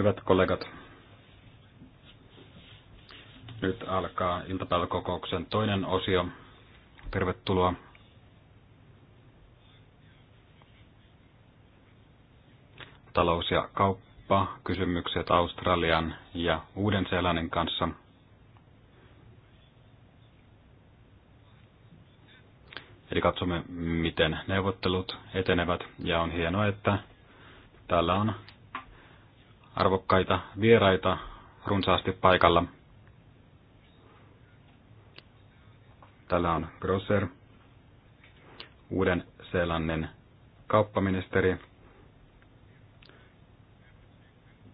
Hyvät kollegat, nyt alkaa iltapäiväkokouksen toinen osio. Tervetuloa. Talous- ja kauppa, kysymykset Australian ja Uuden-Seelannin kanssa. Eli katsomme, miten neuvottelut etenevät, ja on hienoa, että täällä on arvokkaita vieraita runsaasti paikalla. Täällä on Grosser, uuden seelannin kauppaministeri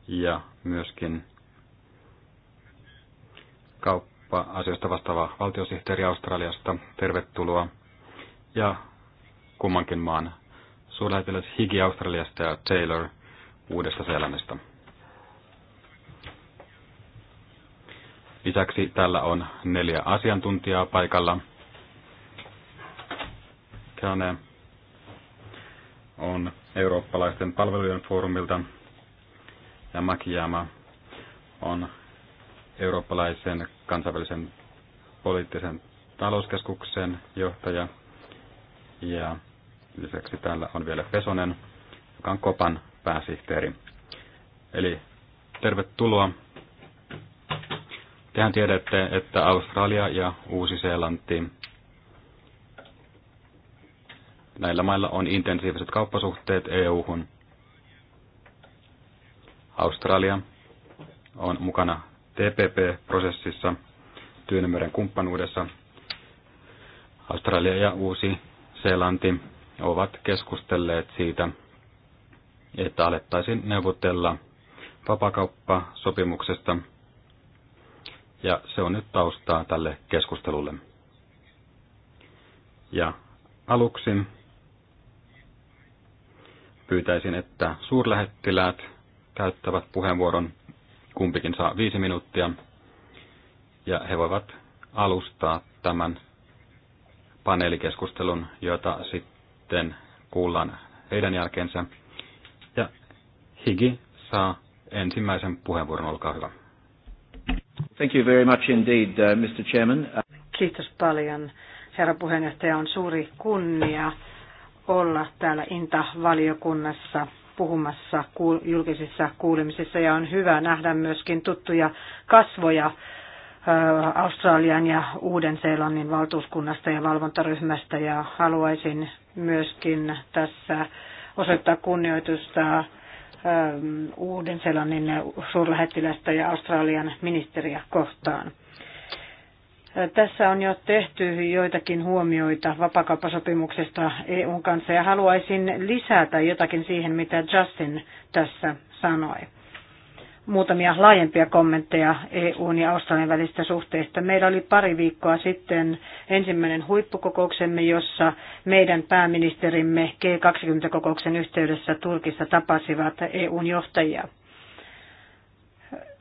ja myöskin kauppa-asioista vastaava valtiosihteeri Australiasta. Tervetuloa. Ja kummankin maan suurlähettiläs Higi Australiasta ja Taylor Uudesta Seelannista. Lisäksi täällä on neljä asiantuntijaa paikalla. Kane on eurooppalaisten palvelujen foorumilta ja Makijama on eurooppalaisen kansainvälisen poliittisen talouskeskuksen johtaja. Ja lisäksi täällä on vielä Pesonen, joka on Kopan pääsihteeri. Eli tervetuloa Tehän tiedätte, että Australia ja Uusi-Seelanti, näillä mailla on intensiiviset kauppasuhteet EU-hun. Australia on mukana TPP-prosessissa, Tyynemeren kumppanuudessa. Australia ja Uusi-Seelanti ovat keskustelleet siitä, että alettaisiin neuvotella vapakauppasopimuksesta sopimuksesta ja se on nyt taustaa tälle keskustelulle. Ja aluksi pyytäisin, että suurlähettiläät käyttävät puheenvuoron. Kumpikin saa viisi minuuttia. Ja he voivat alustaa tämän paneelikeskustelun, jota sitten kuullaan heidän jälkeensä. Ja Higi saa ensimmäisen puheenvuoron, olkaa hyvä. Thank you very much indeed, uh, Mr. Chairman. Uh, Kiitos paljon. Herra puheenjohtaja, on suuri kunnia olla täällä INTA-valiokunnassa puhumassa julkisissa kuulemisissa ja on hyvä nähdä myöskin tuttuja kasvoja uh, Australian ja Uuden-Seelannin valtuuskunnasta ja valvontaryhmästä ja haluaisin myöskin tässä osoittaa kunnioitusta Ähm, uuden selannin suurlähettilästä ja Australian ministeriä kohtaan. Äh, tässä on jo tehty joitakin huomioita vapakauppasopimuksesta EUn kanssa ja haluaisin lisätä jotakin siihen, mitä Justin tässä sanoi muutamia laajempia kommentteja EUn ja Australian välistä suhteista. Meillä oli pari viikkoa sitten ensimmäinen huippukokouksemme, jossa meidän pääministerimme G20-kokouksen yhteydessä Turkissa tapasivat EUn johtajia.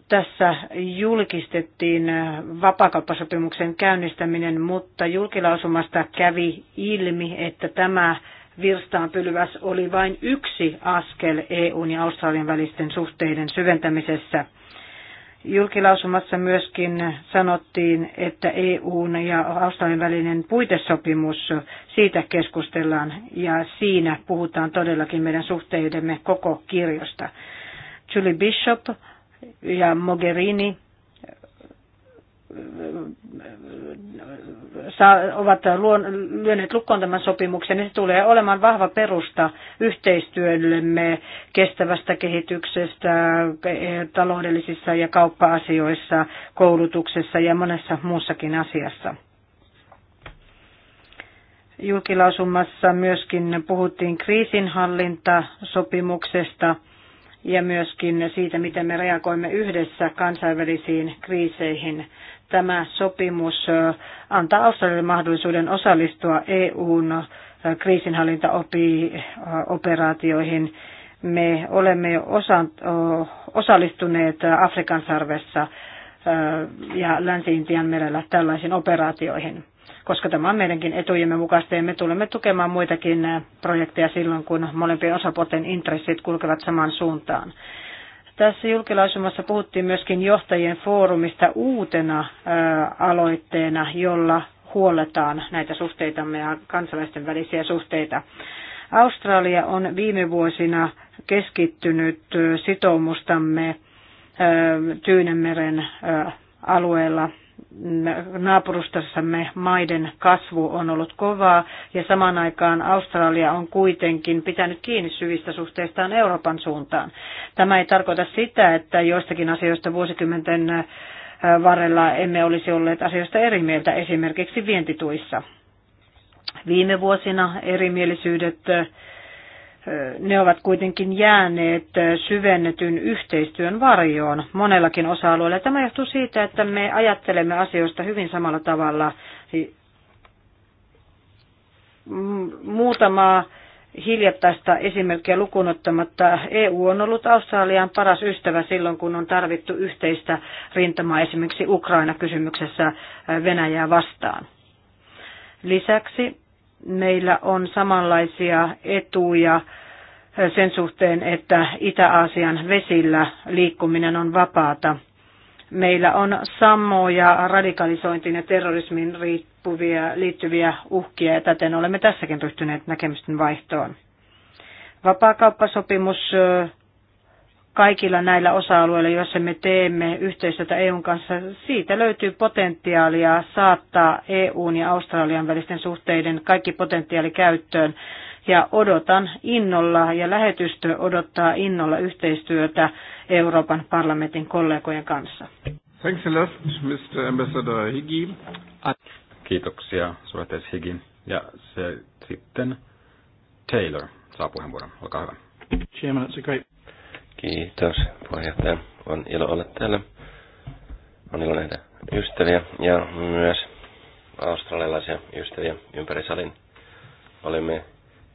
Tässä julkistettiin vapakauppasopimuksen käynnistäminen, mutta julkilausumasta kävi ilmi, että tämä virstaanpylväs oli vain yksi askel EUn ja Australian välisten suhteiden syventämisessä. Julkilausumassa myöskin sanottiin, että EUn ja Australian välinen puitesopimus, siitä keskustellaan ja siinä puhutaan todellakin meidän suhteidemme koko kirjosta. Julie Bishop ja Mogherini ovat lyöneet lukkoon tämän sopimuksen, niin se tulee olemaan vahva perusta yhteistyöllemme kestävästä kehityksestä, eh, taloudellisissa ja kauppa-asioissa, koulutuksessa ja monessa muussakin asiassa. Julkilausumassa myöskin puhuttiin kriisinhallintasopimuksesta ja myöskin siitä, miten me reagoimme yhdessä kansainvälisiin kriiseihin tämä sopimus antaa Australialle mahdollisuuden osallistua EUn kriisinhallintaoperaatioihin. Me olemme jo osa, osallistuneet Afrikan sarvessa ja Länsi-Intian merellä tällaisiin operaatioihin, koska tämä on meidänkin etujemme mukaista ja me tulemme tukemaan muitakin projekteja silloin, kun molempien osapuolten intressit kulkevat samaan suuntaan. Tässä julkilausumassa puhuttiin myöskin johtajien foorumista uutena aloitteena, jolla huoletaan näitä suhteitamme ja kansalaisten välisiä suhteita. Australia on viime vuosina keskittynyt sitoumustamme Tyynemeren alueella naapurustassamme maiden kasvu on ollut kovaa ja samaan aikaan Australia on kuitenkin pitänyt kiinni syvistä suhteistaan Euroopan suuntaan. Tämä ei tarkoita sitä, että joistakin asioista vuosikymmenten äh, varrella emme olisi olleet asioista eri mieltä, esimerkiksi vientituissa. Viime vuosina erimielisyydet äh, ne ovat kuitenkin jääneet syvennetyn yhteistyön varjoon monellakin osa-alueella. Tämä johtuu siitä, että me ajattelemme asioista hyvin samalla tavalla. Muutama hiljattaista esimerkkiä lukunottamatta EU on ollut Australian paras ystävä silloin, kun on tarvittu yhteistä rintamaa esimerkiksi Ukraina-kysymyksessä Venäjää vastaan. Lisäksi meillä on samanlaisia etuja sen suhteen, että Itä-Aasian vesillä liikkuminen on vapaata. Meillä on samoja radikalisointiin ja terrorismin riippuvia, liittyviä uhkia ja täten olemme tässäkin ryhtyneet näkemysten vaihtoon. Vapaakauppasopimus kaikilla näillä osa-alueilla, joissa me teemme yhteistyötä EUn kanssa, siitä löytyy potentiaalia saattaa EUn ja Australian välisten suhteiden kaikki potentiaali käyttöön. Ja odotan innolla ja lähetystö odottaa innolla yhteistyötä Euroopan parlamentin kollegojen kanssa. Thanks a lot, Mr. Ambassador Higgi. Kiitoksia, suhteessa Higgi. Ja se, sitten Taylor saa puheenvuoron. Olkaa hyvä. Chairman, it's a great... Kiitos puheenjohtaja. On ilo olla täällä. On ilo nähdä ystäviä ja myös australialaisia ystäviä ympäri salin. Olemme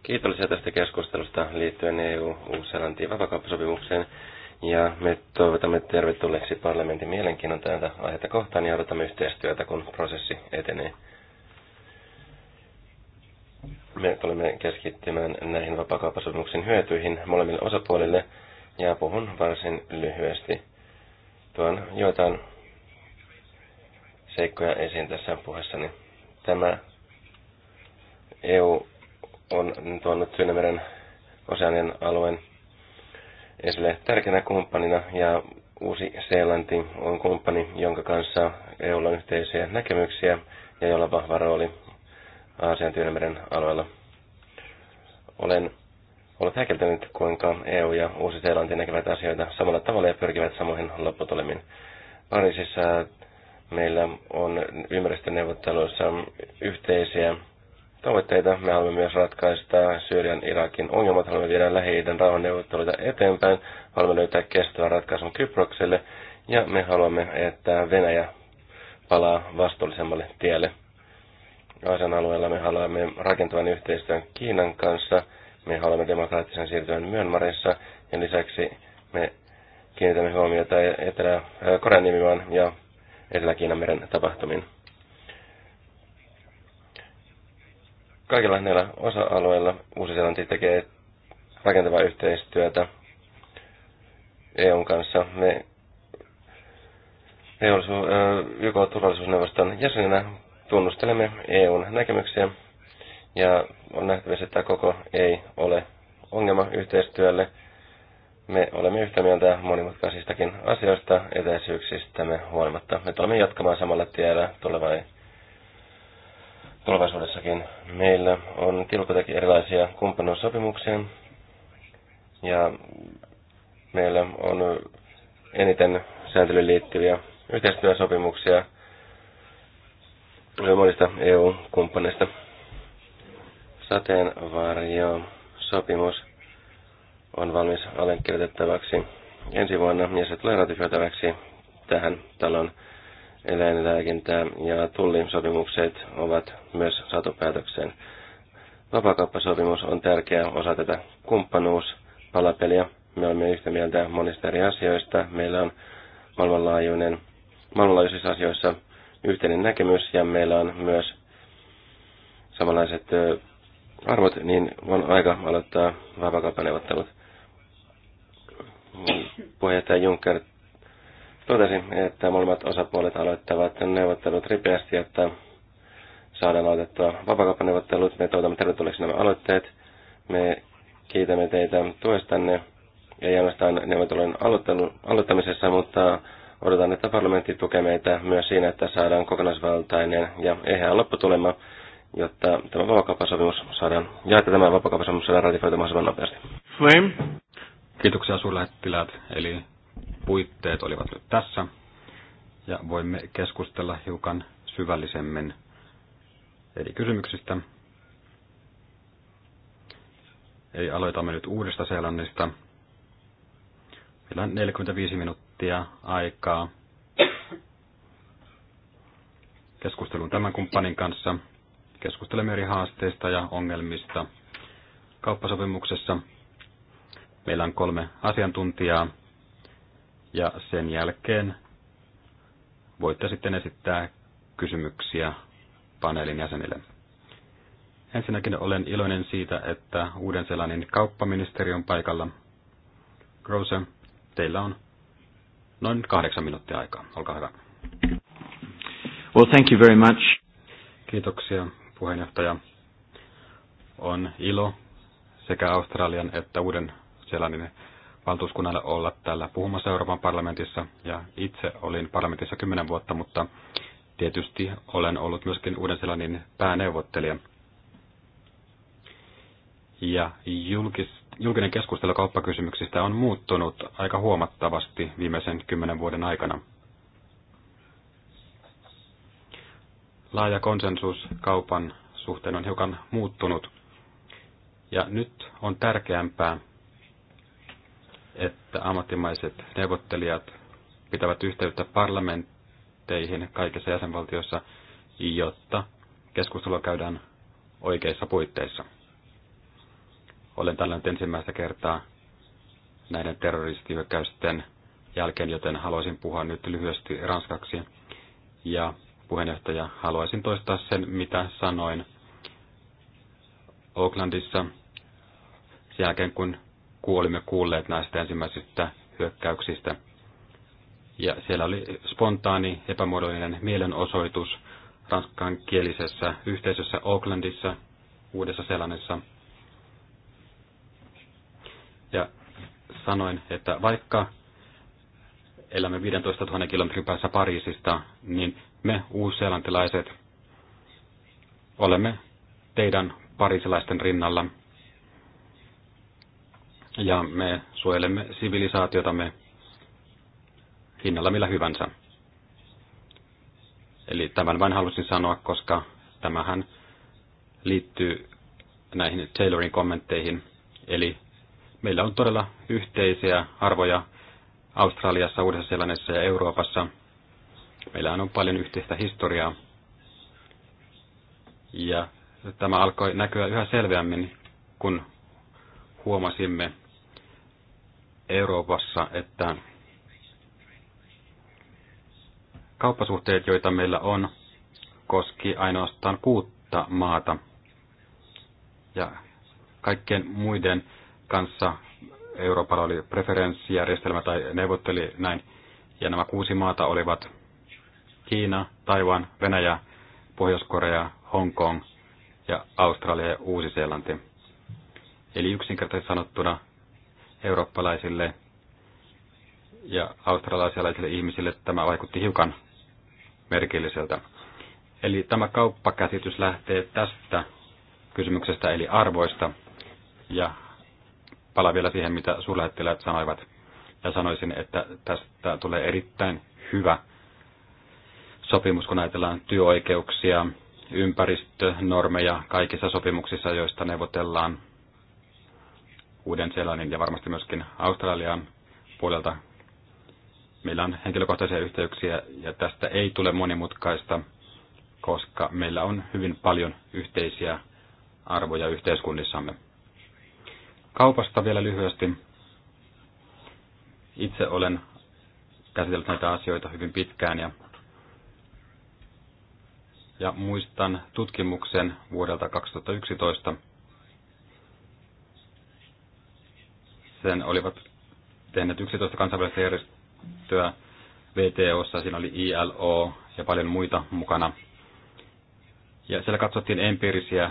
kiitollisia tästä keskustelusta liittyen EU-Uus-Seelantiin vapakauppasopimukseen. Ja me toivotamme tervetulleeksi parlamentin mielenkiinnon täältä aihetta kohtaan ja odotamme yhteistyötä, kun prosessi etenee. Me tulemme keskittymään näihin vapakauppasopimuksen hyötyihin molemmille osapuolille – ja puhun varsin lyhyesti. Tuon joitain seikkoja esiin tässä puheessani. Tämä EU on tuonut Tyynemeren Oseanian alueen esille tärkeänä kumppanina ja Uusi-Seelanti on kumppani, jonka kanssa EU on yhteisiä näkemyksiä ja jolla vahva rooli Aasian Tyynemeren alueella. Olen Olet häkeltänyt, kuinka EU ja Uusi-Seelanti näkevät asioita samalla tavalla ja pyrkivät samoihin lopputulemiin. Pariisissa meillä on ympäristöneuvotteluissa yhteisiä tavoitteita. Me haluamme myös ratkaista Syyrian Irakin ongelmat, haluamme viedä Lähi-idän rauhanneuvotteluita eteenpäin, haluamme löytää kestävän ratkaisun Kyprokselle ja me haluamme, että Venäjä palaa vastuullisemmalle tielle. Aasian alueella me haluamme rakentavan yhteistyön Kiinan kanssa – me haluamme demokraattisen siirtymän Myönmarissa ja lisäksi me kiinnitämme huomiota Etelä-Korean nimimaan ja Etelä-Kiinan meren tapahtumiin. Kaikilla näillä osa-alueilla Uusi-Seelanti tekee rakentavaa yhteistyötä EUn kanssa. Me YK-turvallisuusneuvoston jäsenenä tunnustelemme EUn näkemyksiä ja on nähtävissä, että koko ei ole ongelma yhteistyölle. Me olemme yhtä mieltä monimutkaisistakin asioista etäisyyksistämme huolimatta. Me tulemme jatkamaan samalla tiellä tulevaisuudessakin. Meillä on tilkutakin erilaisia kumppanuussopimuksia ja meillä on eniten sääntelyyn liittyviä yhteistyösopimuksia monista EU-kumppaneista sateenvarjo sopimus on valmis allekirjoitettavaksi ensi vuonna ja se tulee ratifioitavaksi tähän talon eläinlääkintää ja tullisopimukset ovat myös saatu päätökseen. Vapakauppasopimus on tärkeä osa tätä kumppanuuspalapeliä. Me olemme yhtä mieltä monista eri asioista. Meillä on maailmanlaajuinen, maailmanlaajuisissa asioissa yhteinen näkemys ja meillä on myös samanlaiset arvot, niin on aika aloittaa vapaakauppaneuvottelut. Puheenjohtaja Juncker totesi, että molemmat osapuolet aloittavat neuvottelut ripeästi, että saadaan aloitettua vapaakauppaneuvottelut. Me toivotamme tervetulleeksi nämä aloitteet. Me kiitämme teitä tuestanne, ei ainoastaan neuvottelujen aloittamisessa, mutta odotan, että parlamentti tukee meitä myös siinä, että saadaan kokonaisvaltainen ja eheä lopputulema jotta tämä vapakauppasopimus saadaan, ja että tämä vapakauppasopimus saadaan ratifioitua mahdollisimman nopeasti. Flame. Kiitoksia suurlähettiläät, eli puitteet olivat nyt tässä, ja voimme keskustella hiukan syvällisemmin eri kysymyksistä. Eli aloitamme nyt uudesta Seelannista. Meillä on 45 minuuttia aikaa keskusteluun tämän kumppanin kanssa – keskustelemme eri haasteista ja ongelmista kauppasopimuksessa. Meillä on kolme asiantuntijaa ja sen jälkeen voitte sitten esittää kysymyksiä paneelin jäsenille. Ensinnäkin olen iloinen siitä, että uuden selanin kauppaministeri on paikalla. Rose, teillä on noin kahdeksan minuuttia aikaa. Olkaa hyvä. Well, thank you very much. Kiitoksia puheenjohtaja. On ilo sekä Australian että uuden selänin valtuuskunnalle olla täällä puhumassa Euroopan parlamentissa. Ja itse olin parlamentissa kymmenen vuotta, mutta tietysti olen ollut myöskin uuden selänin pääneuvottelija. Ja julkis, julkinen keskustelu kauppakysymyksistä on muuttunut aika huomattavasti viimeisen kymmenen vuoden aikana. laaja konsensus kaupan suhteen on hiukan muuttunut. Ja nyt on tärkeämpää, että ammattimaiset neuvottelijat pitävät yhteyttä parlamentteihin kaikissa jäsenvaltioissa, jotta keskustelua käydään oikeissa puitteissa. Olen tällä nyt ensimmäistä kertaa näiden terroristihyökkäysten jälkeen, joten haluaisin puhua nyt lyhyesti ranskaksi. Ja puheenjohtaja. Haluaisin toistaa sen, mitä sanoin Oaklandissa sen jälkeen, kun kuulimme kuulleet näistä ensimmäisistä hyökkäyksistä. Ja siellä oli spontaani epämuodollinen mielenosoitus ranskankielisessä yhteisössä Oaklandissa, Uudessa-Seelannissa. Ja sanoin, että vaikka elämme 15 000 kilometrin päässä Pariisista, niin me uusselantilaiset olemme teidän parisilaisten rinnalla ja me suojelemme sivilisaatiotamme hinnalla millä hyvänsä. Eli tämän vain halusin sanoa, koska tämähän liittyy näihin Taylorin kommentteihin. Eli meillä on todella yhteisiä arvoja Australiassa, Uudessa-Seelannissa ja Euroopassa – Meillä on paljon yhteistä historiaa. Ja tämä alkoi näkyä yhä selveämmin, kun huomasimme Euroopassa, että kauppasuhteet, joita meillä on, koski ainoastaan kuutta maata. Ja kaikkien muiden kanssa Euroopalla oli preferenssijärjestelmä tai neuvotteli näin. Ja nämä kuusi maata olivat Kiina, Taiwan, Venäjä, Pohjois-Korea, Hongkong ja Australia ja Uusi-Seelanti. Eli yksinkertaisesti sanottuna eurooppalaisille ja australaisialaisille ihmisille tämä vaikutti hiukan merkilliseltä. Eli tämä kauppakäsitys lähtee tästä kysymyksestä eli arvoista. Ja palaan vielä siihen, mitä suurlähettiläät sanoivat. Ja sanoisin, että tästä tulee erittäin hyvä sopimus, kun ajatellaan työoikeuksia, ympäristönormeja kaikissa sopimuksissa, joista neuvotellaan Uuden-Seelannin ja varmasti myöskin Australian puolelta. Meillä on henkilökohtaisia yhteyksiä ja tästä ei tule monimutkaista, koska meillä on hyvin paljon yhteisiä arvoja yhteiskunnissamme. Kaupasta vielä lyhyesti. Itse olen käsitellyt näitä asioita hyvin pitkään ja ja muistan tutkimuksen vuodelta 2011. Sen olivat tehneet 11 kansainvälistä järjestöä VTOssa, siinä oli ILO ja paljon muita mukana. Ja siellä katsottiin empiirisiä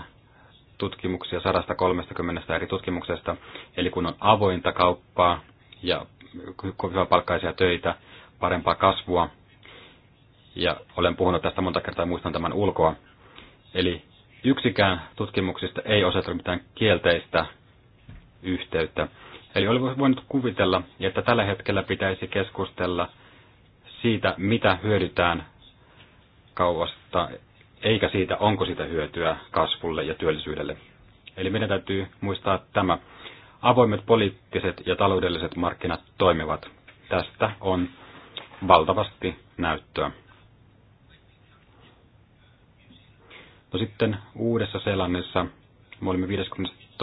tutkimuksia 130 eri tutkimuksesta, eli kun on avointa kauppaa ja hyvän palkkaisia töitä, parempaa kasvua, ja olen puhunut tästä monta kertaa, muistan tämän ulkoa. Eli yksikään tutkimuksista ei osoittanut mitään kielteistä yhteyttä. Eli olen voinut kuvitella, että tällä hetkellä pitäisi keskustella siitä, mitä hyödytään kauasta, eikä siitä, onko sitä hyötyä kasvulle ja työllisyydelle. Eli meidän täytyy muistaa tämä. Avoimet poliittiset ja taloudelliset markkinat toimivat. Tästä on valtavasti näyttöä. No sitten Uudessa Seelannissa me olimme 52.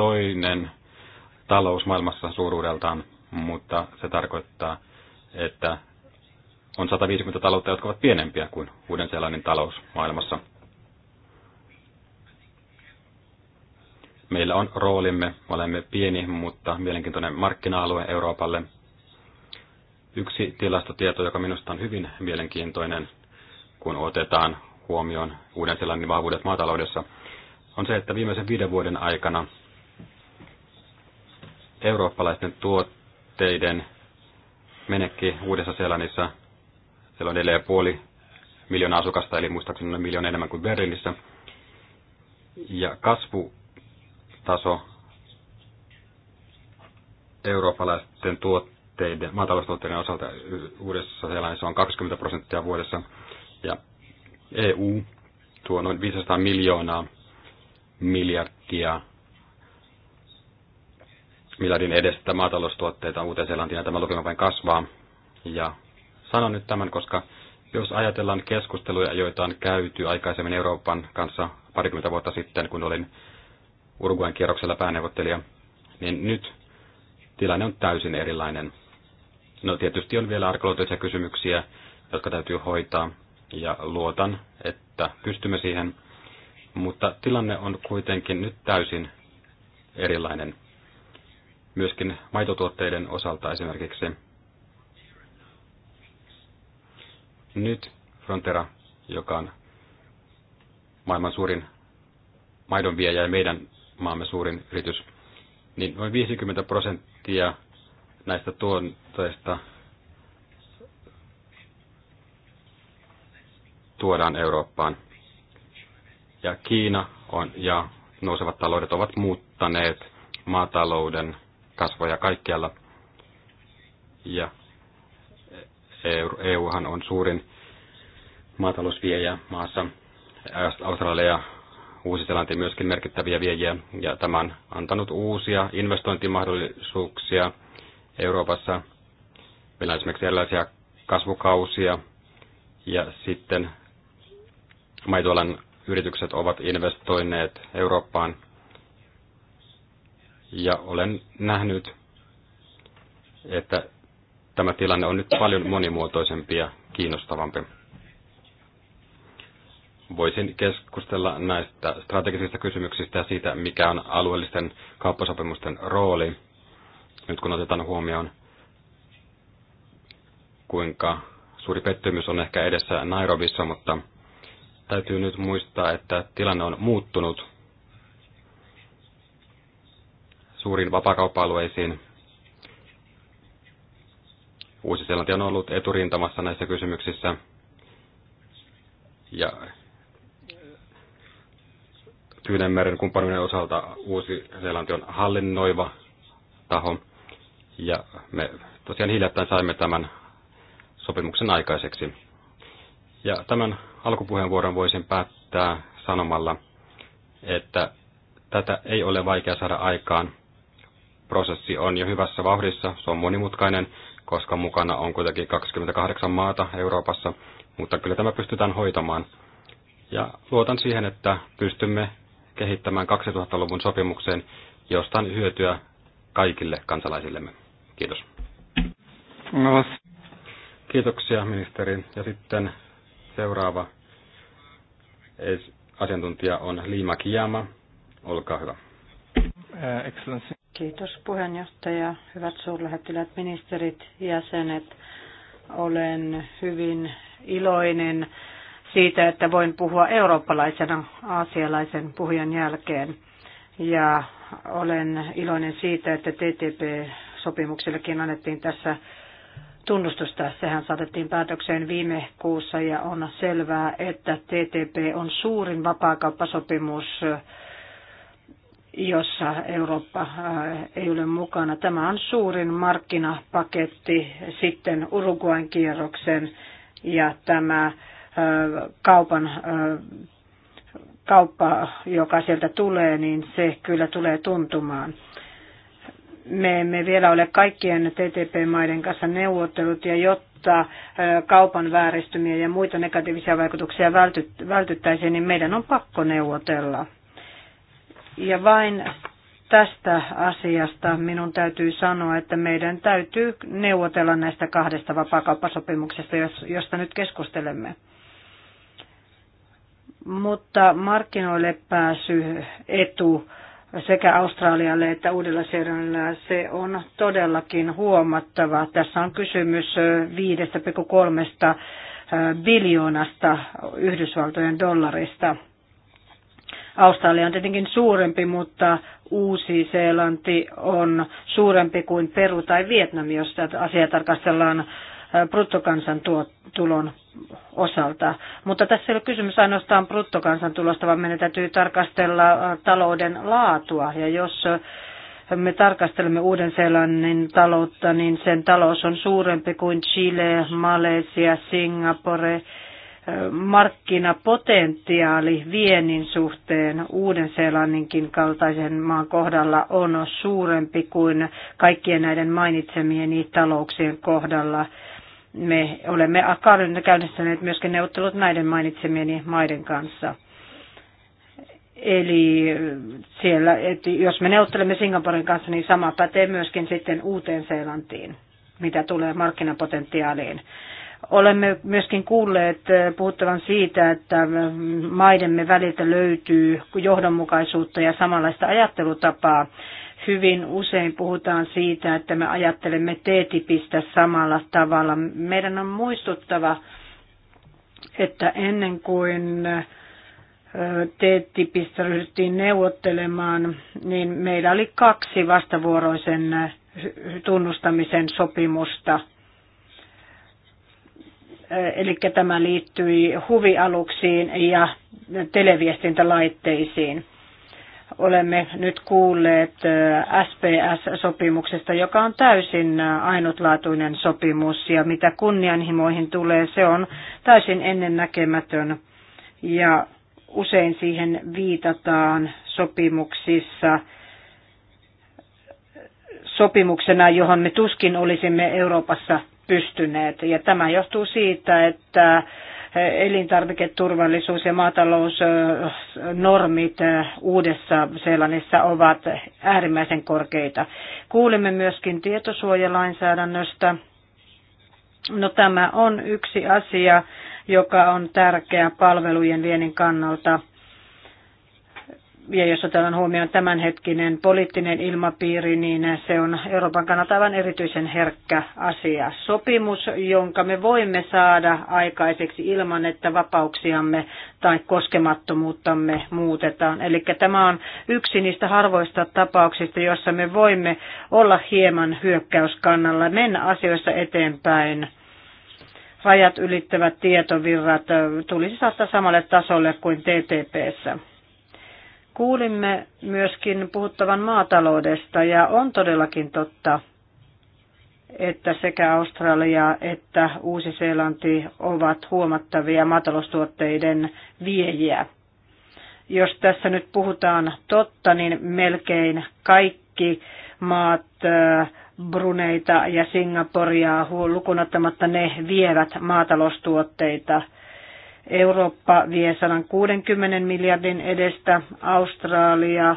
talous maailmassa suuruudeltaan, mutta se tarkoittaa, että on 150 taloutta, jotka ovat pienempiä kuin Uuden-Seelannin talous maailmassa. Meillä on roolimme, olemme pieni, mutta mielenkiintoinen markkina-alue Euroopalle. Yksi tilastotieto, joka minusta on hyvin mielenkiintoinen, kun otetaan huomioon uuden selannin vahvuudet maataloudessa, on se, että viimeisen viiden vuoden aikana eurooppalaisten tuotteiden menekki Uudessa selannissa, siellä on 4,5 miljoonaa asukasta, eli muistaakseni noin miljoona enemmän kuin Berliinissä, ja kasvutaso eurooppalaisten tuotteiden, maataloustuotteiden osalta Uudessa selannissa on 20 prosenttia vuodessa – EU tuo noin 500 miljoonaa miljardia miljardin edestä maataloustuotteita uuteen seelantiin ja tämä lukema vain kasvaa. Ja sanon nyt tämän, koska jos ajatellaan keskusteluja, joita on käyty aikaisemmin Euroopan kanssa parikymmentä vuotta sitten, kun olin Uruguayn kierroksella pääneuvottelija, niin nyt tilanne on täysin erilainen. No tietysti on vielä arkeologisia kysymyksiä, jotka täytyy hoitaa, ja luotan, että pystymme siihen. Mutta tilanne on kuitenkin nyt täysin erilainen. Myöskin maitotuotteiden osalta esimerkiksi. Nyt Frontera, joka on maailman suurin maidon viejä ja meidän maamme suurin yritys, niin noin 50 prosenttia näistä tuotteista tuodaan Eurooppaan. Ja Kiina on, ja nousevat taloudet ovat muuttaneet maatalouden kasvoja kaikkialla. Ja EUhan e on suurin maatalousviejä maassa. Australia ja Uusi-Seelanti myöskin merkittäviä viejiä, ja tämä on antanut uusia investointimahdollisuuksia Euroopassa. Meillä on esimerkiksi erilaisia kasvukausia, ja sitten maitoalan yritykset ovat investoineet Eurooppaan. Ja olen nähnyt, että tämä tilanne on nyt paljon monimuotoisempi ja kiinnostavampi. Voisin keskustella näistä strategisista kysymyksistä ja siitä, mikä on alueellisten kauppasopimusten rooli, nyt kun otetaan huomioon, kuinka suuri pettymys on ehkä edessä Nairobissa, mutta täytyy nyt muistaa, että tilanne on muuttunut suuriin vapakauppa-alueisiin. Uusi-Seelanti on ollut eturintamassa näissä kysymyksissä. Ja Tyynenmeren kumppanuuden osalta Uusi-Seelanti on hallinnoiva taho. Ja me tosiaan hiljattain saimme tämän sopimuksen aikaiseksi. Ja tämän alkupuheenvuoron voisin päättää sanomalla, että tätä ei ole vaikea saada aikaan. Prosessi on jo hyvässä vauhdissa, se on monimutkainen, koska mukana on kuitenkin 28 maata Euroopassa, mutta kyllä tämä pystytään hoitamaan. Ja luotan siihen, että pystymme kehittämään 2000-luvun sopimukseen, josta on hyötyä kaikille kansalaisillemme. Kiitos. Kiitoksia ministeri. Ja sitten seuraava Asiantuntija on Liima Kiama, Olkaa hyvä. Äh, Excellency. Kiitos puheenjohtaja, hyvät suurlähettiläät, ministerit, jäsenet. Olen hyvin iloinen siitä, että voin puhua eurooppalaisena aasialaisen puhujan jälkeen. Ja olen iloinen siitä, että TTP-sopimuksellekin annettiin tässä tunnustusta. Sehän saatettiin päätökseen viime kuussa ja on selvää, että TTP on suurin vapaakauppasopimus jossa Eurooppa äh, ei ole mukana. Tämä on suurin markkinapaketti sitten Uruguain kierroksen ja tämä äh, kaupan äh, kauppa, joka sieltä tulee, niin se kyllä tulee tuntumaan me emme vielä ole kaikkien TTP-maiden kanssa neuvottelut ja jotta kaupan vääristymiä ja muita negatiivisia vaikutuksia vältyttäisiin, niin meidän on pakko neuvotella. Ja vain tästä asiasta minun täytyy sanoa, että meidän täytyy neuvotella näistä kahdesta vapaakauppasopimuksesta, josta nyt keskustelemme. Mutta markkinoille pääsy etu sekä Australialle että uudella seelannilla se on todellakin huomattava. Tässä on kysymys 5,3 biljoonasta Yhdysvaltojen dollarista. Australia on tietenkin suurempi, mutta Uusi-Seelanti on suurempi kuin Peru tai Vietnam, jos asiaa tarkastellaan bruttokansantulon osalta. Mutta tässä ei ole kysymys ainoastaan bruttokansantulosta, vaan meidän täytyy tarkastella talouden laatua. Ja jos me tarkastelemme Uuden-Seelannin taloutta, niin sen talous on suurempi kuin Chile, Malesia, Singapore. Markkinapotentiaali viennin suhteen Uuden-Seelanninkin kaltaisen maan kohdalla on suurempi kuin kaikkien näiden mainitsemieni talouksien kohdalla me olemme käynnistäneet myöskin neuvottelut näiden mainitsemieni maiden kanssa. Eli siellä, että jos me neuvottelemme Singaporen kanssa, niin sama pätee myöskin sitten uuteen Seelantiin, mitä tulee markkinapotentiaaliin. Olemme myöskin kuulleet eh, puhuttavan siitä, että maidemme väliltä löytyy johdonmukaisuutta ja samanlaista ajattelutapaa hyvin usein puhutaan siitä, että me ajattelemme teetipistä samalla tavalla. Meidän on muistuttava, että ennen kuin teetipistä ryhdyttiin neuvottelemaan, niin meillä oli kaksi vastavuoroisen tunnustamisen sopimusta. Eli tämä liittyi huvialuksiin ja televiestintälaitteisiin olemme nyt kuulleet SPS-sopimuksesta, joka on täysin ainutlaatuinen sopimus ja mitä kunnianhimoihin tulee, se on täysin ennennäkemätön ja usein siihen viitataan sopimuksissa sopimuksena, johon me tuskin olisimme Euroopassa pystyneet. Ja tämä johtuu siitä, että elintarviketurvallisuus ja maatalousnormit eh, uudessa Seelannissa ovat äärimmäisen korkeita. Kuulimme myöskin tietosuojalainsäädännöstä. No tämä on yksi asia, joka on tärkeä palvelujen viennin kannalta – ja jos otetaan huomioon tämänhetkinen poliittinen ilmapiiri, niin se on Euroopan kannalta aivan erityisen herkkä asia. Sopimus, jonka me voimme saada aikaiseksi ilman, että vapauksiamme tai koskemattomuuttamme muutetaan. Eli tämä on yksi niistä harvoista tapauksista, jossa me voimme olla hieman hyökkäyskannalla, mennä asioissa eteenpäin rajat ylittävät tietovirrat äh, tulisi saattaa samalle tasolle kuin TTPssä. Kuulimme myöskin puhuttavan maataloudesta ja on todellakin totta, että sekä Australia että Uusi-Seelanti ovat huomattavia maataloustuotteiden viejiä. Jos tässä nyt puhutaan totta, niin melkein kaikki maat Bruneita ja Singaporia lukunottamatta ne vievät maataloustuotteita – Eurooppa vie 160 miljardin edestä, Australia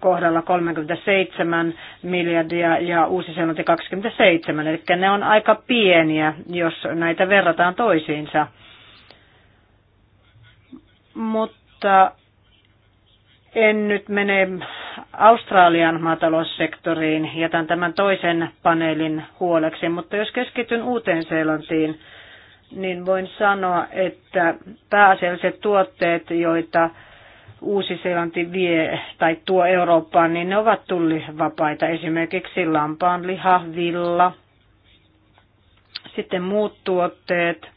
kohdalla 37 miljardia ja Uusi-Seelanti 27. Eli ne on aika pieniä, jos näitä verrataan toisiinsa. Mutta en nyt mene Australian maataloussektoriin, jätän tämän toisen paneelin huoleksi, mutta jos keskityn Uuteen Seelantiin, niin voin sanoa, että pääasialliset tuotteet, joita Uusi-Seelanti vie tai tuo Eurooppaan, niin ne ovat tullivapaita. Esimerkiksi lampaan liha, villa, sitten muut tuotteet.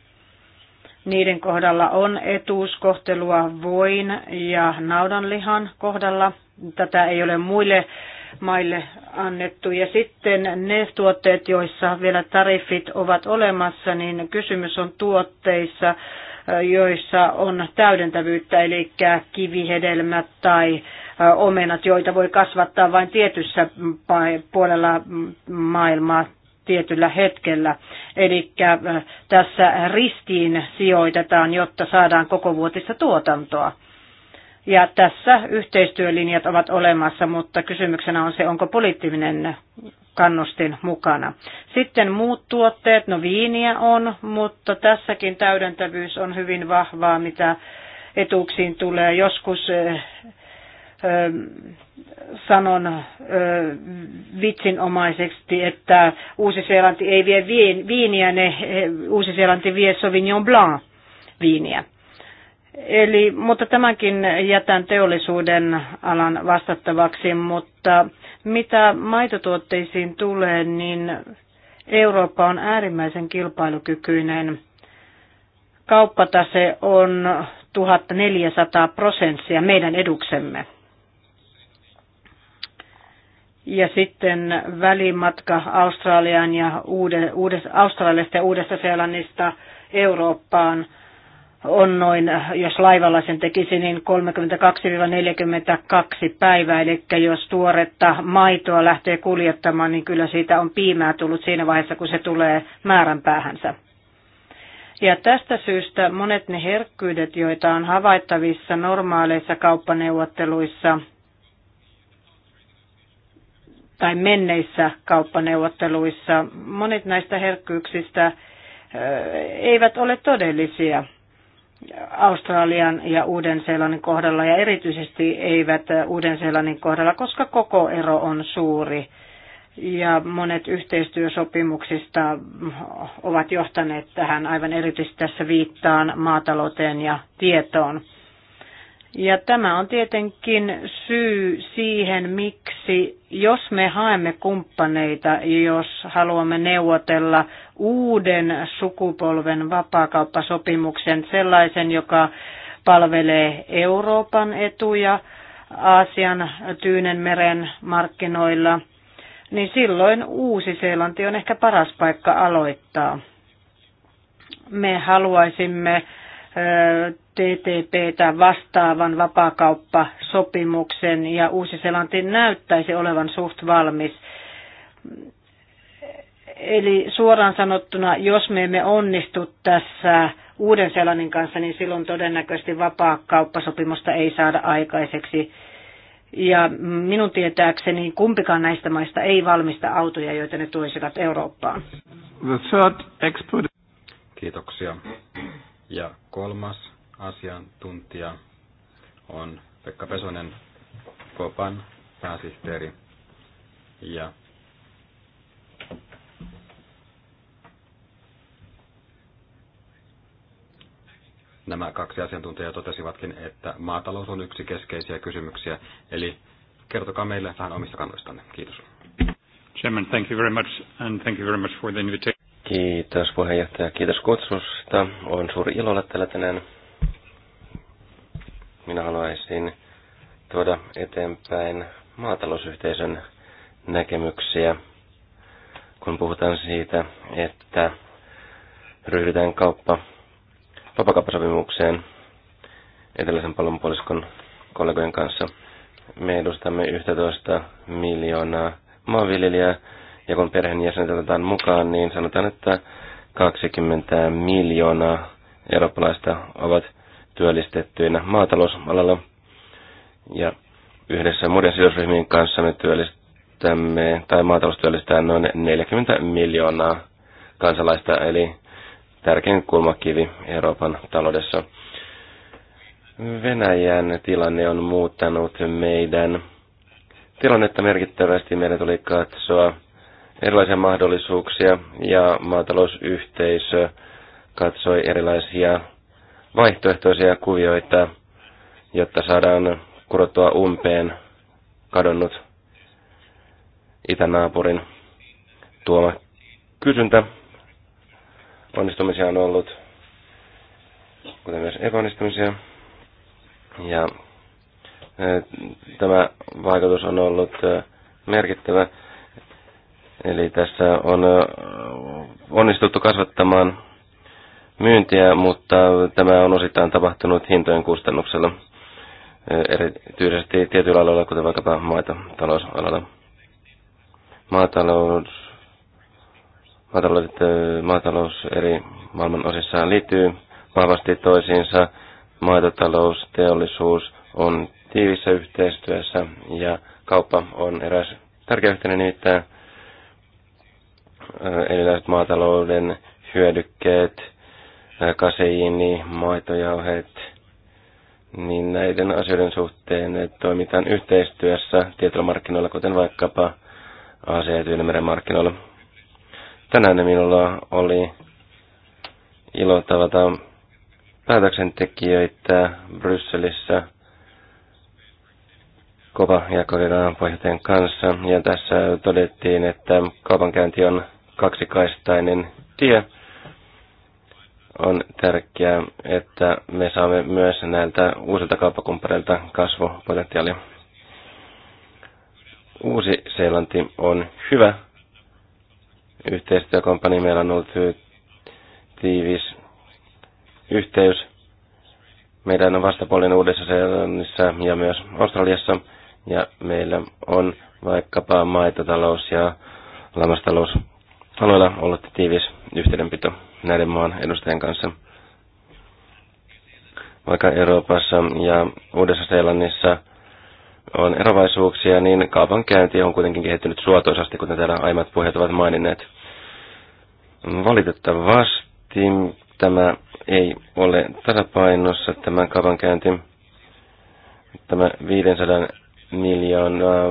Niiden kohdalla on etuuskohtelua voin ja naudanlihan kohdalla. Tätä ei ole muille maille annettu. Ja sitten ne tuotteet, joissa vielä tariffit ovat olemassa, niin kysymys on tuotteissa, joissa on täydentävyyttä, eli kivihedelmät tai omenat, joita voi kasvattaa vain tietyssä puolella maailmaa tietyllä hetkellä. Eli tässä ristiin sijoitetaan, jotta saadaan vuotista tuotantoa. Ja tässä yhteistyölinjat ovat olemassa, mutta kysymyksenä on se, onko poliittinen kannustin mukana. Sitten muut tuotteet, no viiniä on, mutta tässäkin täydentävyys on hyvin vahvaa, mitä etuuksiin tulee. Joskus sanon vitsinomaisesti, että Uusi-Seelanti ei vie viiniä, ne Uusi-Seelanti vie Sauvignon Blanc viiniä. Eli, mutta tämänkin jätän teollisuuden alan vastattavaksi, mutta mitä maitotuotteisiin tulee, niin Eurooppa on äärimmäisen kilpailukykyinen. Kauppatase on 1400 prosenttia meidän eduksemme. Ja sitten välimatka Australian ja Uude, Australiasta ja Uudesta-Seelannista Eurooppaan – on noin, jos laivalla sen tekisi, niin 32-42 päivää. Eli jos tuoretta maitoa lähtee kuljettamaan, niin kyllä siitä on piimää tullut siinä vaiheessa, kun se tulee määränpäähänsä. Ja tästä syystä monet ne herkkyydet, joita on havaittavissa normaaleissa kauppaneuvotteluissa tai menneissä kauppaneuvotteluissa, monet näistä herkkyyksistä eivät ole todellisia. Australian ja Uuden-Seelannin kohdalla ja erityisesti eivät Uuden-Seelannin kohdalla, koska koko ero on suuri ja monet yhteistyösopimuksista ovat johtaneet tähän aivan erityisesti tässä viittaan maatalouteen ja tietoon. Ja tämä on tietenkin syy siihen, miksi jos me haemme kumppaneita, jos haluamme neuvotella uuden sukupolven vapaakauppasopimuksen, sellaisen, joka palvelee Euroopan etuja Aasian Tyynenmeren markkinoilla, niin silloin Uusi-Seelanti on ehkä paras paikka aloittaa. Me haluaisimme TTPtä vastaavan vapaakauppasopimuksen ja Uusi-Seelanti näyttäisi olevan suht valmis. Eli suoraan sanottuna, jos me emme onnistu tässä uuden Selanin kanssa, niin silloin todennäköisesti vapaakauppasopimusta ei saada aikaiseksi. Ja minun tietääkseni kumpikaan näistä maista ei valmista autoja, joita ne tuisivat Eurooppaan. The third Kiitoksia. Ja kolmas asiantuntija on Pekka Pesonen, Kopan pääsihteeri. Ja nämä kaksi asiantuntijaa totesivatkin, että maatalous on yksi keskeisiä kysymyksiä, eli kertokaa meille vähän omista kannoistanne. Kiitos. Chairman, thank you very much and thank you very much for the invitation. Kiitos puheenjohtaja, kiitos kutsusta. On suuri ilo olla täällä tänään minä haluaisin tuoda eteenpäin maatalousyhteisön näkemyksiä, kun puhutaan siitä, että ryhdytään kauppa vapakauppasopimukseen eteläisen pallonpuoliskon kollegojen kanssa. Me edustamme 11 miljoonaa maanviljelijää, ja kun perheenjäsenet otetaan mukaan, niin sanotaan, että 20 miljoonaa eurooppalaista ovat työllistettyinä maatalousalalla. Ja yhdessä muiden sidosryhmien kanssa me työllistämme, tai maatalous työllistää noin 40 miljoonaa kansalaista, eli tärkein kulmakivi Euroopan taloudessa. Venäjän tilanne on muuttanut meidän tilannetta merkittävästi. Meidän tuli katsoa erilaisia mahdollisuuksia ja maatalousyhteisö katsoi erilaisia vaihtoehtoisia kuvioita, jotta saadaan kurottua umpeen kadonnut itänaapurin tuoma kysyntä. Onnistumisia on ollut, kuten myös epäonnistumisia. Ja e, tämä vaikutus on ollut e, merkittävä. Eli tässä on e, onnistuttu kasvattamaan myyntiä, mutta tämä on osittain tapahtunut hintojen kustannuksella, erityisesti tietyillä aloilla, kuten vaikkapa talousalalla. Maatalous, maatalous, maatalous eri maailman osissa liittyy vahvasti toisiinsa. Maitotalous, teollisuus on tiivissä yhteistyössä ja kauppa on eräs tärkeä yhteinen nimittäin erilaiset maatalouden hyödykkeet – kaseiini, maitojauheet, niin näiden asioiden suhteen toimitaan yhteistyössä tietyillä markkinoilla, kuten vaikkapa Aasia- ja Tyynemeren markkinoilla. Tänään minulla oli ilo tavata päätöksentekijöitä Brysselissä kova ja kokeillaan puheenjohtajan kanssa. Ja tässä todettiin, että kaupankäynti on kaksikaistainen tie on tärkeää, että me saamme myös näiltä uusilta kauppakumppaneilta kasvupotentiaalia. Uusi-Seelanti on hyvä yhteistyökomppani. Meillä on ollut tiivis yhteys meidän vastapuolen Uudessa-Seelannissa ja myös Australiassa. Ja meillä on vaikkapa maitotalous ja lammastalous aloilla ollut tiivis yhteydenpito näiden maan edustajien kanssa. Vaikka Euroopassa ja Uudessa-Seelannissa on erovaisuuksia, niin kaupankäynti on kuitenkin kehittynyt suotoisasti, kuten täällä aiemmat puheet ovat maininneet. Valitettavasti tämä ei ole tasapainossa, tämä kaupankäynti. Tämä 500 miljoonaa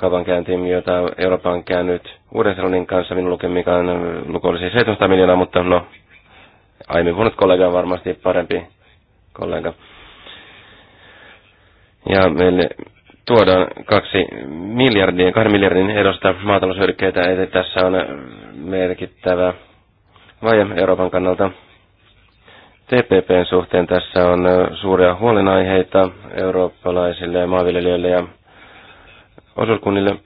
kaupankäyntiin, jota Eurooppa on käynyt uuden kanssa. Minun lukemikaan luku olisi siis 700 miljoonaa, mutta no, aiemmin puhunut kollega on varmasti parempi kollega. Ja meille tuodaan kaksi miljardin, kahden miljardin edosta maataloushyödykkeitä, eli tässä on merkittävä vaje Euroopan kannalta. TPPn suhteen tässä on suuria huolenaiheita eurooppalaisille maanviljelijöille ja osuuskunnille.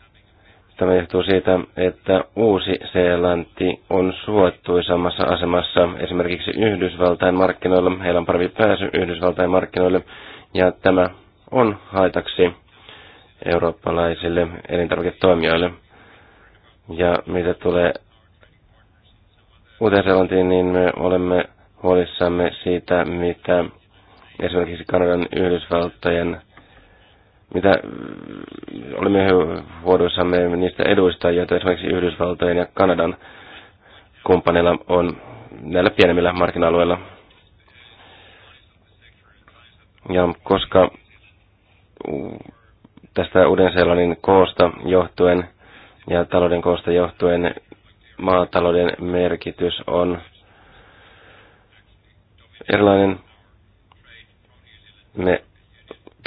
Tämä johtuu siitä, että Uusi-Seelanti on suotuisammassa asemassa esimerkiksi Yhdysvaltain markkinoilla. Heillä on parempi pääsy Yhdysvaltain markkinoille ja tämä on haitaksi eurooppalaisille elintarviketoimijoille. Ja mitä tulee Uuteen-Seelantiin, niin me olemme huolissamme siitä, mitä esimerkiksi Kanadan Yhdysvaltojen mitä äh, olimme huoduissamme niistä eduista, joita esimerkiksi Yhdysvaltojen ja Kanadan kumppaneilla on näillä pienemmillä markkina-alueilla. Ja koska tästä Uuden-Seelannin koosta johtuen ja talouden koosta johtuen maatalouden merkitys on erilainen. Me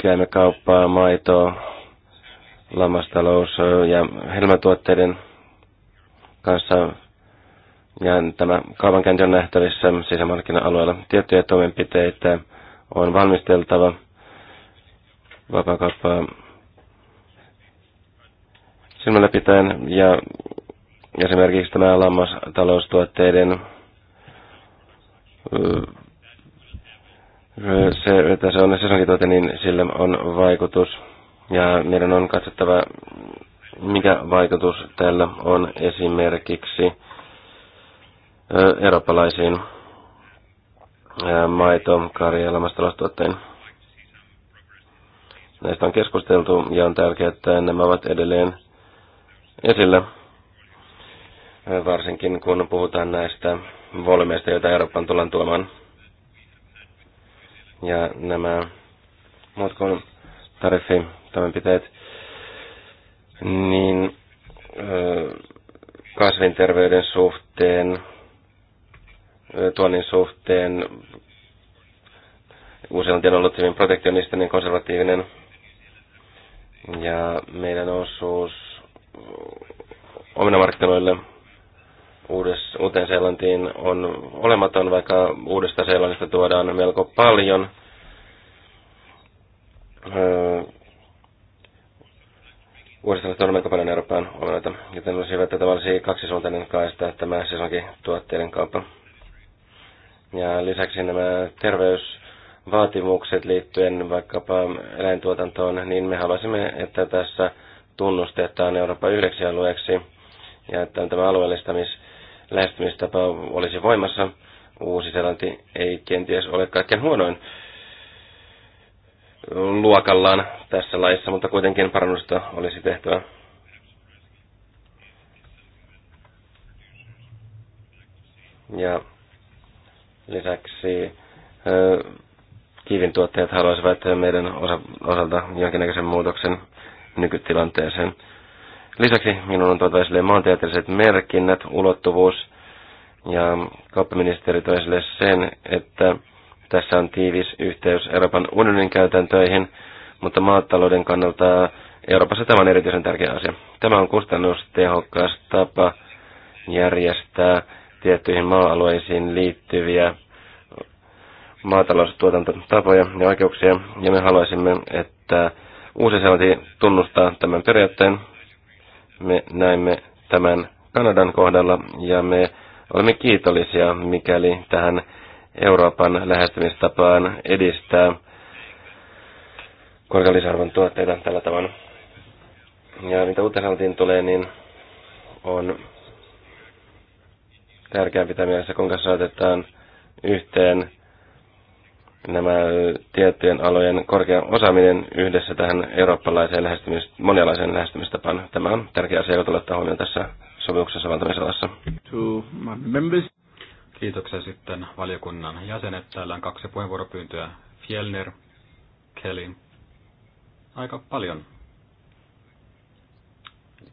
käymme kauppaa, maitoa, lammastalous ja helmatuotteiden kanssa. Ja tämä kaupankäynti on nähtävissä sisämarkkina-alueella. Tiettyjä toimenpiteitä on valmisteltava vapaakauppaa silmällä pitäen ja esimerkiksi tämä lammastaloustuotteiden se, että se on sesonkituote, niin sillä on vaikutus. Ja meidän on katsottava, mikä vaikutus tällä on esimerkiksi eurooppalaisiin maito, karja ja lamastaloustuottein. Näistä on keskusteltu ja on tärkeää, että nämä ovat edelleen esillä, varsinkin kun puhutaan näistä volyymeista, joita Euroopan tullaan tuomaan ja nämä muut kuin tariffitoimenpiteet, niin kasvinterveyden suhteen, tuonnin suhteen, usein on ollut hyvin protektionistinen, niin konservatiivinen, ja meidän osuus omina markkinoille uuteen Seelantiin on olematon, vaikka uudesta Seelannista tuodaan melko paljon. Öö, uudesta on melko paljon Euroopan olemata, joten olisi hyvä, että tavallisi kaksisuuntainen kaista tämä sesonkin tuotteiden kauppa. Ja lisäksi nämä terveysvaatimukset liittyen vaikkapa eläintuotantoon, niin me haluaisimme, että tässä tunnustetaan Eurooppa yhdeksi alueeksi ja että tämä alueellistamis- lähestymistapa olisi voimassa, uusi Selanti ei kenties ole kaikkein huonoin luokallaan tässä laissa, mutta kuitenkin parannusta olisi tehtävä. Ja lisäksi kivin tuottajat haluaisivat meidän osa, osalta jonkinnäköisen muutoksen nykytilanteeseen. Lisäksi minun on tuota esille maantieteelliset merkinnät, ulottuvuus ja kauppaministeri toi esille sen, että tässä on tiivis yhteys Euroopan unionin käytäntöihin, mutta maatalouden kannalta Euroopassa tämä on erityisen tärkeä asia. Tämä on kustannustehokas tapa järjestää tiettyihin maa-alueisiin liittyviä maataloustuotantotapoja ja oikeuksia, ja me haluaisimme, että uusi tunnustaa tämän periaatteen me näemme tämän Kanadan kohdalla ja me olemme kiitollisia, mikäli tähän Euroopan lähestymistapaan edistää korkean lisäarvon tuotteita tällä tavalla. Ja mitä Uutterhaltiin tulee, niin on tärkeää pitää mielessä, kuinka saatetaan yhteen nämä tiettyjen alojen korkean osaaminen yhdessä tähän eurooppalaiseen lähestymis- monialaiseen lähestymistapaan. Tämä on tärkeä asia, joka tulee ottaa huomioon tässä sopimuksen soveltamisalassa. Kiitoksia sitten valiokunnan jäsenet. Täällä on kaksi puheenvuoropyyntöä. Fjellner, Kelly. Aika paljon.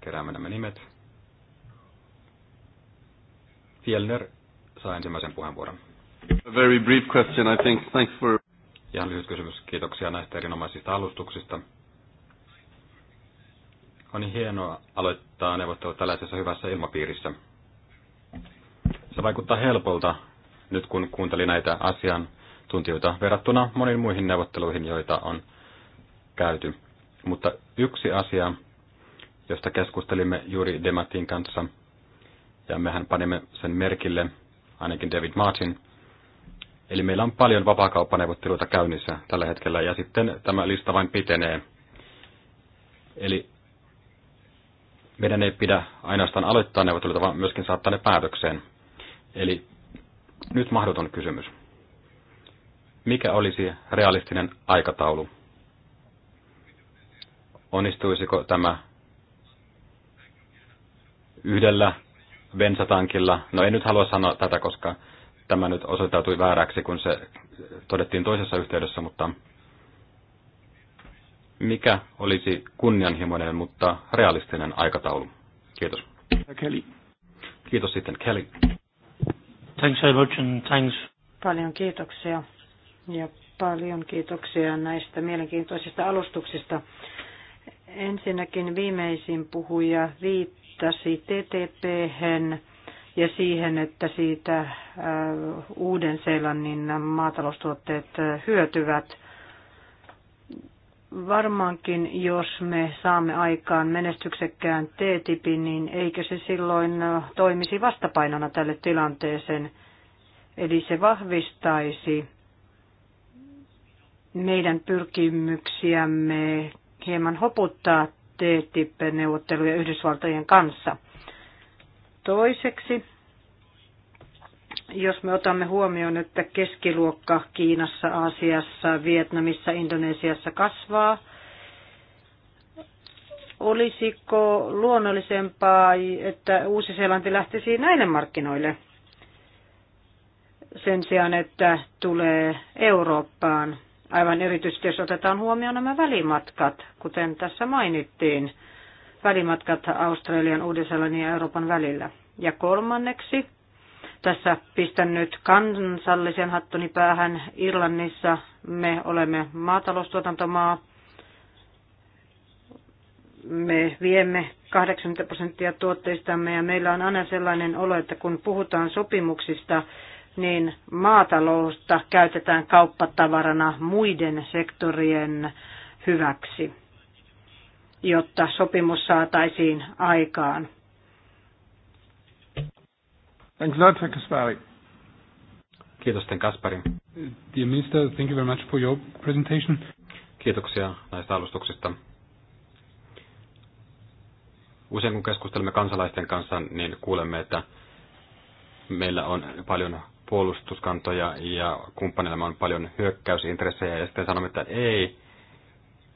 Keräämme nämä nimet. Fjellner saa ensimmäisen puheenvuoron. A very brief question, I think. Thanks for... Ihan lyhyt kysymys. Kiitoksia näistä erinomaisista alustuksista. On niin hienoa aloittaa neuvottelu tällaisessa hyvässä ilmapiirissä. Se vaikuttaa helpolta nyt kun kuuntelin näitä asiantuntijoita verrattuna moniin muihin neuvotteluihin, joita on käyty. Mutta yksi asia, josta keskustelimme juuri Dematin kanssa, ja mehän panimme sen merkille, ainakin David Martin, Eli meillä on paljon vapaakauppaneuvotteluita käynnissä tällä hetkellä, ja sitten tämä lista vain pitenee. Eli meidän ei pidä ainoastaan aloittaa neuvotteluita, vaan myöskin saattaa ne päätökseen. Eli nyt mahdoton kysymys. Mikä olisi realistinen aikataulu? Onnistuisiko tämä yhdellä bensatankilla? No en nyt halua sanoa tätä, koska tämä nyt osoitautui vääräksi, kun se todettiin toisessa yhteydessä, mutta mikä olisi kunnianhimoinen, mutta realistinen aikataulu? Kiitos. Kelly. Kiitos sitten Kelly. Thanks very much and thanks. Paljon kiitoksia ja paljon kiitoksia näistä mielenkiintoisista alustuksista. Ensinnäkin viimeisin puhuja viittasi ttp -hän ja siihen, että siitä äh, Uuden-Seelannin maataloustuotteet äh, hyötyvät – varmaankin, jos me saamme aikaan menestyksekkään T-tipin, niin eikö se silloin äh, toimisi vastapainona tälle tilanteeseen? Eli se vahvistaisi meidän pyrkimyksiämme hieman hoputtaa TTIP-neuvotteluja Yhdysvaltojen kanssa – Toiseksi, jos me otamme huomioon, että keskiluokka Kiinassa, Aasiassa, Vietnamissa, Indonesiassa kasvaa, olisiko luonnollisempaa, että Uusi-Seelanti lähtisi näille markkinoille sen sijaan, että tulee Eurooppaan, aivan erityisesti jos otetaan huomioon nämä välimatkat, kuten tässä mainittiin – välimatkat Australian, Uudisellan ja Euroopan välillä. Ja kolmanneksi, tässä pistän nyt kansallisen hattuni päähän, Irlannissa me olemme maataloustuotantomaa, me viemme 80 prosenttia tuotteistamme ja meillä on aina sellainen olo, että kun puhutaan sopimuksista, niin maataloutta käytetään kauppatavarana muiden sektorien hyväksi jotta sopimus saataisiin aikaan. Thanks a lot, Kaspari. Kiitos, Kaspari. Dear Minister, thank you very much for your presentation. Kiitoksia näistä alustuksista. Usein kun keskustelemme kansalaisten kanssa, niin kuulemme, että meillä on paljon puolustuskantoja ja kumppanilla on paljon hyökkäysintressejä ja sitten sanomme, että ei,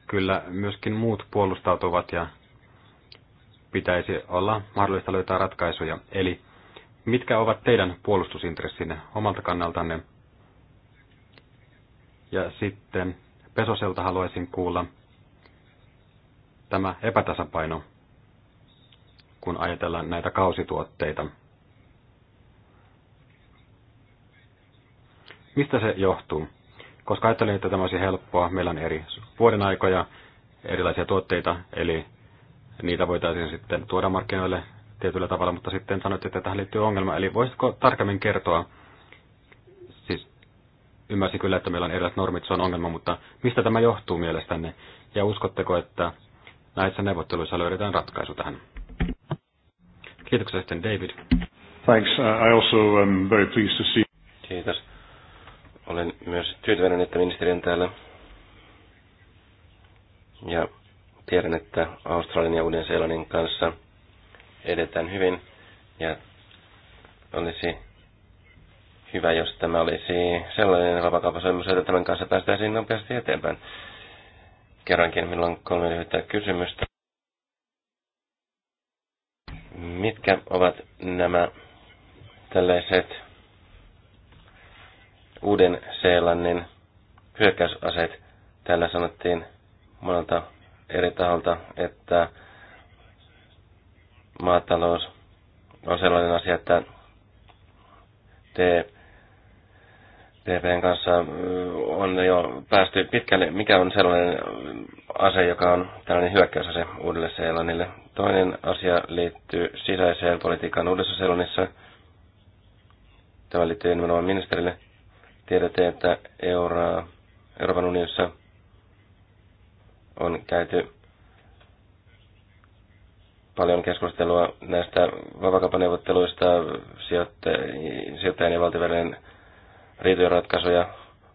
kyllä myöskin muut puolustautuvat ja pitäisi olla mahdollista löytää ratkaisuja. Eli mitkä ovat teidän puolustusintressinne omalta kannaltanne? Ja sitten Pesoselta haluaisin kuulla tämä epätasapaino, kun ajatellaan näitä kausituotteita. Mistä se johtuu? koska ajattelin, että tämä olisi helppoa. Meillä on eri vuoden aikoja, erilaisia tuotteita, eli niitä voitaisiin sitten tuoda markkinoille tietyllä tavalla, mutta sitten sanoit, että tähän liittyy ongelma. Eli voisitko tarkemmin kertoa, siis ymmärsin kyllä, että meillä on erilaiset normit, se on ongelma, mutta mistä tämä johtuu mielestänne? Ja uskotteko, että näissä neuvotteluissa löydetään ratkaisu tähän? Kiitoksia sitten David. Thanks. Uh, I also am very pleased to see. Kiitos. Olen myös tyytyväinen, että ministeri on täällä. Ja tiedän, että Australian ja Uuden-Seelannin kanssa edetään hyvin. Ja olisi hyvä, jos tämä olisi sellainen vapakaupasoimus, että tämän kanssa päästäisiin nopeasti eteenpäin. Kerrankin minulla on kolme lyhyttä kysymystä. Mitkä ovat nämä tällaiset Uuden Seelannin hyökkäysaseet. Täällä sanottiin monelta eri taholta, että maatalous on sellainen asia, että te TVn kanssa on jo päästy pitkälle, mikä on sellainen ase, joka on tällainen hyökkäysase uudelle Seelannille. Toinen asia liittyy sisäiseen politiikan uudessa Seelannissa. Tämä liittyy nimenomaan ministerille. Tiedätte, että euroa, Euroopan unionissa on käyty paljon keskustelua näistä vapakapaneuvotteluista, sijoittajien ja valtiovälinen riitojen ratkaisuja,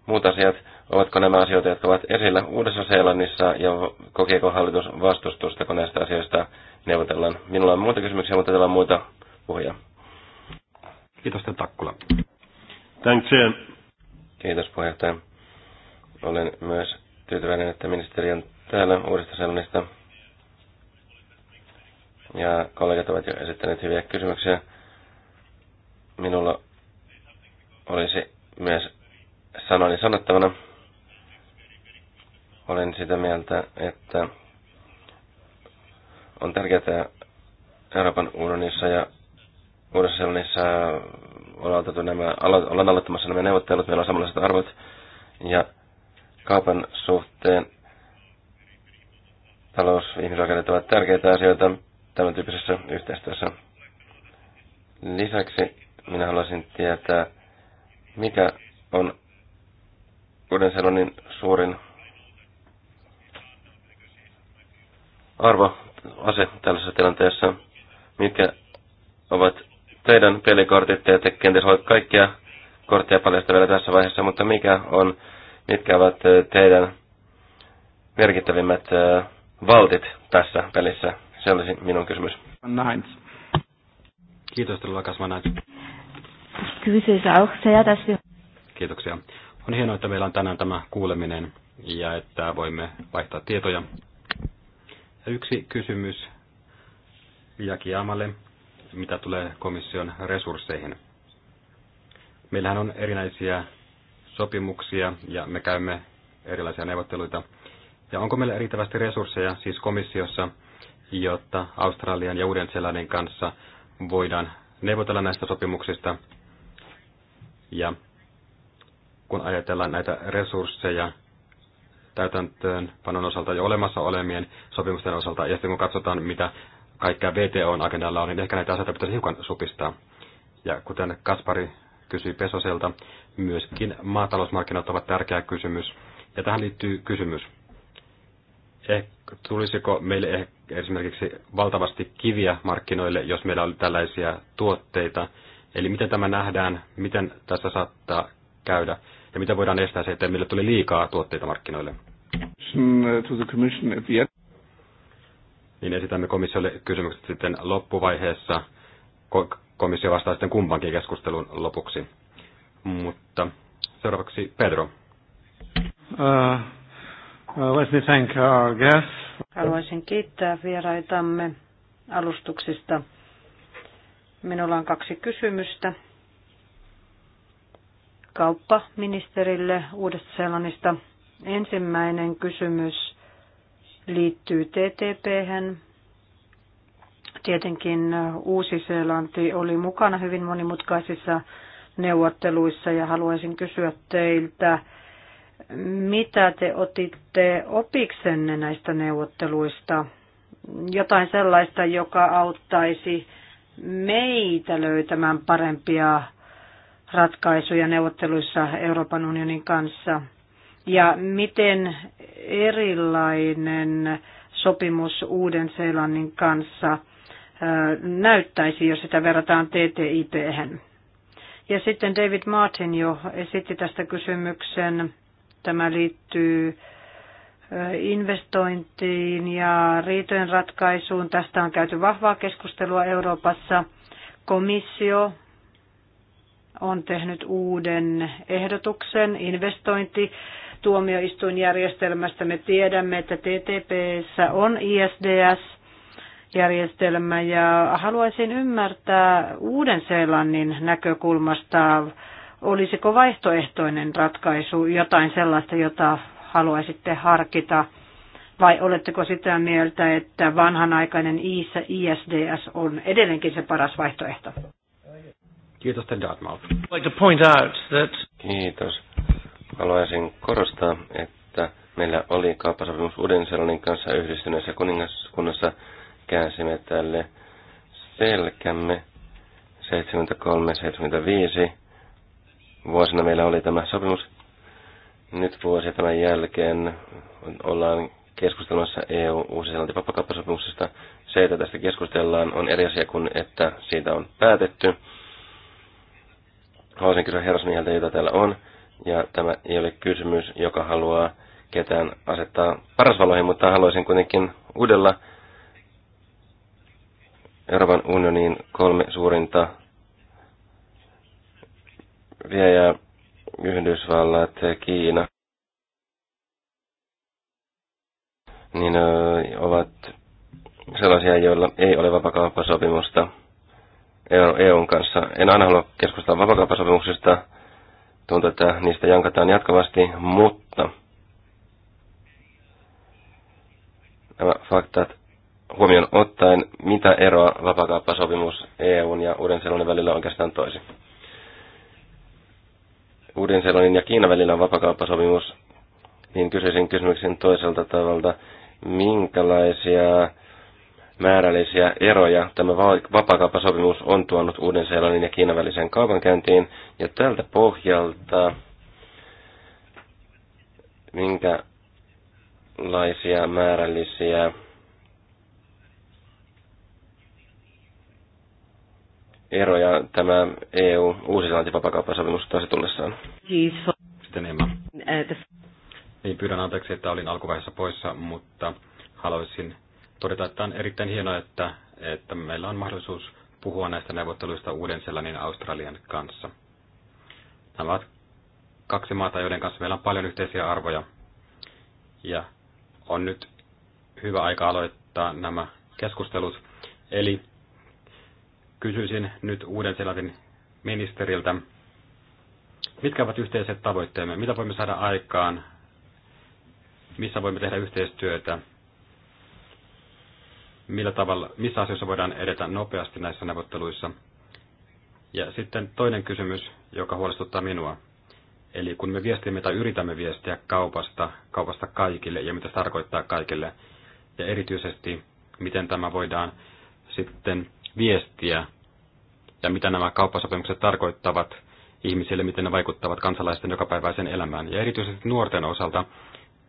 muut asiat. Ovatko nämä asioita, jotka ovat esillä Uudessa Seelannissa ja kokeeko hallitus vastustusta, kun näistä asioista neuvotellaan? Minulla on muita kysymyksiä, mutta täällä on muita puhuja. Kiitos, Takkula. Thanks. Kiitos puheenjohtaja. Olen myös tyytyväinen, että ministeri on täällä uudistusäännöstä. Ja kollegat ovat jo esittäneet hyviä kysymyksiä. Minulla olisi myös sanoni sanottavana. Olen sitä mieltä, että on tärkeää Euroopan unionissa ja Uudessa-Seelannissa ollaan, nämä, ollaan aloittamassa nämä neuvottelut, meillä on samanlaiset arvot, ja kaupan suhteen talous, ihmisoikeudet ovat tärkeitä asioita tämän tyyppisessä yhteistyössä. Lisäksi minä haluaisin tietää, mikä on uuden seelannin suurin arvo ase tällaisessa tilanteessa, mitkä ovat teidän pelikortit, te kenties voi kaikkia kortteja paljasta vielä tässä vaiheessa, mutta mikä on, mitkä ovat teidän merkittävimmät valtit tässä pelissä? Se olisi minun kysymys. Nines, Kiitos teille, Lakas Kiitoksia. On hienoa, että meillä on tänään tämä kuuleminen ja että voimme vaihtaa tietoja. Ja yksi kysymys Jakiamalle mitä tulee komission resursseihin. Meillähän on erinäisiä sopimuksia ja me käymme erilaisia neuvotteluita. Ja onko meillä riittävästi resursseja siis komissiossa, jotta Australian ja Uuden-Seelannin kanssa voidaan neuvotella näistä sopimuksista? Ja kun ajatellaan näitä resursseja täytäntöönpanon osalta jo olemassa olemien sopimusten osalta, ja sitten kun katsotaan, mitä kaikkea VTOn agendalla niin ehkä näitä asioita pitäisi hiukan supistaa. Ja kuten Kaspari kysyi Pesoselta, myöskin maatalousmarkkinat ovat tärkeä kysymys. Ja tähän liittyy kysymys. Eh, tulisiko meille eh, esimerkiksi valtavasti kiviä markkinoille, jos meillä oli tällaisia tuotteita? Eli miten tämä nähdään, miten tässä saattaa käydä ja miten voidaan estää se, että meille tuli liikaa tuotteita markkinoille? Uh, niin esitämme komissiolle kysymykset sitten loppuvaiheessa. Komissio vastaa sitten kumpankin keskustelun lopuksi. Mutta seuraavaksi Pedro. Uh, uh, let me thank our guests. Haluaisin kiittää vieraitamme alustuksista. Minulla on kaksi kysymystä kauppaministerille Uudesta-Seelannista. Ensimmäinen kysymys liittyy ttp -hän. Tietenkin Uusi-Seelanti oli mukana hyvin monimutkaisissa neuvotteluissa ja haluaisin kysyä teiltä, mitä te otitte opiksenne näistä neuvotteluista? Jotain sellaista, joka auttaisi meitä löytämään parempia ratkaisuja neuvotteluissa Euroopan unionin kanssa – ja miten erilainen sopimus Uuden Seelannin kanssa äh, näyttäisi, jos sitä verrataan ttip -hän. Ja sitten David Martin jo esitti tästä kysymyksen. Tämä liittyy äh, investointiin ja riitojen ratkaisuun. Tästä on käyty vahvaa keskustelua Euroopassa. Komissio on tehnyt uuden ehdotuksen investointi tuomioistuinjärjestelmästä. Me tiedämme, että TTPssä on ISDS, järjestelmä ja haluaisin ymmärtää Uuden-Seelannin näkökulmasta, olisiko vaihtoehtoinen ratkaisu jotain sellaista, jota haluaisitte harkita, vai oletteko sitä mieltä, että vanhanaikainen ISDS on edelleenkin se paras vaihtoehto? Kiitos, Dartmouth. Like to point out that... Kiitos. Haluaisin korostaa, että meillä oli kauppasopimus Uuden-Seelannin kanssa yhdistyneessä kuningaskunnassa käänsimme tälle selkämme 73-75. Vuosina meillä oli tämä sopimus. Nyt vuosi tämän jälkeen ollaan keskustelemassa eu uusi seelanti vapakauppasopimuksesta. Se, että tästä keskustellaan, on eri asia kuin, että siitä on päätetty. Haluaisin kysyä herrasmieheltä, jota täällä on ja tämä ei ole kysymys, joka haluaa ketään asettaa parasvaloihin, mutta haluaisin kuitenkin uudella Euroopan unionin kolme suurinta viejä Yhdysvallat, Kiina, niin ö, ovat sellaisia, joilla ei ole vapakauppasopimusta EUn e kanssa. En aina halua keskustella vapakauppasopimuksista, Tuntuu, että niistä jankataan jatkuvasti, mutta nämä faktat huomioon ottaen, mitä eroa vapakauppasopimus EUn ja uuden selonin välillä on oikeastaan toisi. uuden selonin ja Kiinan välillä on vapakauppasopimus, niin kysyisin kysymyksen toiselta tavalla, minkälaisia määrällisiä eroja. Tämä vapaakauppasopimus on tuonut Uuden-Seelannin ja Kiinan väliseen kaupankäyntiin, ja tältä pohjalta minkälaisia määrällisiä eroja tämä EU-Uusiseelanti vapakauppasopimus taas tullessaan. Sitten Emma. Niin, pyydän anteeksi, että olin alkuvaiheessa poissa, mutta haluaisin todeta, että on erittäin hienoa, että, että meillä on mahdollisuus puhua näistä neuvotteluista Uuden-Seelannin Australian kanssa. Nämä ovat kaksi maata, joiden kanssa meillä on paljon yhteisiä arvoja. Ja on nyt hyvä aika aloittaa nämä keskustelut. Eli kysyisin nyt Uuden-Seelannin ministeriltä, mitkä ovat yhteiset tavoitteemme, mitä voimme saada aikaan, missä voimme tehdä yhteistyötä millä tavalla, missä asioissa voidaan edetä nopeasti näissä neuvotteluissa. Ja sitten toinen kysymys, joka huolestuttaa minua. Eli kun me viestimme tai yritämme viestiä kaupasta, kaupasta kaikille ja mitä se tarkoittaa kaikille, ja erityisesti miten tämä voidaan sitten viestiä ja mitä nämä kauppasopimukset tarkoittavat ihmisille, miten ne vaikuttavat kansalaisten jokapäiväiseen elämään. Ja erityisesti nuorten osalta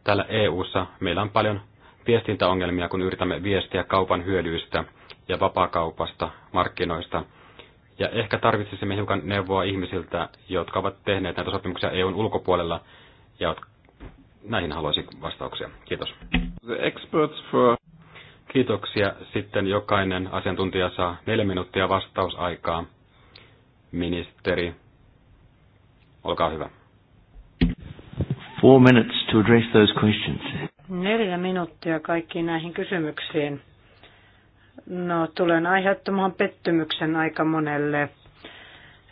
täällä EU:ssa meillä on paljon viestintäongelmia, kun yritämme viestiä kaupan hyödyistä ja vapaakaupasta, markkinoista. Ja ehkä tarvitsisimme hiukan neuvoa ihmisiltä, jotka ovat tehneet näitä sopimuksia EUn ulkopuolella, ja näihin haluaisin vastauksia. Kiitos. The experts for... Kiitoksia. Sitten jokainen asiantuntija saa neljä minuuttia vastausaikaa. Ministeri, olkaa hyvä. Four minutes to address those questions. Neljä minuuttia kaikkiin näihin kysymyksiin. No, tulen aiheuttamaan pettymyksen aika monelle,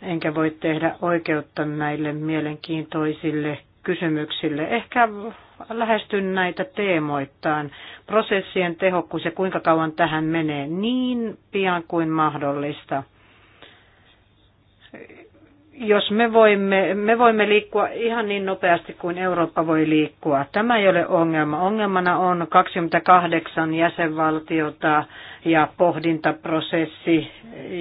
enkä voi tehdä oikeutta näille mielenkiintoisille kysymyksille. Ehkä lähestyn näitä teemoittain. Prosessien tehokkuus ja kuinka kauan tähän menee niin pian kuin mahdollista jos me voimme, me voimme liikkua ihan niin nopeasti kuin Eurooppa voi liikkua. Tämä ei ole ongelma. Ongelmana on 28 jäsenvaltiota ja pohdintaprosessi,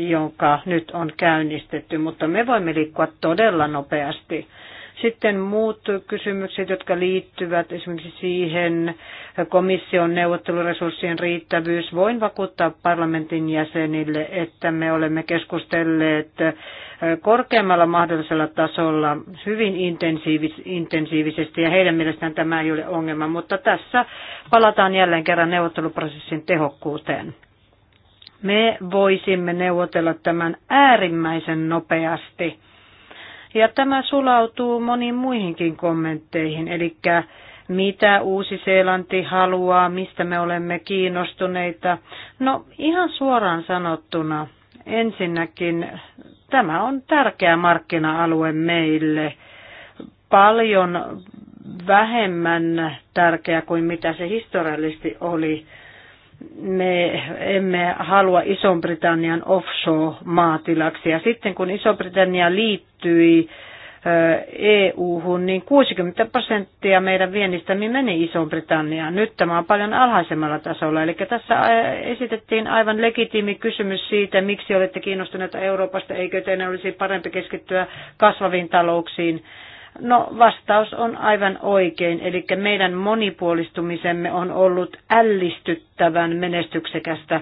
jonka nyt on käynnistetty, mutta me voimme liikkua todella nopeasti. Sitten muut kysymykset, jotka liittyvät esimerkiksi siihen komission neuvotteluresurssien riittävyys. Voin vakuuttaa parlamentin jäsenille, että me olemme keskustelleet korkeammalla mahdollisella tasolla hyvin intensiivis- intensiivisesti ja heidän mielestään tämä ei ole ongelma, mutta tässä palataan jälleen kerran neuvotteluprosessin tehokkuuteen me voisimme neuvotella tämän äärimmäisen nopeasti ja tämä sulautuu moniin muihinkin kommentteihin, eli mitä Uusi-Seelanti haluaa, mistä me olemme kiinnostuneita. No ihan suoraan sanottuna, ensinnäkin tämä on tärkeä markkina-alue meille. Paljon vähemmän tärkeä kuin mitä se historiallisesti oli me emme halua iso britannian offshore-maatilaksi. Ja sitten kun Iso-Britannia liittyi EU-hun, niin 60 prosenttia meidän viennistämme meni Iso-Britanniaan. Nyt tämä on paljon alhaisemmalla tasolla. Eli tässä esitettiin aivan legitiimi kysymys siitä, miksi olette kiinnostuneita Euroopasta, eikö teidän olisi parempi keskittyä kasvaviin talouksiin No vastaus on aivan oikein, eli meidän monipuolistumisemme on ollut ällistyttävän menestyksekästä.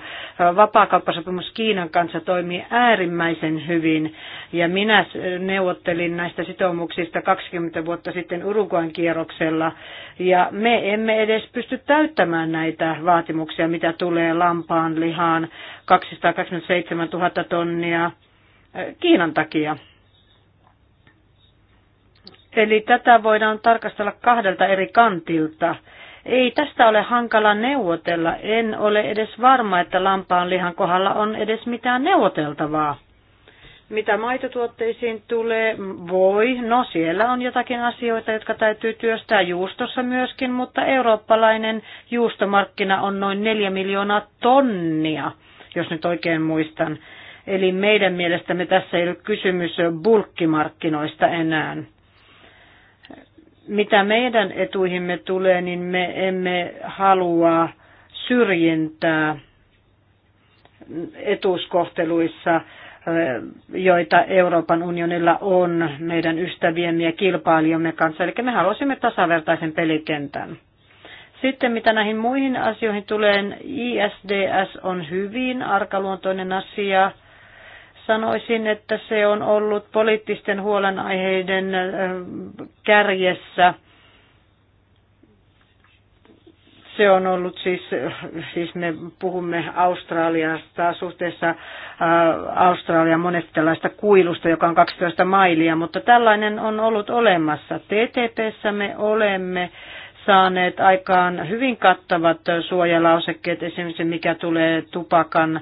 Vapaakauppasopimus Kiinan kanssa toimii äärimmäisen hyvin ja minä neuvottelin näistä sitoumuksista 20 vuotta sitten Uruguan kierroksella ja me emme edes pysty täyttämään näitä vaatimuksia, mitä tulee lampaan lihaan 227 000 tonnia Kiinan takia. Eli tätä voidaan tarkastella kahdelta eri kantilta. Ei tästä ole hankala neuvotella. En ole edes varma, että lampaan lihan kohdalla on edes mitään neuvoteltavaa. Mitä maitotuotteisiin tulee, voi. No siellä on jotakin asioita, jotka täytyy työstää juustossa myöskin, mutta eurooppalainen juustomarkkina on noin 4 miljoonaa tonnia, jos nyt oikein muistan. Eli meidän mielestämme tässä ei ole kysymys bulkkimarkkinoista enää. Mitä meidän etuihimme tulee, niin me emme halua syrjintää etuuskohteluissa, joita Euroopan unionilla on meidän ystäviemme ja kilpailijamme kanssa. Eli me haluaisimme tasavertaisen pelikentän. Sitten mitä näihin muihin asioihin tulee, ISDS niin on hyvin arkaluontoinen asia Sanoisin, että se on ollut poliittisten huolenaiheiden kärjessä. Se on ollut siis, siis me puhumme Australiasta suhteessa Australian monesta kuilusta, joka on 12 mailia, mutta tällainen on ollut olemassa. TTPssä me olemme saaneet aikaan hyvin kattavat suojalausekkeet, esimerkiksi mikä tulee tupakan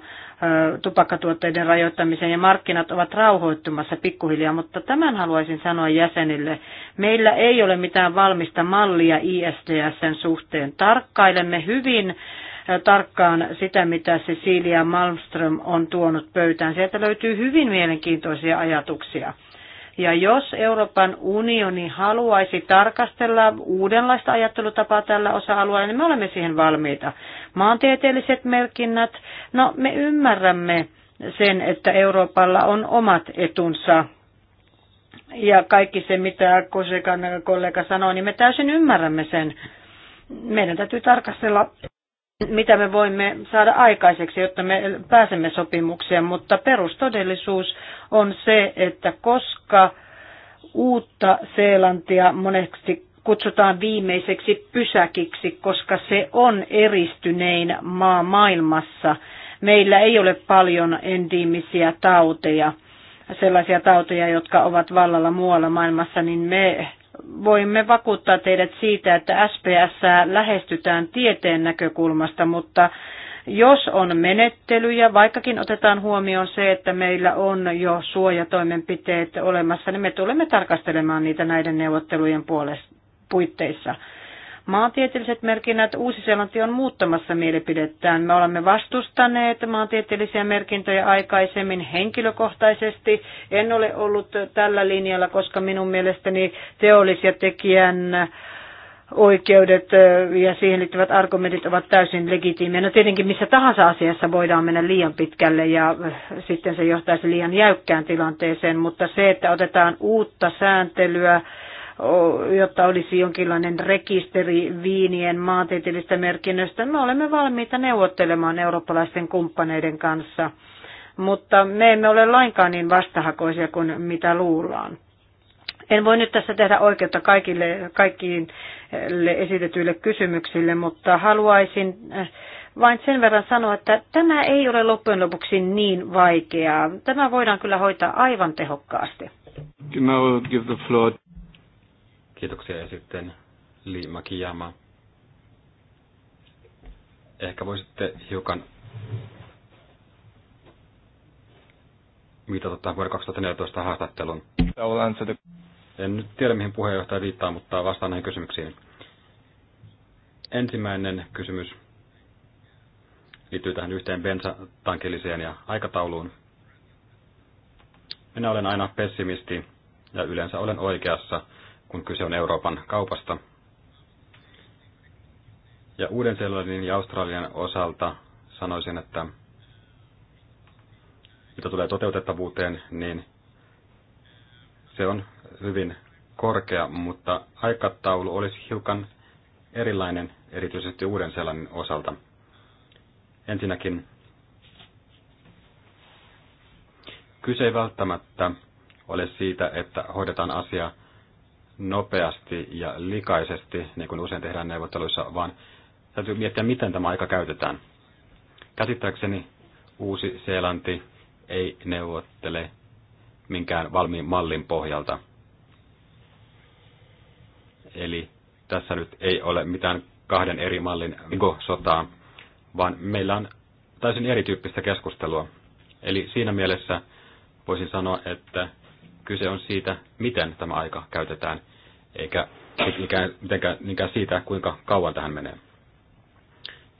tupakkatuotteiden rajoittamiseen ja markkinat ovat rauhoittumassa pikkuhiljaa, mutta tämän haluaisin sanoa jäsenille. Meillä ei ole mitään valmista mallia ISDSn suhteen. Tarkkailemme hyvin tarkkaan sitä, mitä Cecilia Malmström on tuonut pöytään. Sieltä löytyy hyvin mielenkiintoisia ajatuksia. Ja jos Euroopan unioni haluaisi tarkastella uudenlaista ajattelutapaa tällä osa-alueella, niin me olemme siihen valmiita. Maantieteelliset merkinnät, no me ymmärrämme sen, että Euroopalla on omat etunsa ja kaikki se, mitä Kosekan kollega sanoi, niin me täysin ymmärrämme sen. Meidän täytyy tarkastella, mitä me voimme saada aikaiseksi, jotta me pääsemme sopimukseen, mutta perustodellisuus on se, että koska uutta Seelantia monesti kutsutaan viimeiseksi pysäkiksi, koska se on eristynein maa maailmassa. Meillä ei ole paljon endiimisiä tauteja, sellaisia tauteja, jotka ovat vallalla muualla maailmassa, niin me voimme vakuuttaa teidät siitä, että SPS lähestytään tieteen näkökulmasta, mutta jos on menettelyjä, vaikkakin otetaan huomioon se, että meillä on jo suojatoimenpiteet olemassa, niin me tulemme tarkastelemaan niitä näiden neuvottelujen puolesta, puitteissa. Maantieteelliset merkinnät, uusi selonti on muuttamassa mielipidettään. Me olemme vastustaneet maantieteellisiä merkintöjä aikaisemmin henkilökohtaisesti. En ole ollut tällä linjalla, koska minun mielestäni teollisia tekijän oikeudet ja siihen liittyvät argumentit ovat täysin legitiimejä. No tietenkin missä tahansa asiassa voidaan mennä liian pitkälle ja sitten se johtaisi liian jäykkään tilanteeseen, mutta se, että otetaan uutta sääntelyä, jotta olisi jonkinlainen rekisteri viinien maantieteellistä merkinnöstä, me olemme valmiita neuvottelemaan eurooppalaisten kumppaneiden kanssa. Mutta me emme ole lainkaan niin vastahakoisia kuin mitä luullaan. En voi nyt tässä tehdä oikeutta kaikille, kaikkiin eh, esitetyille kysymyksille, mutta haluaisin eh, vain sen verran sanoa, että tämä ei ole loppujen lopuksi niin vaikeaa. Tämä voidaan kyllä hoitaa aivan tehokkaasti. give the floor. Kiitoksia ja sitten Liima Kijama. Ehkä voisitte hiukan mitata tähän vuoden 2014 haastatteluun. En nyt tiedä, mihin puheenjohtaja viittaa, mutta vastaan näihin kysymyksiin. Ensimmäinen kysymys liittyy tähän yhteen bensatankilliseen ja aikatauluun. Minä olen aina pessimisti ja yleensä olen oikeassa, kun kyse on Euroopan kaupasta. Ja Uuden-Seelannin ja Australian osalta sanoisin, että mitä tulee toteutettavuuteen, niin se on hyvin korkea, mutta aikataulu olisi hiukan erilainen, erityisesti uuden selän osalta. Ensinnäkin kyse ei välttämättä ole siitä, että hoidetaan asia nopeasti ja likaisesti, niin kuin usein tehdään neuvotteluissa, vaan täytyy miettiä, miten tämä aika käytetään. Käsittääkseni Uusi-Seelanti ei neuvottele minkään valmiin mallin pohjalta. Eli tässä nyt ei ole mitään kahden eri mallin sotaa, vaan meillä on täysin erityyppistä keskustelua. Eli siinä mielessä voisin sanoa, että kyse on siitä, miten tämä aika käytetään, eikä mikään, mitenkään, niinkään siitä, kuinka kauan tähän menee.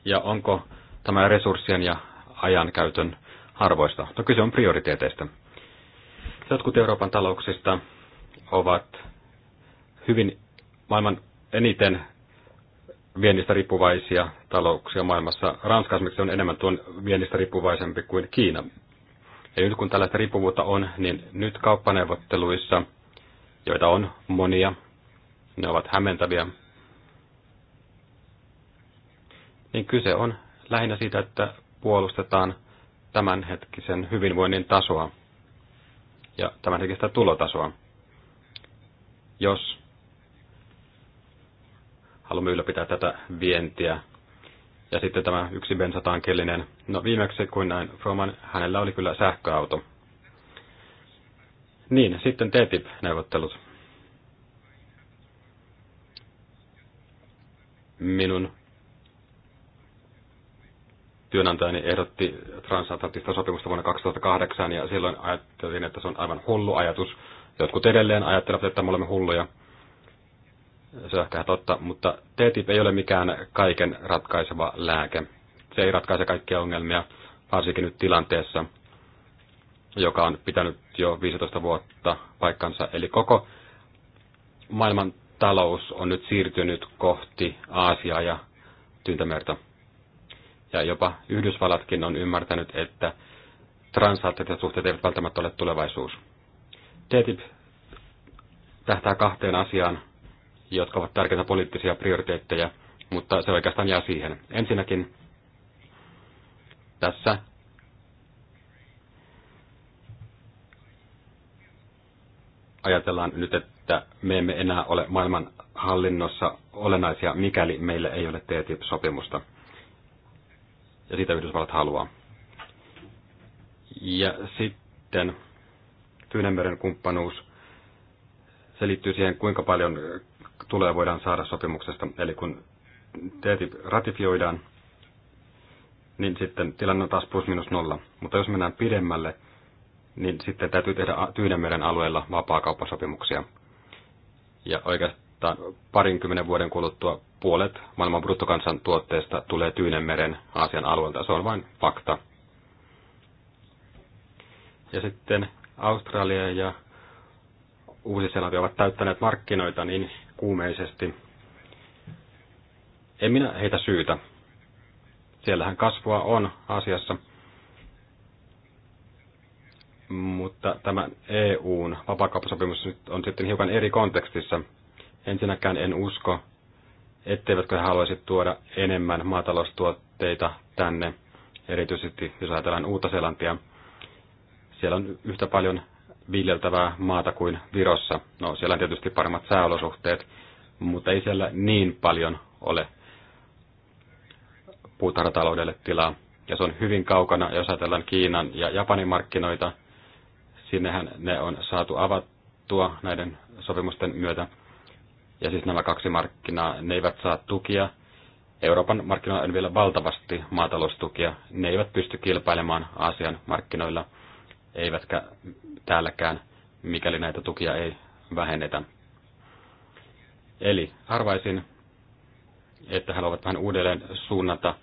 Ja onko tämä resurssien ja ajan käytön arvoista? No kyse on prioriteeteista. Jotkut Euroopan talouksista ovat hyvin maailman eniten viennistä riippuvaisia talouksia maailmassa. Ranska esimerkiksi on enemmän tuon viennistä riippuvaisempi kuin Kiina. Ja nyt kun tällaista riippuvuutta on, niin nyt kauppaneuvotteluissa, joita on monia, ne ovat hämmentäviä, niin kyse on lähinnä siitä, että puolustetaan tämänhetkisen hyvinvoinnin tasoa ja tämänhetkistä tulotasoa. Jos haluamme ylläpitää tätä vientiä. Ja sitten tämä yksi bensatankellinen. No viimeksi kuin näin Froman, hänellä oli kyllä sähköauto. Niin, sitten TTIP-neuvottelut. Minun työnantajani ehdotti transatlanttista sopimusta vuonna 2008 ja silloin ajattelin, että se on aivan hullu ajatus. Jotkut edelleen ajattelevat, että me olemme hulluja. Se on ehkä totta, mutta TTIP ei ole mikään kaiken ratkaiseva lääke. Se ei ratkaise kaikkia ongelmia, varsinkin nyt tilanteessa, joka on pitänyt jo 15 vuotta paikkansa. Eli koko maailman talous on nyt siirtynyt kohti Aasiaa ja Tyyntämerta. Ja jopa Yhdysvallatkin on ymmärtänyt, että transatlanttiset suhteet eivät välttämättä ole tulevaisuus. TTIP tähtää kahteen asiaan, jotka ovat tärkeitä poliittisia prioriteetteja, mutta se oikeastaan jää siihen. Ensinnäkin tässä ajatellaan nyt, että me emme enää ole maailman hallinnossa olennaisia, mikäli meillä ei ole TTIP-sopimusta. Ja sitä Yhdysvallat haluaa. Ja sitten Tyynemeren kumppanuus. Se liittyy siihen, kuinka paljon tuloja voidaan saada sopimuksesta. Eli kun TTIP ratifioidaan, niin sitten tilanne on taas plus minus nolla. Mutta jos mennään pidemmälle, niin sitten täytyy tehdä Tyynemeren alueella vapaakauppasopimuksia. Ja oikeastaan parinkymmenen vuoden kuluttua puolet maailman bruttokansantuotteesta tulee Tyynemeren Aasian alueelta. Se on vain fakta. Ja sitten Australia ja Uusi-Seelanti ovat täyttäneet markkinoita niin kuumeisesti. En minä heitä syytä. Siellähän kasvua on asiassa. Mutta tämä EUn vapaakauppasopimus nyt on sitten hiukan eri kontekstissa. Ensinnäkään en usko, etteivätkö he haluaisi tuoda enemmän maataloustuotteita tänne, erityisesti jos ajatellaan Uutta-Seelantia. Siellä on yhtä paljon viljeltävää maata kuin Virossa. No siellä on tietysti paremmat sääolosuhteet, mutta ei siellä niin paljon ole puutarhataloudelle tilaa. Ja se on hyvin kaukana, jos ajatellaan Kiinan ja Japanin markkinoita. Sinnehän ne on saatu avattua näiden sopimusten myötä. Ja siis nämä kaksi markkinaa, ne eivät saa tukia. Euroopan markkinoilla on vielä valtavasti maataloustukia. Ne eivät pysty kilpailemaan Aasian markkinoilla – eivätkä täälläkään, mikäli näitä tukia ei vähennetä. Eli arvaisin, että haluavat vähän uudelleen suunnata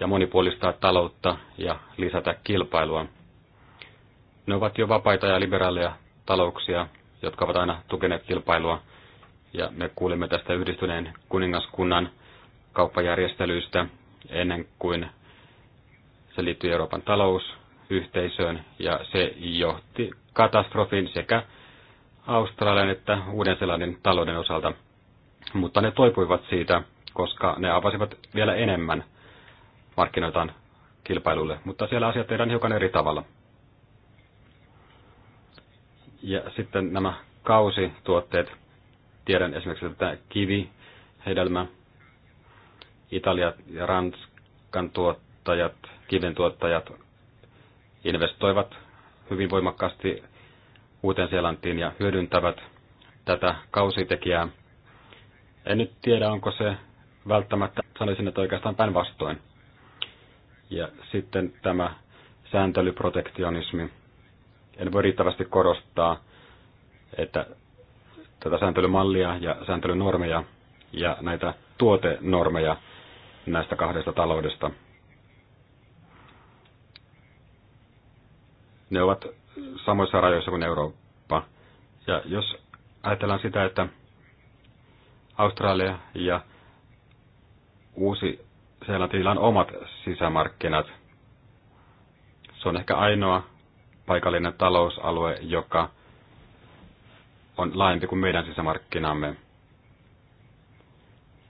ja monipuolistaa taloutta ja lisätä kilpailua. Ne ovat jo vapaita ja liberaaleja talouksia, jotka ovat aina tukeneet kilpailua, ja me kuulimme tästä yhdistyneen kuningaskunnan kauppajärjestelyistä ennen kuin se liittyy Euroopan talous- yhteisöön ja se johti katastrofin sekä Australian että Uuden-Seelannin talouden osalta. Mutta ne toipuivat siitä, koska ne avasivat vielä enemmän markkinoitaan kilpailulle, mutta siellä asiat tehdään hiukan eri tavalla. Ja sitten nämä kausituotteet, tiedän esimerkiksi tätä kivi, hedelmä, Italia ja Ranskan tuottajat, kiven tuottajat investoivat hyvin voimakkaasti Uuteen-Seelantiin ja hyödyntävät tätä kausitekijää. En nyt tiedä, onko se välttämättä, sanoisin, että oikeastaan päinvastoin. Ja sitten tämä sääntelyprotektionismi. En voi riittävästi korostaa, että tätä sääntelymallia ja sääntelynormeja ja näitä tuotenormeja näistä kahdesta taloudesta – ne ovat samoissa rajoissa kuin Eurooppa. Ja jos ajatellaan sitä, että Australia ja uusi Seelantilla on omat sisämarkkinat. Se on ehkä ainoa paikallinen talousalue, joka on laajempi kuin meidän sisämarkkinamme.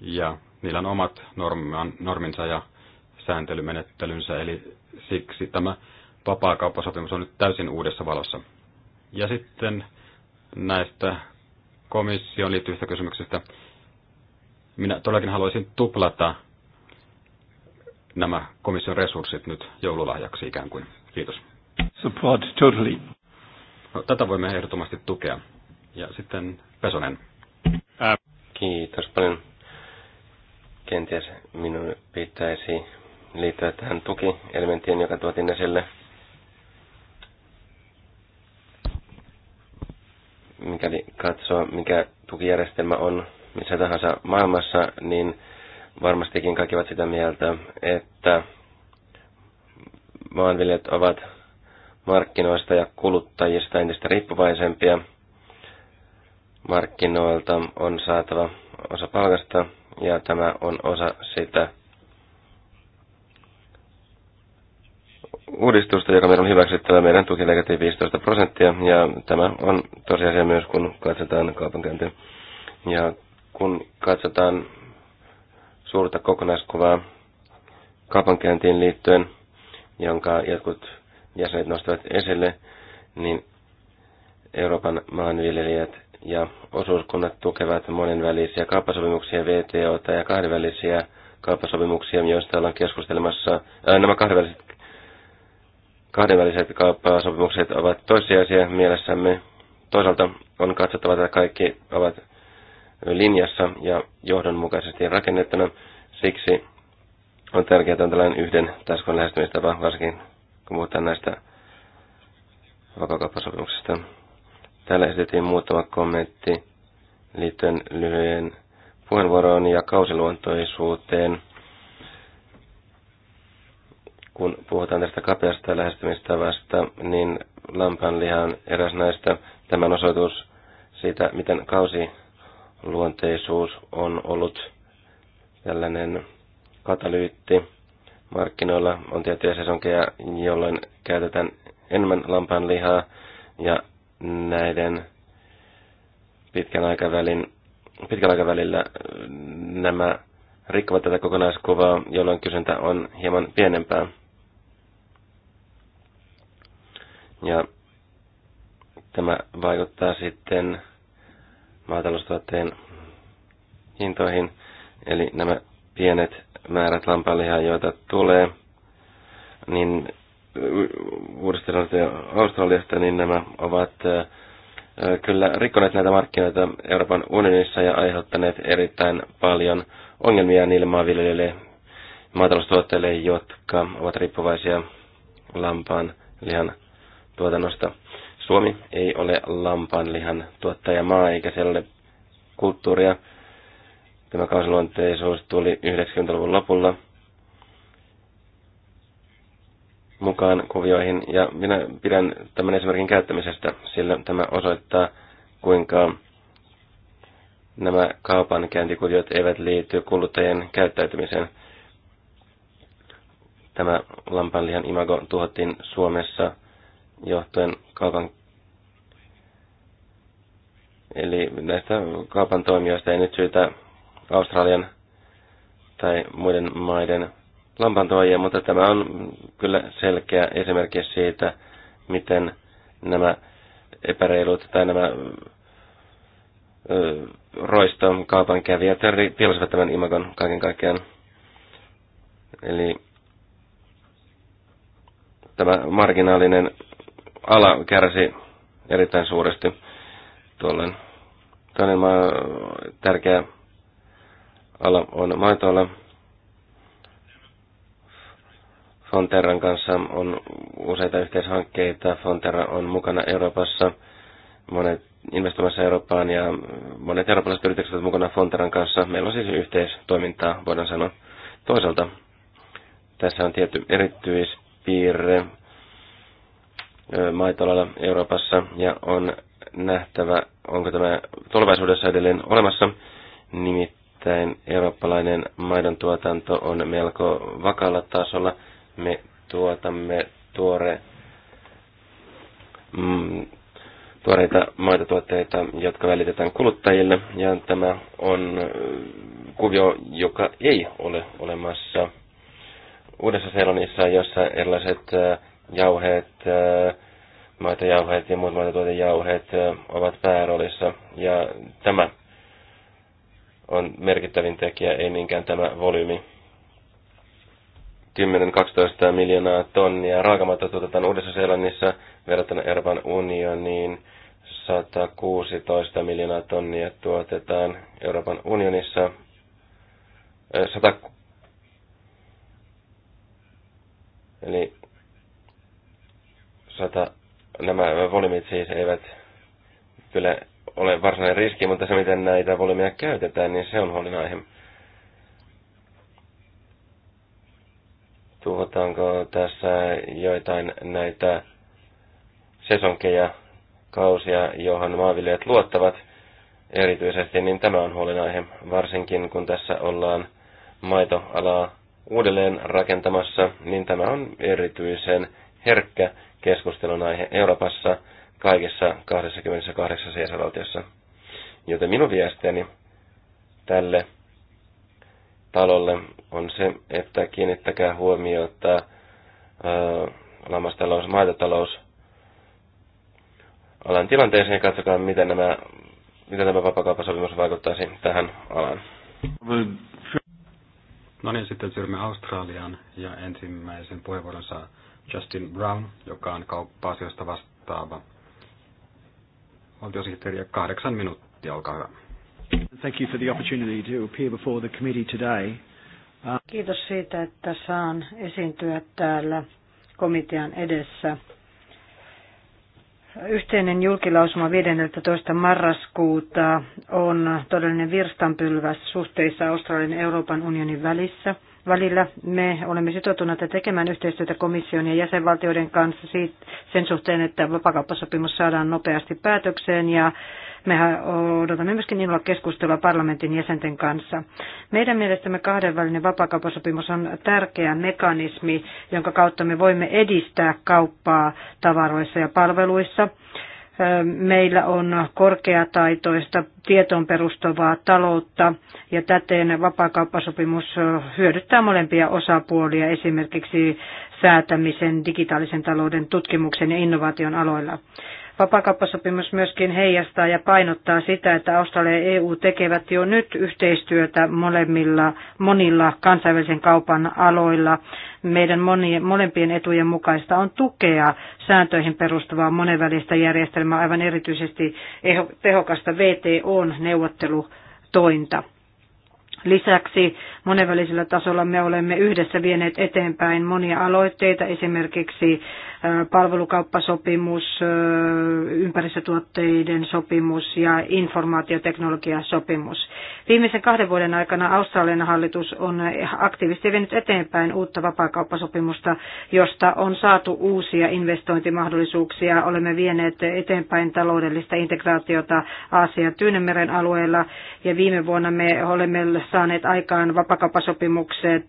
Ja niillä on omat norminsa ja sääntelymenettelynsä, eli siksi tämä vapaakauppasopimus on nyt täysin uudessa valossa. Ja sitten näistä komission liittyvistä kysymyksistä. Minä todellakin haluaisin tuplata nämä komission resurssit nyt joululahjaksi ikään kuin. Kiitos. Support totally. No, tätä voimme ehdottomasti tukea. Ja sitten Pesonen. Ää. Kiitos paljon. Kenties minun pitäisi liittyä tähän tukielementtiin, joka tuotiin esille mikäli katsoo, mikä tukijärjestelmä on missä tahansa maailmassa, niin varmastikin kaikki ovat sitä mieltä, että maanviljelijät ovat markkinoista ja kuluttajista entistä riippuvaisempia. Markkinoilta on saatava osa palkasta ja tämä on osa sitä uudistusta, joka meidän on hyväksyttävä. Meidän tuki leikattiin 15 prosenttia ja tämä on tosiasia myös, kun katsotaan kaupankäyntiä. Ja kun katsotaan suurta kokonaiskuvaa kaupankäyntiin liittyen, jonka jotkut jäsenet nostavat esille, niin Euroopan maanviljelijät ja osuuskunnat tukevat monenvälisiä kauppasopimuksia, VTOta ja kahdenvälisiä kauppasopimuksia, joista ollaan keskustelemassa. Nämä kahdenväliset Kahdenväliset kauppasopimukset ovat toissijaisia mielessämme. Toisaalta on katsottava, että kaikki ovat linjassa ja johdonmukaisesti rakennettuna. Siksi on tärkeää, että on tällainen yhden täskon lähestymistapa, varsinkin kun puhutaan näistä vakakauppasopimuksista. Täällä esitettiin muutama kommentti liittyen lyhyen puheenvuoroon ja kausiluontoisuuteen kun puhutaan tästä kapeasta lähestymistavasta, niin lampanliha on eräs näistä tämän osoitus siitä, miten kausiluonteisuus on ollut tällainen katalyytti. Markkinoilla on tiettyjä sesonkeja, jolloin käytetään enemmän lampanlihaa ja näiden pitkän aikavälin, pitkällä aikavälillä äh, nämä rikkovat tätä kokonaiskuvaa, jolloin kysyntä on hieman pienempää. Ja tämä vaikuttaa sitten maataloustuotteen hintoihin, eli nämä pienet määrät lampaanlihaa, joita tulee, niin Uudesta ja Australiasta, niin nämä ovat kyllä rikkoneet näitä markkinoita Euroopan unionissa ja aiheuttaneet erittäin paljon ongelmia niille maanviljelijöille maataloustuotteille, jotka ovat riippuvaisia lampaan lihan tuotannosta. Suomi ei ole lampanlihan tuottajamaa, eikä siellä ole kulttuuria. Tämä kausiluonteisuus tuli 90-luvun lopulla mukaan kuvioihin, ja minä pidän tämän esimerkin käyttämisestä, sillä tämä osoittaa, kuinka nämä käyntikuviot eivät liity kuluttajien käyttäytymiseen. Tämä lampanlihan imago tuhottiin Suomessa – johtuen kaupan Eli näistä kaupan toimijoista ei nyt syytä Australian tai muiden maiden lampantoajia, mutta tämä on kyllä selkeä esimerkki siitä, miten nämä epäreilut tai nämä ö, roiston kaupankävijät pilasivat tämän imagon kaiken kaikkiaan. Eli tämä marginaalinen ala kärsi erittäin suuresti tuolloin. Toinen maa, tärkeä ala on maitoala. Fonterran kanssa on useita yhteishankkeita. Fonterra on mukana Euroopassa, monet investoimassa Eurooppaan ja monet eurooppalaiset yritykset ovat mukana Fonterran kanssa. Meillä on siis yhteistoimintaa, voidaan sanoa. Toisaalta tässä on tietty erityispiirre, maitoalalla Euroopassa ja on nähtävä, onko tämä tulevaisuudessa edelleen olemassa. Nimittäin eurooppalainen maidon tuotanto on melko vakalla tasolla. Me tuotamme tuore, mm, tuoreita maitotuotteita, jotka välitetään kuluttajille. Ja tämä on kuvio, joka ei ole olemassa Uudessa Seelonissa, jossa erilaiset äh, jauheet, äh, maitojauheet ja muut maitotuotejauheet äh, ovat pääroolissa. Ja tämä on merkittävin tekijä, ei niinkään tämä volyymi. 10-12 miljoonaa tonnia raakamaata tuotetaan Uudessa-Seelannissa verrattuna Euroopan unioniin. 116 miljoonaa tonnia tuotetaan Euroopan unionissa. 100, äh, eli sata, nämä volyymit siis eivät kyllä ole varsinainen riski, mutta se miten näitä volyymeja käytetään, niin se on huolenaihe. Tuhotaanko tässä joitain näitä sesonkeja, kausia, johon maanviljelijät luottavat erityisesti, niin tämä on huolenaihe, varsinkin kun tässä ollaan maitoalaa uudelleen rakentamassa, niin tämä on erityisen herkkä keskustelun aihe Euroopassa kaikissa 28 jäsenvaltiossa. Joten minun viestini tälle talolle on se, että kiinnittäkää huomiota äh, lammastalous, maitotalous alan tilanteeseen ja katsokaa, miten nämä, miten tämä vapakauppasopimus vaikuttaisi tähän alaan. No niin, sitten siirrymme Australiaan ja ensimmäisen puheenvuoron saa Justin Brown, joka on kauppa-asioista vastaava valtiosihteeri, kahdeksan minuuttia, olkaa hyvä. Thank you for the opportunity to appear before the committee today. Uh, Kiitos siitä, että saan esiintyä täällä komitean edessä. Yhteinen julkilausuma 15. marraskuuta on todellinen virstanpylväs suhteissa Australian ja Euroopan unionin välissä – välillä. Me olemme sitoutuneita tekemään yhteistyötä komission ja jäsenvaltioiden kanssa siitä, sen suhteen, että vapakauppasopimus saadaan nopeasti päätökseen ja me odotamme myöskin olla keskustelua parlamentin jäsenten kanssa. Meidän mielestämme kahdenvälinen vapakauppasopimus on tärkeä mekanismi, jonka kautta me voimme edistää kauppaa tavaroissa ja palveluissa – meillä on korkeataitoista tietoon perustuvaa taloutta ja täten vapaakauppasopimus hyödyttää molempia osapuolia esimerkiksi säätämisen, digitaalisen talouden, tutkimuksen ja innovaation aloilla. Vapakauppasopimus myöskin heijastaa ja painottaa sitä, että Australia ja EU tekevät jo nyt yhteistyötä molemmilla, monilla kansainvälisen kaupan aloilla. Meidän monien, molempien etujen mukaista on tukea sääntöihin perustuvaa monenvälistä järjestelmää, aivan erityisesti tehokasta VTOn neuvottelutointa. Lisäksi monenvälisellä tasolla me olemme yhdessä vieneet eteenpäin monia aloitteita, esimerkiksi palvelukauppasopimus, ympäristötuotteiden sopimus ja informaatioteknologiasopimus. Viimeisen kahden vuoden aikana Australian hallitus on aktiivisesti vienyt eteenpäin uutta vapaakauppasopimusta, josta on saatu uusia investointimahdollisuuksia. Olemme vieneet eteenpäin taloudellista integraatiota Aasian Tyynemeren alueella ja viime vuonna me olemme saaneet aikaan vapaakauppasopimukset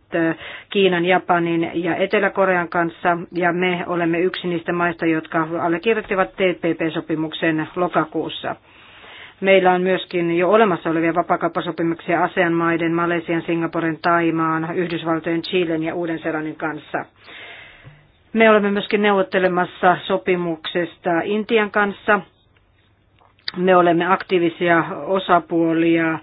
Kiinan, Japanin ja Etelä-Korean kanssa ja me olemme yksi niistä maista, jotka allekirjoittivat TPP-sopimuksen lokakuussa. Meillä on myöskin jo olemassa olevia vapakauppasopimuksia asean maiden, Malesian, Singaporen, Taimaan, Yhdysvaltojen, Chilen ja Uuden-Seelannin kanssa. Me olemme myöskin neuvottelemassa sopimuksesta Intian kanssa. Me olemme aktiivisia osapuolia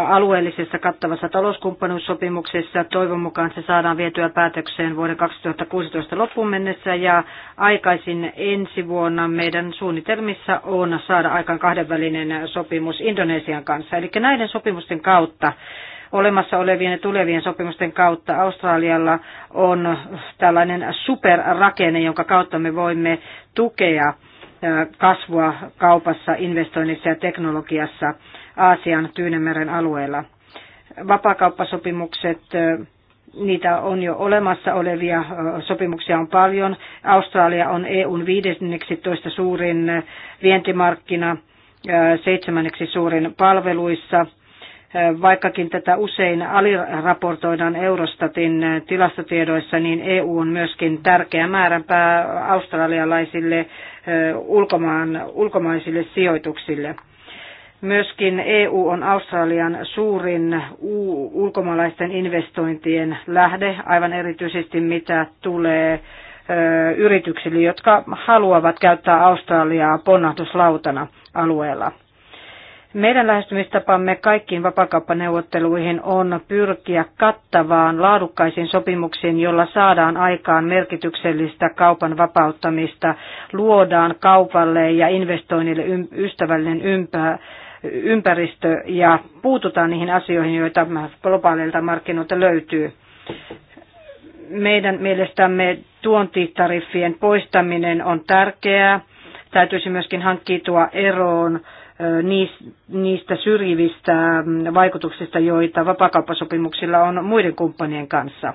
alueellisessa kattavassa talouskumppanuussopimuksessa. Toivon mukaan se saadaan vietyä päätökseen vuoden 2016 loppuun mennessä ja aikaisin ensi vuonna meidän suunnitelmissa on saada aikaan kahdenvälinen sopimus Indonesian kanssa. Eli näiden sopimusten kautta olemassa olevien ja tulevien sopimusten kautta Australialla on tällainen superrakenne, jonka kautta me voimme tukea kasvua kaupassa, investoinnissa ja teknologiassa Aasian Tyynemeren alueella. Vapakauppasopimukset niitä on jo olemassa olevia sopimuksia on paljon. Australia on EUn 15 suurin vientimarkkina, seitsemänneksi suurin palveluissa. Vaikkakin tätä usein aliraportoidaan Eurostatin tilastotiedoissa, niin EU on myöskin tärkeä määränpää australialaisille ulkomaan, ulkomaisille sijoituksille. Myöskin EU on Australian suurin ulkomaalaisten investointien lähde, aivan erityisesti mitä tulee yrityksille, jotka haluavat käyttää Australiaa ponnahduslautana alueella. Meidän lähestymistapamme kaikkiin vapakauppaneuvotteluihin on pyrkiä kattavaan laadukkaisiin sopimuksiin, jolla saadaan aikaan merkityksellistä kaupan vapauttamista, luodaan kaupalle ja investoinnille ystävällinen ympäristö ympäristö ja puututaan niihin asioihin, joita globaaleilta markkinoilta löytyy. Meidän mielestämme tuontitariffien poistaminen on tärkeää. Täytyisi myöskin hankkiutua eroon niistä syrjivistä mm, vaikutuksista, joita vapakauppasopimuksilla on muiden kumppanien kanssa.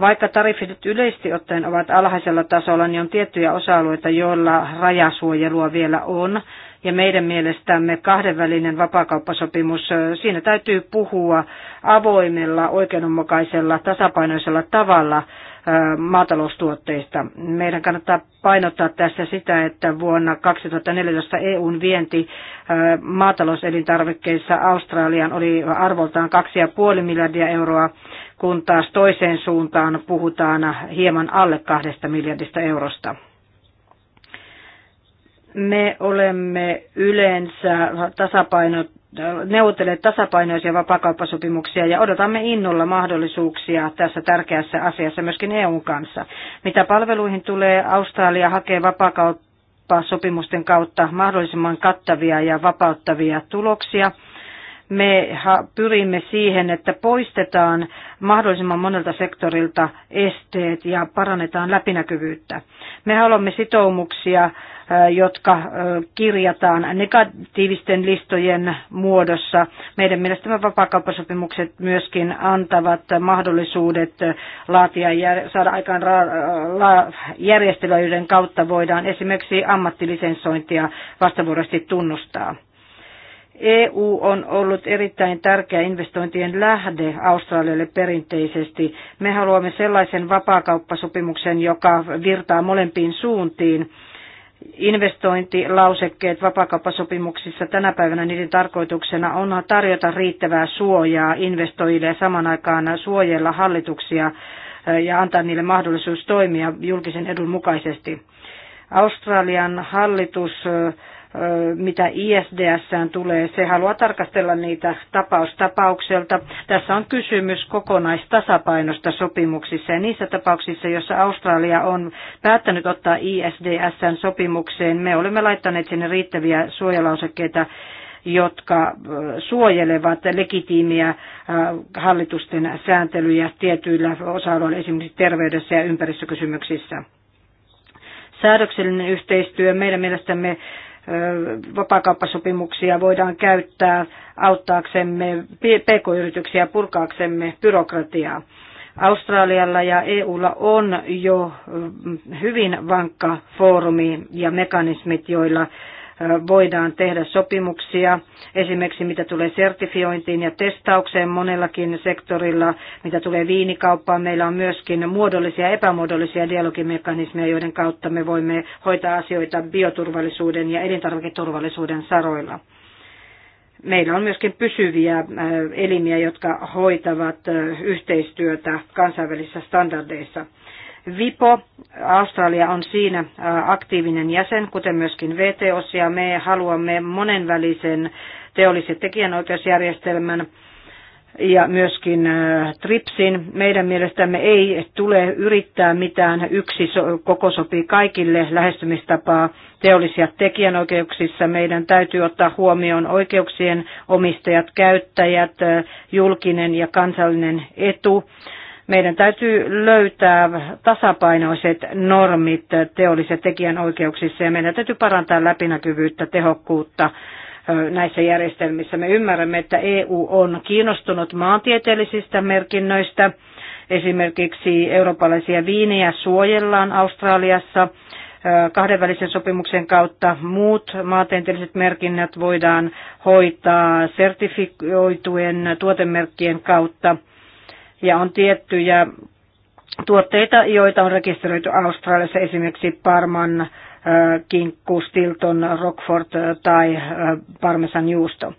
Vaikka tariffit yleisesti ottaen ovat alhaisella tasolla, niin on tiettyjä osa-alueita, joilla rajasuojelua vielä on ja meidän mielestämme kahdenvälinen vapaakauppasopimus, siinä täytyy puhua avoimella, oikeudenmukaisella, tasapainoisella tavalla maataloustuotteista. Meidän kannattaa painottaa tässä sitä, että vuonna 2014 EUn vienti maatalouselintarvikkeissa Australian oli arvoltaan 2,5 miljardia euroa, kun taas toiseen suuntaan puhutaan hieman alle kahdesta miljardista eurosta me olemme yleensä tasapaino, neuvotelleet tasapainoisia vapakauppasopimuksia ja odotamme innolla mahdollisuuksia tässä tärkeässä asiassa myöskin EUn kanssa. Mitä palveluihin tulee, Australia hakee vapakauppasopimusten kautta mahdollisimman kattavia ja vapauttavia tuloksia me pyrimme siihen, että poistetaan mahdollisimman monelta sektorilta esteet ja parannetaan läpinäkyvyyttä. Me haluamme sitoumuksia jotka kirjataan negatiivisten listojen muodossa. Meidän mielestämme vapaakauppasopimukset myöskin antavat mahdollisuudet laatia ja saada aikaan järjestelyä, joiden kautta voidaan esimerkiksi ammattilisensointia vastavuoroisesti tunnustaa. EU on ollut erittäin tärkeä investointien lähde Australialle perinteisesti. Me haluamme sellaisen vapaakauppasopimuksen, joka virtaa molempiin suuntiin investointilausekkeet vapakauppasopimuksissa tänä päivänä niiden tarkoituksena on tarjota riittävää suojaa investoijille ja saman aikaan suojella hallituksia ja antaa niille mahdollisuus toimia julkisen edun mukaisesti. Australian hallitus mitä ISDSään tulee. Se haluaa tarkastella niitä tapaustapaukselta. Tässä on kysymys kokonaistasapainosta sopimuksissa ja niissä tapauksissa, joissa Australia on päättänyt ottaa ISDSään sopimukseen, me olemme laittaneet sinne riittäviä suojalausekkeita jotka suojelevat legitiimiä hallitusten sääntelyjä tietyillä osa-alueilla, esimerkiksi terveydessä ja ympäristökysymyksissä säädöksellinen yhteistyö. Meidän mielestämme vapaakauppasopimuksia voidaan käyttää auttaaksemme pk-yrityksiä purkaaksemme byrokratiaa. Australialla ja EUlla on jo mm, hyvin vankka foorumi ja mekanismit, joilla voidaan tehdä sopimuksia, esimerkiksi mitä tulee sertifiointiin ja testaukseen monellakin sektorilla, mitä tulee viinikauppaan. Meillä on myöskin muodollisia ja epämuodollisia dialogimekanismeja, joiden kautta me voimme hoitaa asioita bioturvallisuuden ja elintarviketurvallisuuden saroilla. Meillä on myöskin pysyviä elimiä, jotka hoitavat yhteistyötä kansainvälisissä standardeissa. VIPO, Australia on siinä aktiivinen jäsen, kuten myöskin VTO, ja me haluamme monenvälisen teollisen tekijänoikeusjärjestelmän ja myöskin TRIPSin. Meidän mielestämme ei tule yrittää mitään yksi koko sopii kaikille lähestymistapaa teollisia tekijänoikeuksissa. Meidän täytyy ottaa huomioon oikeuksien omistajat, käyttäjät, julkinen ja kansallinen etu. Meidän täytyy löytää tasapainoiset normit teolliset tekijänoikeuksissa ja meidän täytyy parantaa läpinäkyvyyttä, tehokkuutta näissä järjestelmissä. Me ymmärrämme, että EU on kiinnostunut maantieteellisistä merkinnöistä. Esimerkiksi eurooppalaisia viinejä suojellaan Australiassa kahdenvälisen sopimuksen kautta muut maantieteelliset merkinnät voidaan hoitaa sertifioitujen tuotemerkkien kautta ja on tiettyjä tuotteita, joita on rekisteröity Australiassa, esimerkiksi Parman äh, kinkku, Stilton, Rockford äh, tai äh, Parmesan juusto.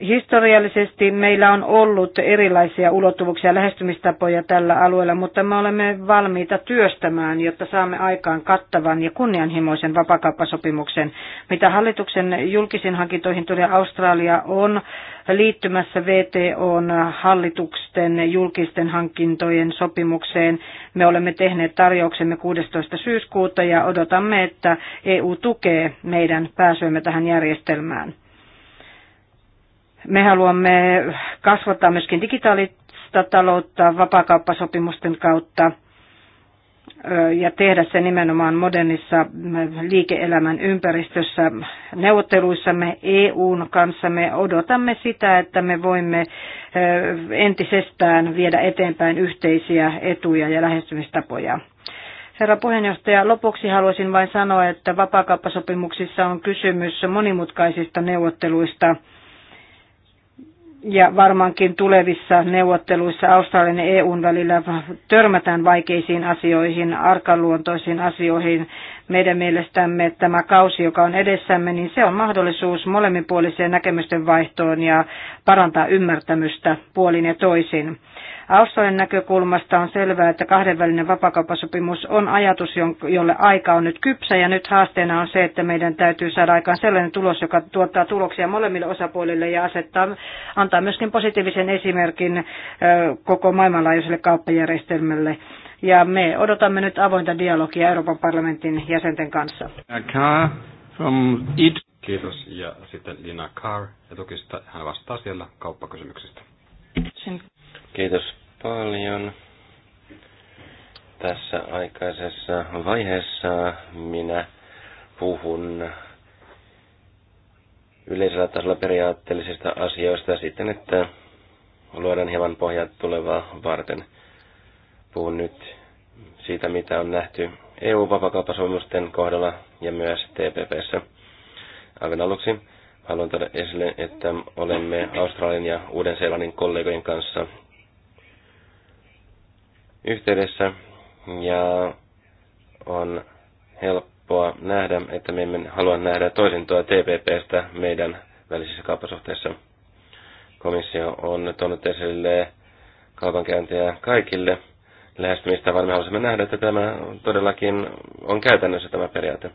Historiallisesti meillä on ollut erilaisia ulottuvuuksia ja lähestymistapoja tällä alueella, mutta me olemme valmiita työstämään, jotta saamme aikaan kattavan ja kunnianhimoisen vapakauppasopimuksen. Mitä hallituksen julkisiin hankintoihin tulee, Australia on liittymässä VTOn hallituksen julkisten hankintojen sopimukseen. Me olemme tehneet tarjouksemme 16. syyskuuta ja odotamme, että EU tukee meidän pääsyämme tähän järjestelmään. Me haluamme kasvattaa myöskin digitaalista taloutta vapaakauppasopimusten kautta ja tehdä se nimenomaan modernissa liike-elämän ympäristössä. Neuvotteluissamme EUn kanssa me odotamme sitä, että me voimme entisestään viedä eteenpäin yhteisiä etuja ja lähestymistapoja. Herra puheenjohtaja, lopuksi haluaisin vain sanoa, että vapaakauppasopimuksissa on kysymys monimutkaisista neuvotteluista ja varmaankin tulevissa neuvotteluissa Australian ja EUn välillä törmätään vaikeisiin asioihin, arkaluontoisiin asioihin. Meidän mielestämme tämä kausi, joka on edessämme, niin se on mahdollisuus molemminpuoliseen näkemysten vaihtoon ja parantaa ymmärtämystä puolin ja toisin. Australian näkökulmasta on selvää, että kahdenvälinen vapakauppasopimus on ajatus, jolle aika on nyt kypsä ja nyt haasteena on se, että meidän täytyy saada aikaan sellainen tulos, joka tuottaa tuloksia molemmille osapuolille ja asettaa, antaa myöskin positiivisen esimerkin koko maailmanlaajuiselle kauppajärjestelmälle. Ja me odotamme nyt avointa dialogia Euroopan parlamentin jäsenten kanssa. Kiitos. Ja sitten Lina Carr etukista. Hän vastaa siellä kauppakysymyksistä. Kiitos paljon. Tässä aikaisessa vaiheessa minä puhun yleisellä tasolla periaatteellisista asioista sitten, että luodaan hieman pohjat tulevaa varten. Puhun nyt siitä, mitä on nähty EU-vapakauppasopimusten kohdalla ja myös TPPssä. Aivan aluksi haluan tuoda esille, että olemme Australian ja Uuden-Seelannin kollegojen kanssa yhteydessä ja on helppoa nähdä, että me emme halua nähdä toisintoa TPPstä meidän välisissä kauppasuhteissa. Komissio on tuonut esille kaupankäyntiä kaikille lähestymistä, vaan me haluaisimme nähdä, että tämä todellakin on käytännössä tämä periaate.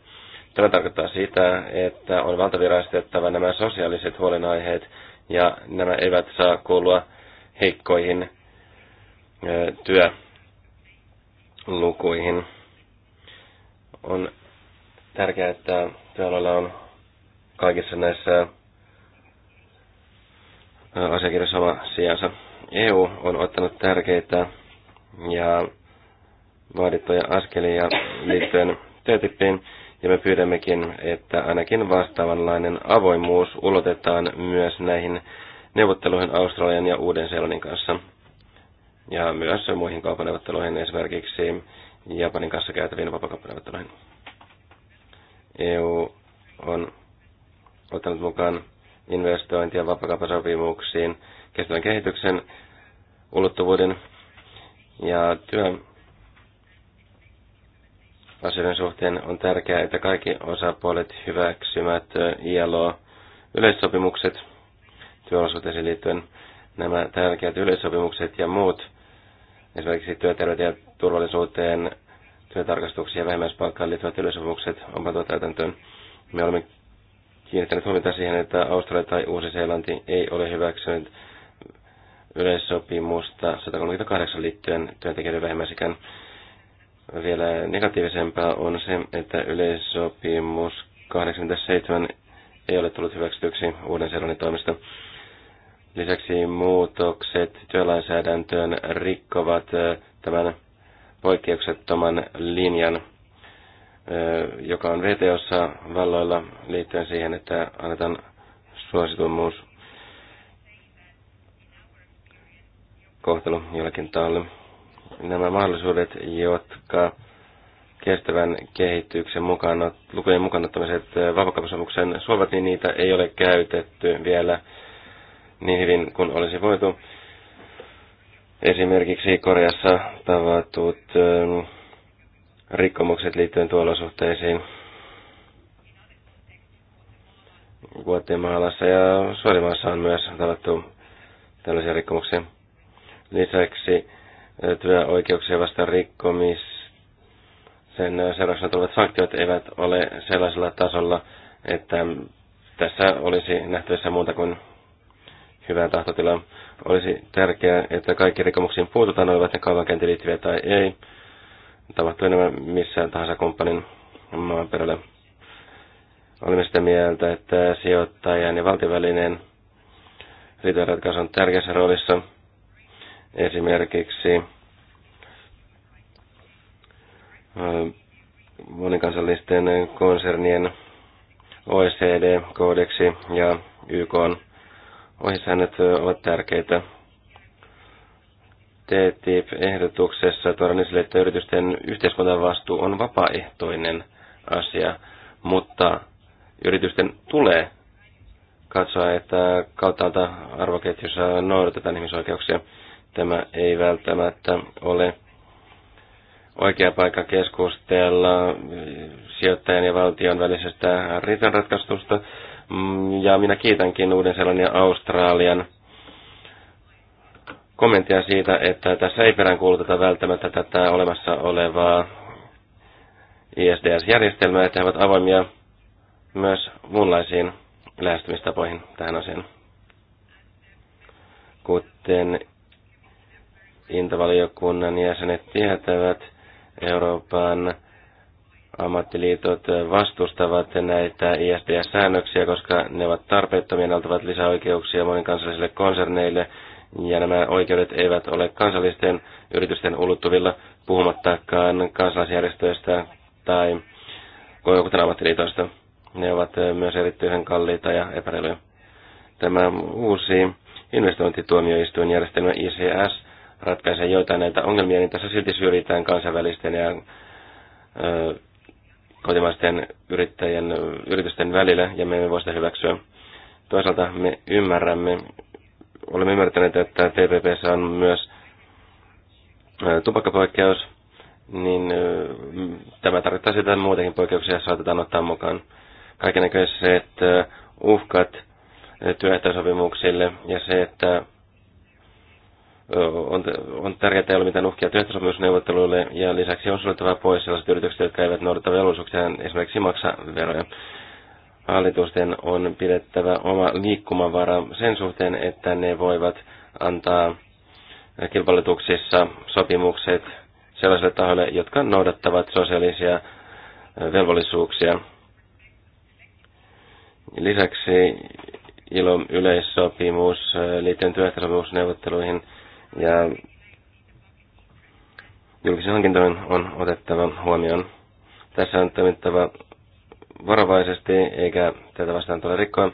Tämä tarkoittaa sitä, että on valtaviraistettava nämä sosiaaliset huolenaiheet, ja nämä eivät saa kuulua heikkoihin työ lukuihin. On tärkeää, että täällä on kaikissa näissä asiakirjoissa oma sijansa. EU on ottanut tärkeitä ja vaadittuja askelia liittyen TTIPiin, ja me pyydämmekin, että ainakin vastaavanlainen avoimuus ulotetaan myös näihin neuvotteluihin Australian ja Uuden-Seelannin kanssa ja myös muihin kaupaneuvotteluihin, esimerkiksi Japanin kanssa käytäviin vapakauppaneuvotteluihin. EU on ottanut mukaan investointia vapakauppasopimuksiin, kestävän kehityksen ulottuvuuden ja työn asioiden suhteen on tärkeää, että kaikki osapuolet hyväksymät ILO-yleissopimukset työolosuhteisiin liittyen nämä tärkeät yleissopimukset ja muut, esimerkiksi työterveyteen ja turvallisuuteen, työtarkastuksia ja vähimmäispalkkaan liittyvät yleissopimukset on pantu täytäntöön. Me olemme kiinnittäneet huomiota siihen, että Australia tai Uusi-Seelanti ei ole hyväksynyt yleissopimusta 138 liittyen työntekijöiden vähimmäisikään. Vielä negatiivisempaa on se, että yleissopimus 87 ei ole tullut hyväksytyksi Uuden-Seelannin toimesta. Lisäksi muutokset työlainsäädäntöön rikkovat tämän poikkeuksettoman linjan, joka on VTOssa valloilla liittyen siihen, että annetaan suositummuus kohtelu jollakin taholle. Nämä mahdollisuudet, jotka kestävän kehityksen mukaan, lukujen mukaan ottamiset vapakaupasopimuksen suovat, niin niitä ei ole käytetty vielä – niin hyvin kuin olisi voitu. Esimerkiksi Koreassa tavatut ähm, rikkomukset liittyen tuolosuhteisiin Guatemalassa ja Suomessa on myös tavattu tällaisia rikkomuksia. Lisäksi äh, työoikeuksia vasta rikkomis sen äh, seurauksena tulevat sanktiot eivät ole sellaisella tasolla, että tässä olisi nähtävissä muuta kuin hyvään tahtotilaan. Olisi tärkeää, että kaikki rikomuksiin puututaan, olivat ne kaupankäyntiin liittyviä tai ei. Tapahtuu enemmän missään tahansa kumppanin maaperällä. Olemme sitä mieltä, että sijoittajan ja valtiovälineen riitojen on tärkeässä roolissa. Esimerkiksi äh, monikansallisten konsernien OECD-koodeksi ja YK on Ohjesäännöt ovat tärkeitä. TTIP-ehdotuksessa tuodaan esille, että yritysten yhteiskuntavastuu on vapaaehtoinen asia, mutta yritysten tulee katsoa, että kauttaalta arvoketjussa noudatetaan ihmisoikeuksia. Tämä ei välttämättä ole oikea paikka keskustella sijoittajan ja valtion välisestä riitanratkaisusta, Mm, ja minä kiitänkin uuden sellainen Australian kommenttia siitä, että tässä ei peräänkuuluteta välttämättä tätä olemassa olevaa ISDS-järjestelmää, että he ovat avoimia myös muunlaisiin lähestymistapoihin tähän asiaan. Kuten intavaliokunnan jäsenet tietävät, Euroopan ammattiliitot eh, vastustavat näitä ISDS-säännöksiä, koska ne ovat tarpeettomia, ne antavat lisäoikeuksia monikansallisille konserneille, ja nämä oikeudet eivät ole kansallisten yritysten ulottuvilla, puhumattakaan kansalaisjärjestöistä tai kuten ammattiliitoista. Ne ovat eh, myös erityisen kalliita ja epäreiluja. Tämä uusi investointituomioistuinjärjestelmä ICS ratkaisee joitain näitä ongelmia, niin tässä silti syrjitään kansainvälisten ja eh, kotimaisten yrittäjien, yritysten välillä, ja me emme voi sitä hyväksyä. Toisaalta me ymmärrämme, olemme ymmärtäneet, että TPP on myös tupakkapoikkeus, niin tämä tarkoittaa sitä, että muutenkin poikkeuksia saatetaan ottaa mukaan. Kaikennäköiset uhkat työehtosopimuksille ja se, että on, on tärkeää, että ei ole mitään uhkia työehtosopimusneuvotteluille ja lisäksi on suljettava pois sellaiset yritykset, jotka eivät noudata velvollisuuksiaan esimerkiksi maksa veroja. Hallitusten on pidettävä oma liikkumavara sen suhteen, että ne voivat antaa kilpailutuksissa sopimukset sellaisille tahoille, jotka noudattavat sosiaalisia velvollisuuksia. Lisäksi ILO-yleissopimus liittyen työehtosopimusneuvotteluihin – ja julkisen hankintojen on otettava huomioon. Tässä on toimittava varovaisesti, eikä tätä vastaan tule rikkoa.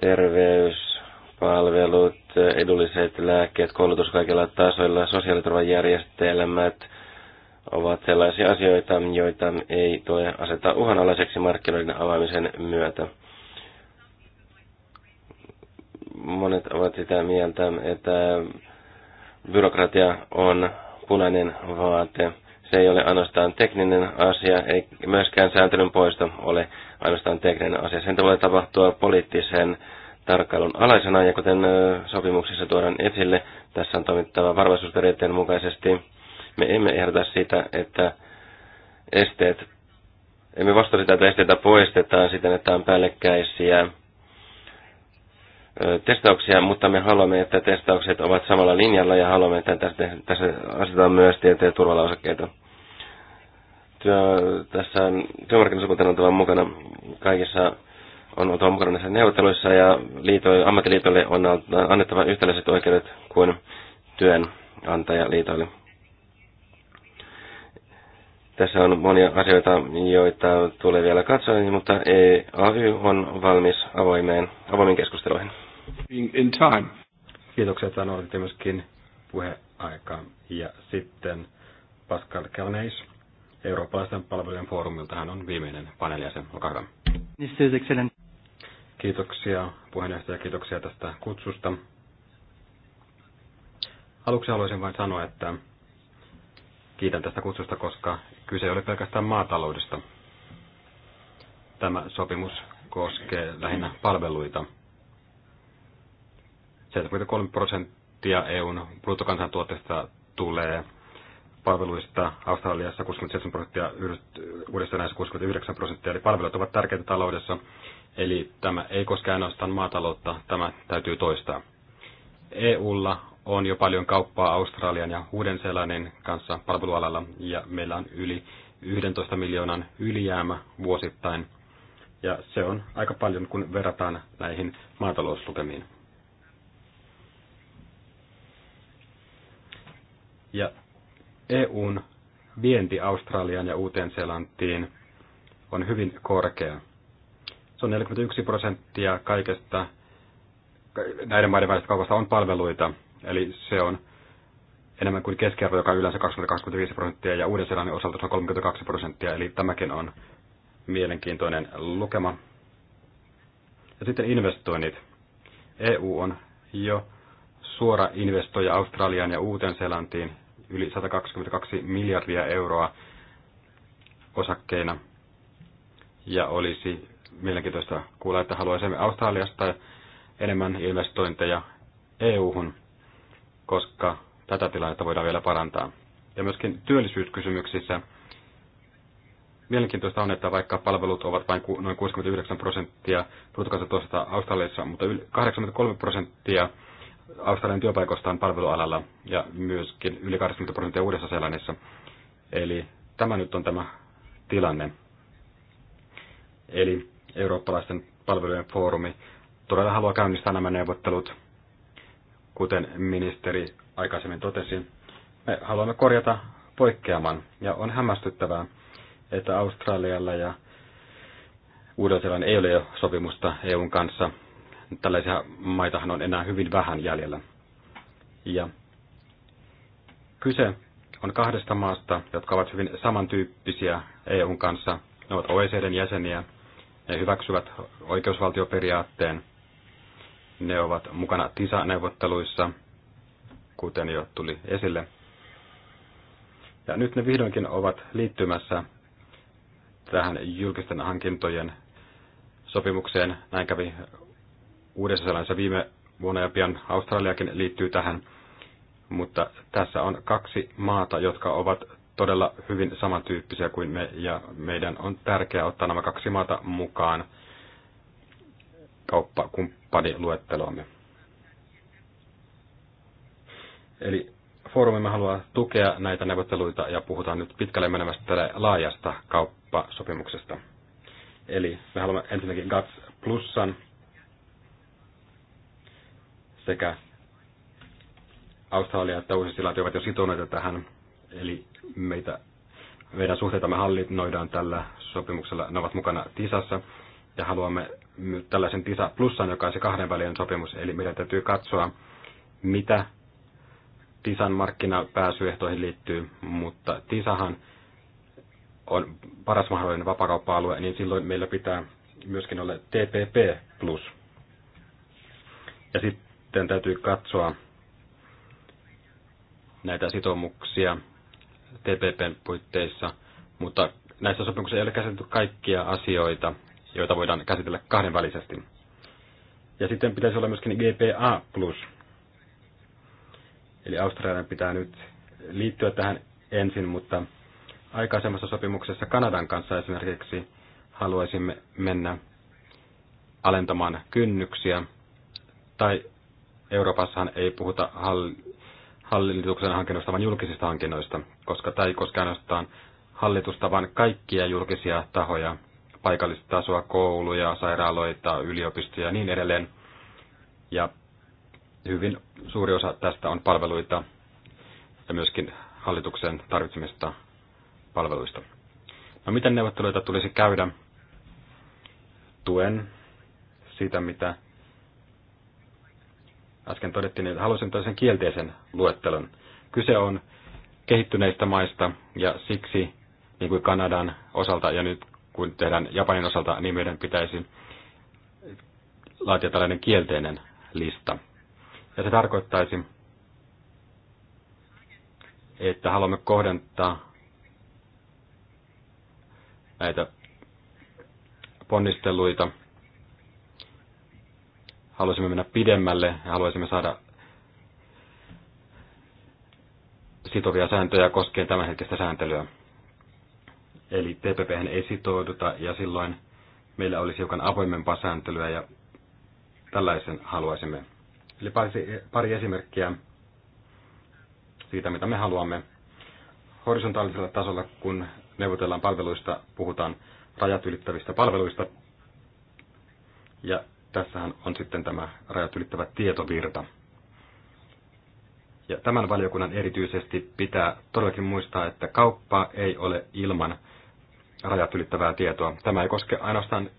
Terveyspalvelut, edulliset lääkkeet, koulutus kaikilla tasoilla, sosiaaliturvajärjestelmät ovat sellaisia asioita, joita ei tule asettaa uhanalaiseksi markkinoiden avaamisen myötä. Monet ovat sitä mieltä, että Byrokratia on punainen vaate. Se ei ole ainoastaan tekninen asia, ei myöskään sääntelyn poisto ole ainoastaan tekninen asia. Sen tulee tapahtua poliittisen tarkkailun alaisena, ja kuten sopimuksissa tuodaan esille, tässä on toimittava varvaisuusperiaatteen mukaisesti. Me emme ehdota sitä, että esteet, emme vastaa sitä, että esteitä poistetaan siten, että on päällekkäisiä testauksia, mutta me haluamme, että testaukset ovat samalla linjalla ja haluamme, että tässä, asetetaan myös tieteen turvalausekkeita. Työ, tässä on oltava mukana kaikissa on oltava mukana näissä neuvotteluissa ja liito, ammattiliitolle on annettava yhtäläiset oikeudet kuin työnantajaliitoille. Tässä on monia asioita, joita tulee vielä katsoa, mutta EAY on valmis avoimeen, avoimiin keskusteluihin. In time. Kiitoksia, että noudatitte myöskin puheaikaan. Ja sitten Pascal Kelneis, eurooppalaisten palvelujen foorumilta. Hän on viimeinen paneelijäsen. Olkaa hyvä. Kiitoksia puheenjohtaja, kiitoksia tästä kutsusta. Aluksi haluaisin vain sanoa, että kiitän tästä kutsusta, koska kyse ei ole pelkästään maataloudesta. Tämä sopimus koskee lähinnä palveluita. 73 prosenttia EUn bruttokansantuotteesta tulee palveluista Australiassa 67 prosenttia, uudessa näissä 69 prosenttia, eli palvelut ovat tärkeitä taloudessa, eli tämä ei koske ainoastaan maataloutta, tämä täytyy toistaa. EUlla on jo paljon kauppaa Australian ja Uuden-Seelannin kanssa palvelualalla, ja meillä on yli 11 miljoonan ylijäämä vuosittain, ja se on aika paljon, kun verrataan näihin maatalouslukemiin. Ja EUn vienti Australian ja uuteen Selantiin on hyvin korkea. Se on 41 prosenttia kaikesta näiden maiden välistä kaupasta on palveluita, eli se on enemmän kuin keskiarvo, joka on yleensä 20-25 prosenttia, ja uuden Selannin osalta se on 32 prosenttia, eli tämäkin on mielenkiintoinen lukema. Ja sitten investoinnit. EU on jo suora investoija Australian ja Uuteen-Seelantiin yli 122 miljardia euroa osakkeina. Ja olisi mielenkiintoista kuulla, että haluaisimme Australiasta enemmän investointeja EU-hun, koska tätä tilannetta voidaan vielä parantaa. Ja myöskin työllisyyskysymyksissä mielenkiintoista on, että vaikka palvelut ovat vain noin 69 prosenttia bruttokansantuotteesta Australiassa, mutta 83 prosenttia Australian työpaikoistaan palvelualalla ja myöskin yli 80 prosenttia uudessa Seelannissa. Eli tämä nyt on tämä tilanne. Eli eurooppalaisten palvelujen foorumi todella haluaa käynnistää nämä neuvottelut, kuten ministeri aikaisemmin totesi. Me haluamme korjata poikkeaman ja on hämmästyttävää, että Australialla ja Uudella ei ole jo sopimusta EUn kanssa tällaisia maitahan on enää hyvin vähän jäljellä. Ja kyse on kahdesta maasta, jotka ovat hyvin samantyyppisiä EUn kanssa. Ne ovat OECDn jäseniä, ne hyväksyvät oikeusvaltioperiaatteen, ne ovat mukana TISA-neuvotteluissa, kuten jo tuli esille. Ja nyt ne vihdoinkin ovat liittymässä tähän julkisten hankintojen sopimukseen. Näin kävi Uudessa-Seelannissa viime vuonna ja pian Australiakin liittyy tähän. Mutta tässä on kaksi maata, jotka ovat todella hyvin samantyyppisiä kuin me, ja meidän on tärkeää ottaa nämä kaksi maata mukaan kauppakumppaniluetteloamme. Eli foorumimme haluaa tukea näitä neuvotteluita ja puhutaan nyt pitkälle menemästä laajasta kauppasopimuksesta. Eli me haluamme ensinnäkin GATS plussan sekä Australia että Uusi-Seelanti ovat jo sitoneita tähän, eli meitä, meidän me hallinnoidaan tällä sopimuksella. Ne ovat mukana TISassa ja haluamme tällaisen TISA plussan, joka on se kahdenvälinen sopimus, eli meidän täytyy katsoa, mitä TISan markkinapääsyehtoihin liittyy, mutta TISahan on paras mahdollinen vapakauppa-alue, niin silloin meillä pitää myöskin olla TPP plus. Ja sitten sitten täytyy katsoa näitä sitoumuksia TPPn puitteissa, mutta näissä sopimuksissa ei ole käsitelty kaikkia asioita, joita voidaan käsitellä kahdenvälisesti. Ja sitten pitäisi olla myöskin GPA+. Eli Australian pitää nyt liittyä tähän ensin, mutta aikaisemmassa sopimuksessa Kanadan kanssa esimerkiksi haluaisimme mennä alentamaan kynnyksiä tai Euroopassahan ei puhuta hallituksen hankinnoista, vaan julkisista hankinnoista, koska tämä ei koske ainoastaan hallitusta, vaan kaikkia julkisia tahoja, paikallista tasoa, kouluja, sairaaloita, yliopistoja ja niin edelleen. Ja hyvin suuri osa tästä on palveluita ja myöskin hallituksen tarvitsemista palveluista. No miten neuvotteluita tulisi käydä? Tuen siitä, mitä äsken todettiin, että haluaisin toisen kielteisen luettelon. Kyse on kehittyneistä maista ja siksi, niin kuin Kanadan osalta ja nyt kun tehdään Japanin osalta, niin meidän pitäisi laatia tällainen kielteinen lista. Ja se tarkoittaisi, että haluamme kohdentaa näitä ponnisteluita – haluaisimme mennä pidemmälle ja haluaisimme saada sitovia sääntöjä koskien hetkistä sääntelyä. Eli TPP ei sitouduta ja silloin meillä olisi hiukan avoimempaa sääntelyä ja tällaisen haluaisimme. Eli pari, pari esimerkkiä siitä, mitä me haluamme. Horisontaalisella tasolla, kun neuvotellaan palveluista, puhutaan rajat ylittävistä palveluista. Ja Tässähän on sitten tämä rajat ylittävä tietovirta. Ja tämän valiokunnan erityisesti pitää todellakin muistaa, että kauppa ei ole ilman rajat ylittävää tietoa. Tämä ei koske ainoastaan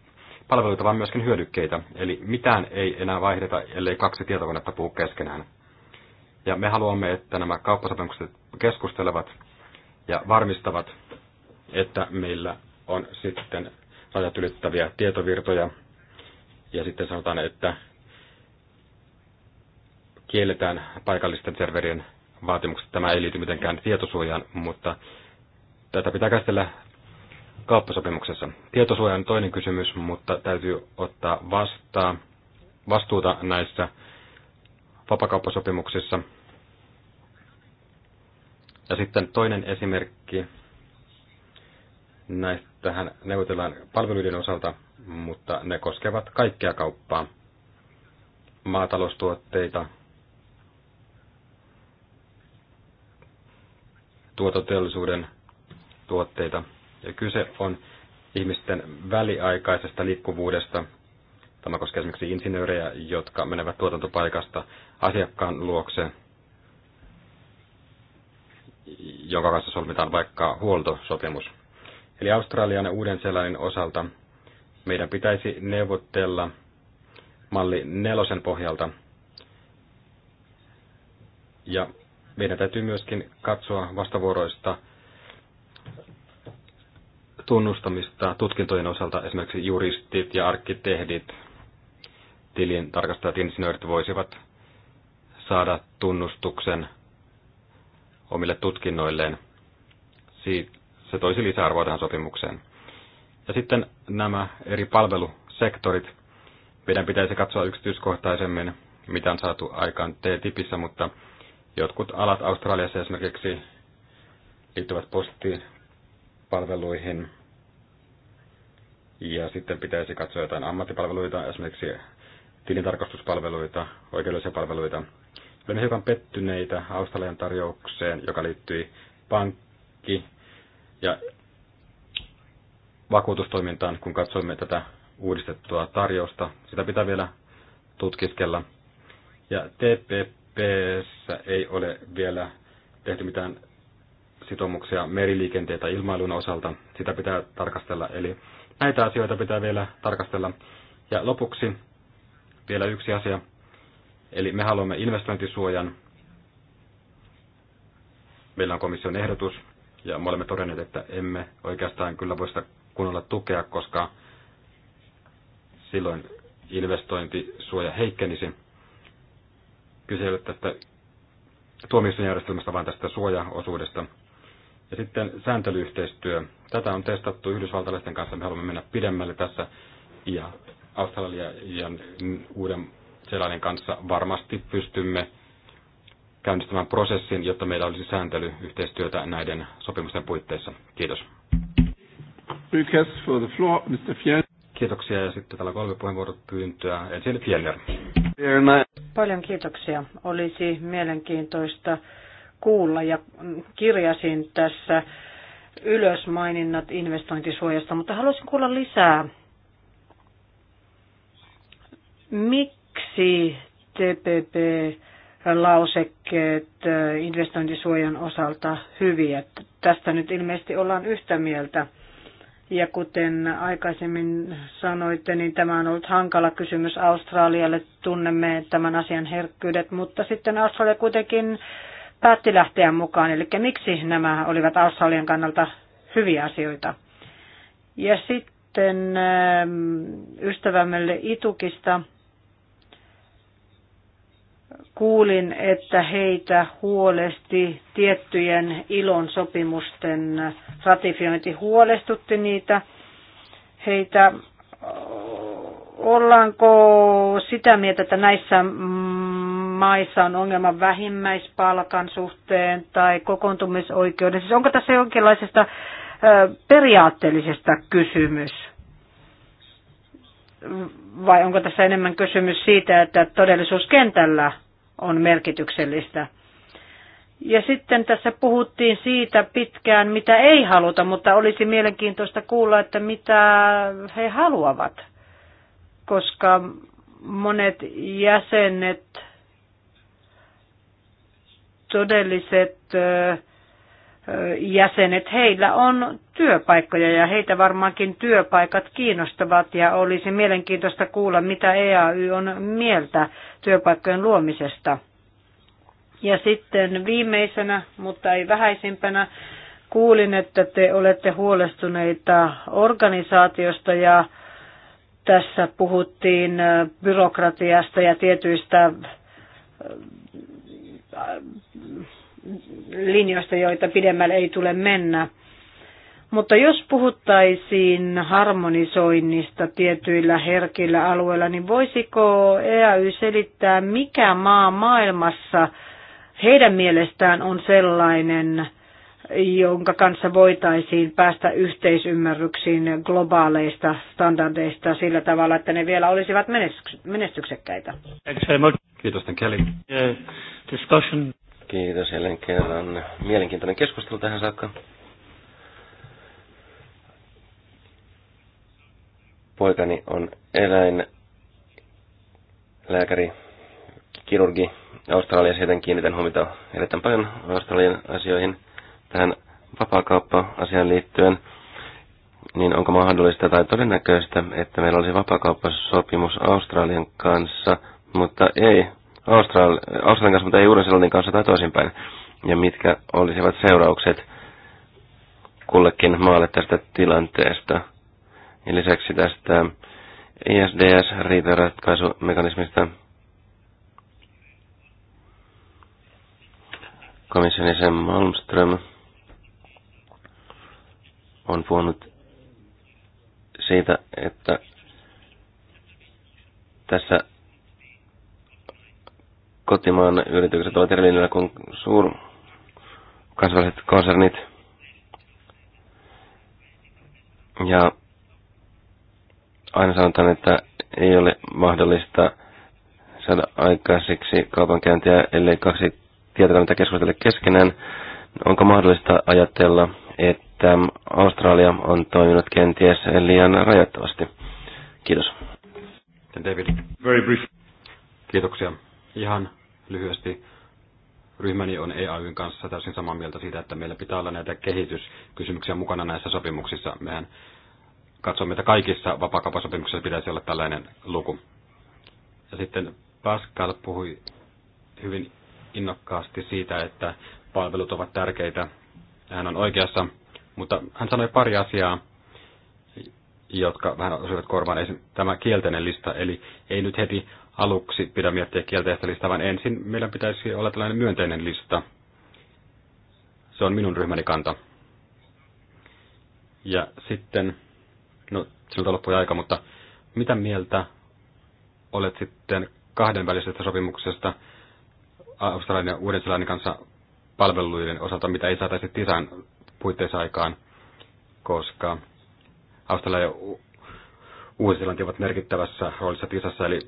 palveluita, vaan myöskin hyödykkeitä. Eli mitään ei enää vaihdeta, ellei kaksi tietokonetta puhu keskenään. Ja me haluamme, että nämä kauppasopimukset keskustelevat ja varmistavat, että meillä on sitten rajat ylittäviä tietovirtoja ja sitten sanotaan, että kielletään paikallisten serverien vaatimukset. Tämä ei liity mitenkään tietosuojaan, mutta tätä pitää käsitellä kauppasopimuksessa. Tietosuoja on toinen kysymys, mutta täytyy ottaa vastaa, vastuuta näissä vapakauppasopimuksissa. Ja sitten toinen esimerkki, tähän neuvotellaan palveluiden osalta mutta ne koskevat kaikkea kauppaa, maataloustuotteita, tuototeollisuuden tuotteita. Ja kyse on ihmisten väliaikaisesta liikkuvuudesta. Tämä koskee esimerkiksi insinöörejä, jotka menevät tuotantopaikasta asiakkaan luokse, jonka kanssa solmitaan vaikka huoltosopimus. Eli Australian ja Uuden-Seelannin osalta meidän pitäisi neuvotella malli nelosen pohjalta. Ja meidän täytyy myöskin katsoa vastavuoroista tunnustamista tutkintojen osalta. Esimerkiksi juristit ja arkkitehdit, tarkastajat, insinöörit voisivat saada tunnustuksen omille tutkinnoilleen. Se toisi lisäarvoa tähän sopimukseen. Ja sitten nämä eri palvelusektorit. Meidän pitäisi katsoa yksityiskohtaisemmin, mitä on saatu aikaan T-tipissä, mutta jotkut alat Australiassa esimerkiksi liittyvät postipalveluihin. Ja sitten pitäisi katsoa jotain ammattipalveluita, esimerkiksi tilintarkastuspalveluita, oikeudellisia palveluita. Olemme hiukan pettyneitä Australian tarjoukseen, joka liittyi pankki- ja vakuutustoimintaan, kun katsoimme tätä uudistettua tarjousta. Sitä pitää vielä tutkiskella. Ja TPPssä ei ole vielä tehty mitään sitoumuksia meriliikenteen tai ilmailun osalta. Sitä pitää tarkastella. Eli näitä asioita pitää vielä tarkastella. Ja lopuksi vielä yksi asia. Eli me haluamme investointisuojan. Meillä on komission ehdotus, ja me olemme todenneet, että emme oikeastaan kyllä voi sitä kunnolla tukea, koska silloin investointisuoja heikkenisi. Kyse ei ole tästä tuomioistuinjärjestelmästä, vaan tästä suojaosuudesta. Ja sitten sääntelyyhteistyö. Tätä on testattu yhdysvaltalaisten kanssa. Me haluamme mennä pidemmälle tässä ja Australia ja uuden selainen kanssa varmasti pystymme käynnistämään prosessin, jotta meillä olisi sääntelyyhteistyötä näiden sopimusten puitteissa. Kiitos request for the floor, Mr. Fjell. Kiitoksia ja sitten täällä kolme puheenvuoropyyntöä. Ensin Fjellner. Paljon kiitoksia. Olisi mielenkiintoista kuulla ja kirjasin tässä ylös maininnat investointisuojasta, mutta haluaisin kuulla lisää. Miksi TPP lausekkeet äh, investointisuojan osalta hyviä. Tästä nyt ilmeisesti ollaan yhtä mieltä. Ja kuten aikaisemmin sanoitte, niin tämä on ollut hankala kysymys Australialle. Tunnemme tämän asian herkkyydet, mutta sitten Australia kuitenkin päätti lähteä mukaan. Eli miksi nämä olivat Australian kannalta hyviä asioita? Ja sitten ähm, ystävämme Itukista kuulin, että heitä huolesti tiettyjen ilon sopimusten ratifiointi huolestutti niitä. Heitä ollaanko sitä mieltä, että näissä maissa on ongelma vähimmäispalkan suhteen tai kokoontumisoikeuden? Siis onko tässä jonkinlaisesta periaatteellisesta kysymys? Vai onko tässä enemmän kysymys siitä, että todellisuuskentällä on merkityksellistä. Ja sitten tässä puhuttiin siitä pitkään, mitä ei haluta, mutta olisi mielenkiintoista kuulla, että mitä he haluavat, koska monet jäsenet, todelliset äh, jäsenet, heillä on työpaikkoja ja heitä varmaankin työpaikat kiinnostavat ja olisi mielenkiintoista kuulla, mitä EAY on mieltä työpaikkojen luomisesta. Ja sitten viimeisenä, mutta ei vähäisimpänä, kuulin, että te olette huolestuneita organisaatiosta ja tässä puhuttiin byrokratiasta ja tietyistä linjoista, joita pidemmälle ei tule mennä. Mutta jos puhuttaisiin harmonisoinnista tietyillä herkillä alueilla, niin voisiko EAY selittää, mikä maa maailmassa heidän mielestään on sellainen, jonka kanssa voitaisiin päästä yhteisymmärryksiin globaaleista standardeista sillä tavalla, että ne vielä olisivat menestyksekkäitä. Kiitos, Kelly. Discussion. Kiitos jälleen kerran. Mielenkiintoinen keskustelu tähän saakka. Poikani on eläinlääkäri, kirurgi Australiassa, joten kiinnitän huomiota erittäin paljon Australian asioihin tähän vapaakauppa-asiaan liittyen. Niin onko mahdollista tai todennäköistä, että meillä olisi vapaakauppasopimus Australian kanssa, mutta ei Austral- Australian kanssa, mutta ei Uuden-Seelannin kanssa tai toisinpäin. Ja mitkä olisivat seuraukset kullekin maalle tästä tilanteesta. Ja lisäksi tästä ISDS-riitaratkaisumekanismista komission jäsen Malmström on puhunut siitä, että tässä kotimaan yritykset ovat eri linjalla kuin suur kansainväliset konsernit. Ja aina sanotaan, että ei ole mahdollista saada aikaiseksi kaupankäyntiä, ellei kaksi tietokannetta keskustele keskenään. Onko mahdollista ajatella, että Australia on toiminut kenties liian rajoittavasti? Kiitos. David. Very brief. Kiitoksia. Ihan lyhyesti ryhmäni on EAYn kanssa täysin samaa mieltä siitä, että meillä pitää olla näitä kehityskysymyksiä mukana näissä sopimuksissa. Mehän katsomme, että kaikissa vapaakauppasopimuksissa pitäisi olla tällainen luku. Ja sitten Pascal puhui hyvin innokkaasti siitä, että palvelut ovat tärkeitä. Hän on oikeassa, mutta hän sanoi pari asiaa, jotka vähän osuivat korvaan. Tämä kielteinen lista, eli ei nyt heti aluksi pidä miettiä kielteistä listaa, vaan ensin meillä pitäisi olla tällainen myönteinen lista. Se on minun ryhmäni kanta. Ja sitten, no siltä loppui aika, mutta mitä mieltä olet sitten kahdenvälisestä sopimuksesta Australian ja Uuden-Seelannin kanssa palveluiden osalta, mitä ei saataisi TISAn puitteissa aikaan, koska Australia ja Uusi-Seelanti ovat merkittävässä roolissa TISassa, eli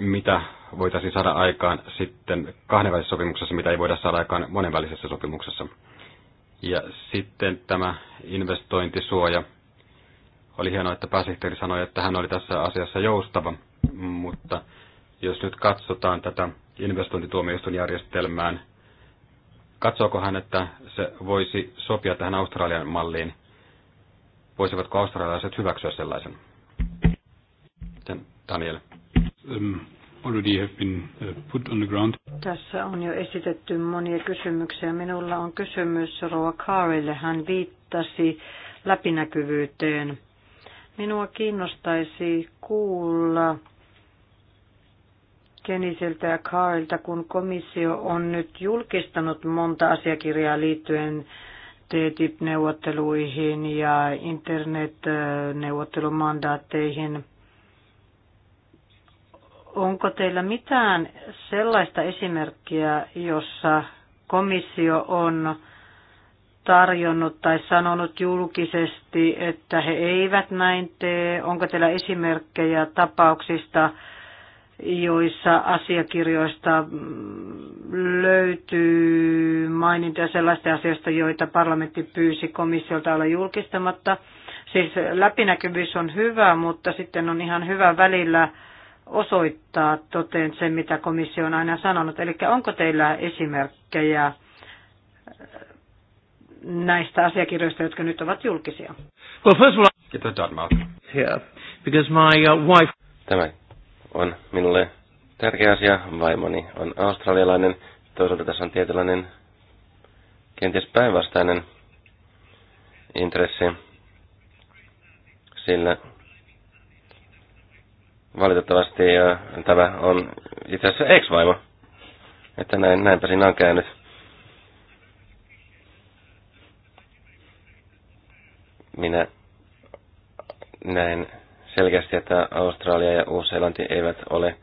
mitä voitaisiin saada aikaan sitten kahdenvälisessä sopimuksessa, mitä ei voida saada aikaan monenvälisessä sopimuksessa. Ja sitten tämä investointisuoja. Oli hienoa, että pääsihteeri sanoi, että hän oli tässä asiassa joustava, mutta jos nyt katsotaan tätä investointituomioistuinjärjestelmään, katsooko hän, että se voisi sopia tähän Australian malliin? Voisivatko australialaiset hyväksyä sellaisen? Daniel. Um, already have been uh, put on the ground. Tässä on jo esitetty monia kysymyksiä. Minulla on kysymys Roa Kaarille. Hän viittasi läpinäkyvyyteen. Minua kiinnostaisi kuulla Keniseltä ja Kaarilta, kun komissio on nyt julkistanut monta asiakirjaa liittyen TTIP-neuvotteluihin ja internetneuvottelumandaatteihin äh, – Onko teillä mitään sellaista esimerkkiä, jossa komissio on tarjonnut tai sanonut julkisesti, että he eivät näin tee? Onko teillä esimerkkejä tapauksista, joissa asiakirjoista löytyy mainintoja sellaista asioista, joita parlamentti pyysi komissiolta olla julkistamatta? Siis läpinäkyvyys on hyvä, mutta sitten on ihan hyvä välillä osoittaa toteen sen, mitä komissio on aina sanonut. Eli onko teillä esimerkkejä äh, näistä asiakirjoista, jotka nyt ovat julkisia? Well, first of all, Kiitos, Dartmouth. Yeah, because my uh, wife... Tämä on minulle tärkeä asia. Vaimoni on australialainen. Toisaalta tässä on tietynlainen kenties päinvastainen intressi, sillä Valitettavasti tämä on itse asiassa ex-vaimo. Että näin, näinpä siinä on käynyt. Minä näen selkeästi, että Australia ja Uusi-Seelanti eivät ole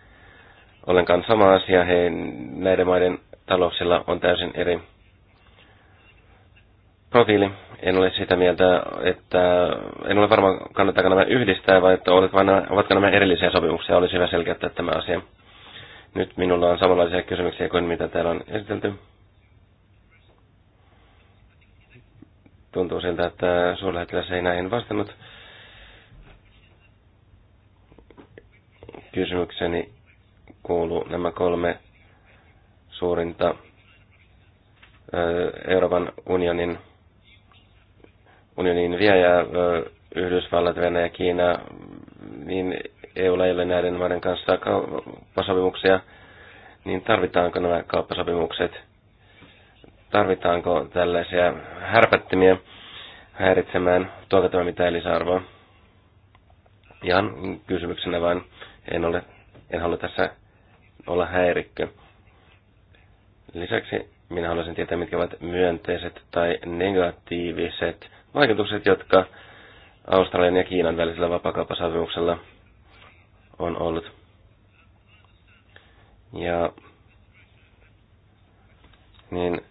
ollenkaan sama asia. He, näiden maiden talouksilla on täysin eri profiili. En ole sitä mieltä, että en ole varma, kannattaako nämä yhdistää vai että ovatko nämä, ovatko nämä erillisiä sopimuksia. Olisi hyvä selkeyttää tämä asia. Nyt minulla on samanlaisia kysymyksiä kuin mitä täällä on esitelty. Tuntuu siltä, että suurlähettiläs ei näihin vastannut. Kysymykseni kuuluu nämä kolme suurinta Euroopan unionin unioniin vie ja Yhdysvallat, Venäjä, Kiina, niin eu ei ole näiden maiden kanssa kauppasopimuksia, niin tarvitaanko nämä kauppasopimukset? Tarvitaanko tällaisia härpättimiä häiritsemään? Tuoko mitä mitään lisäarvoa? Ihan kysymyksenä vain, en, ole, en halua tässä olla häirikkö. Lisäksi minä haluaisin tietää, mitkä ovat myönteiset tai negatiiviset vaikutukset, jotka Australian ja Kiinan välisellä vapakauppasopimuksella on ollut. Ja niin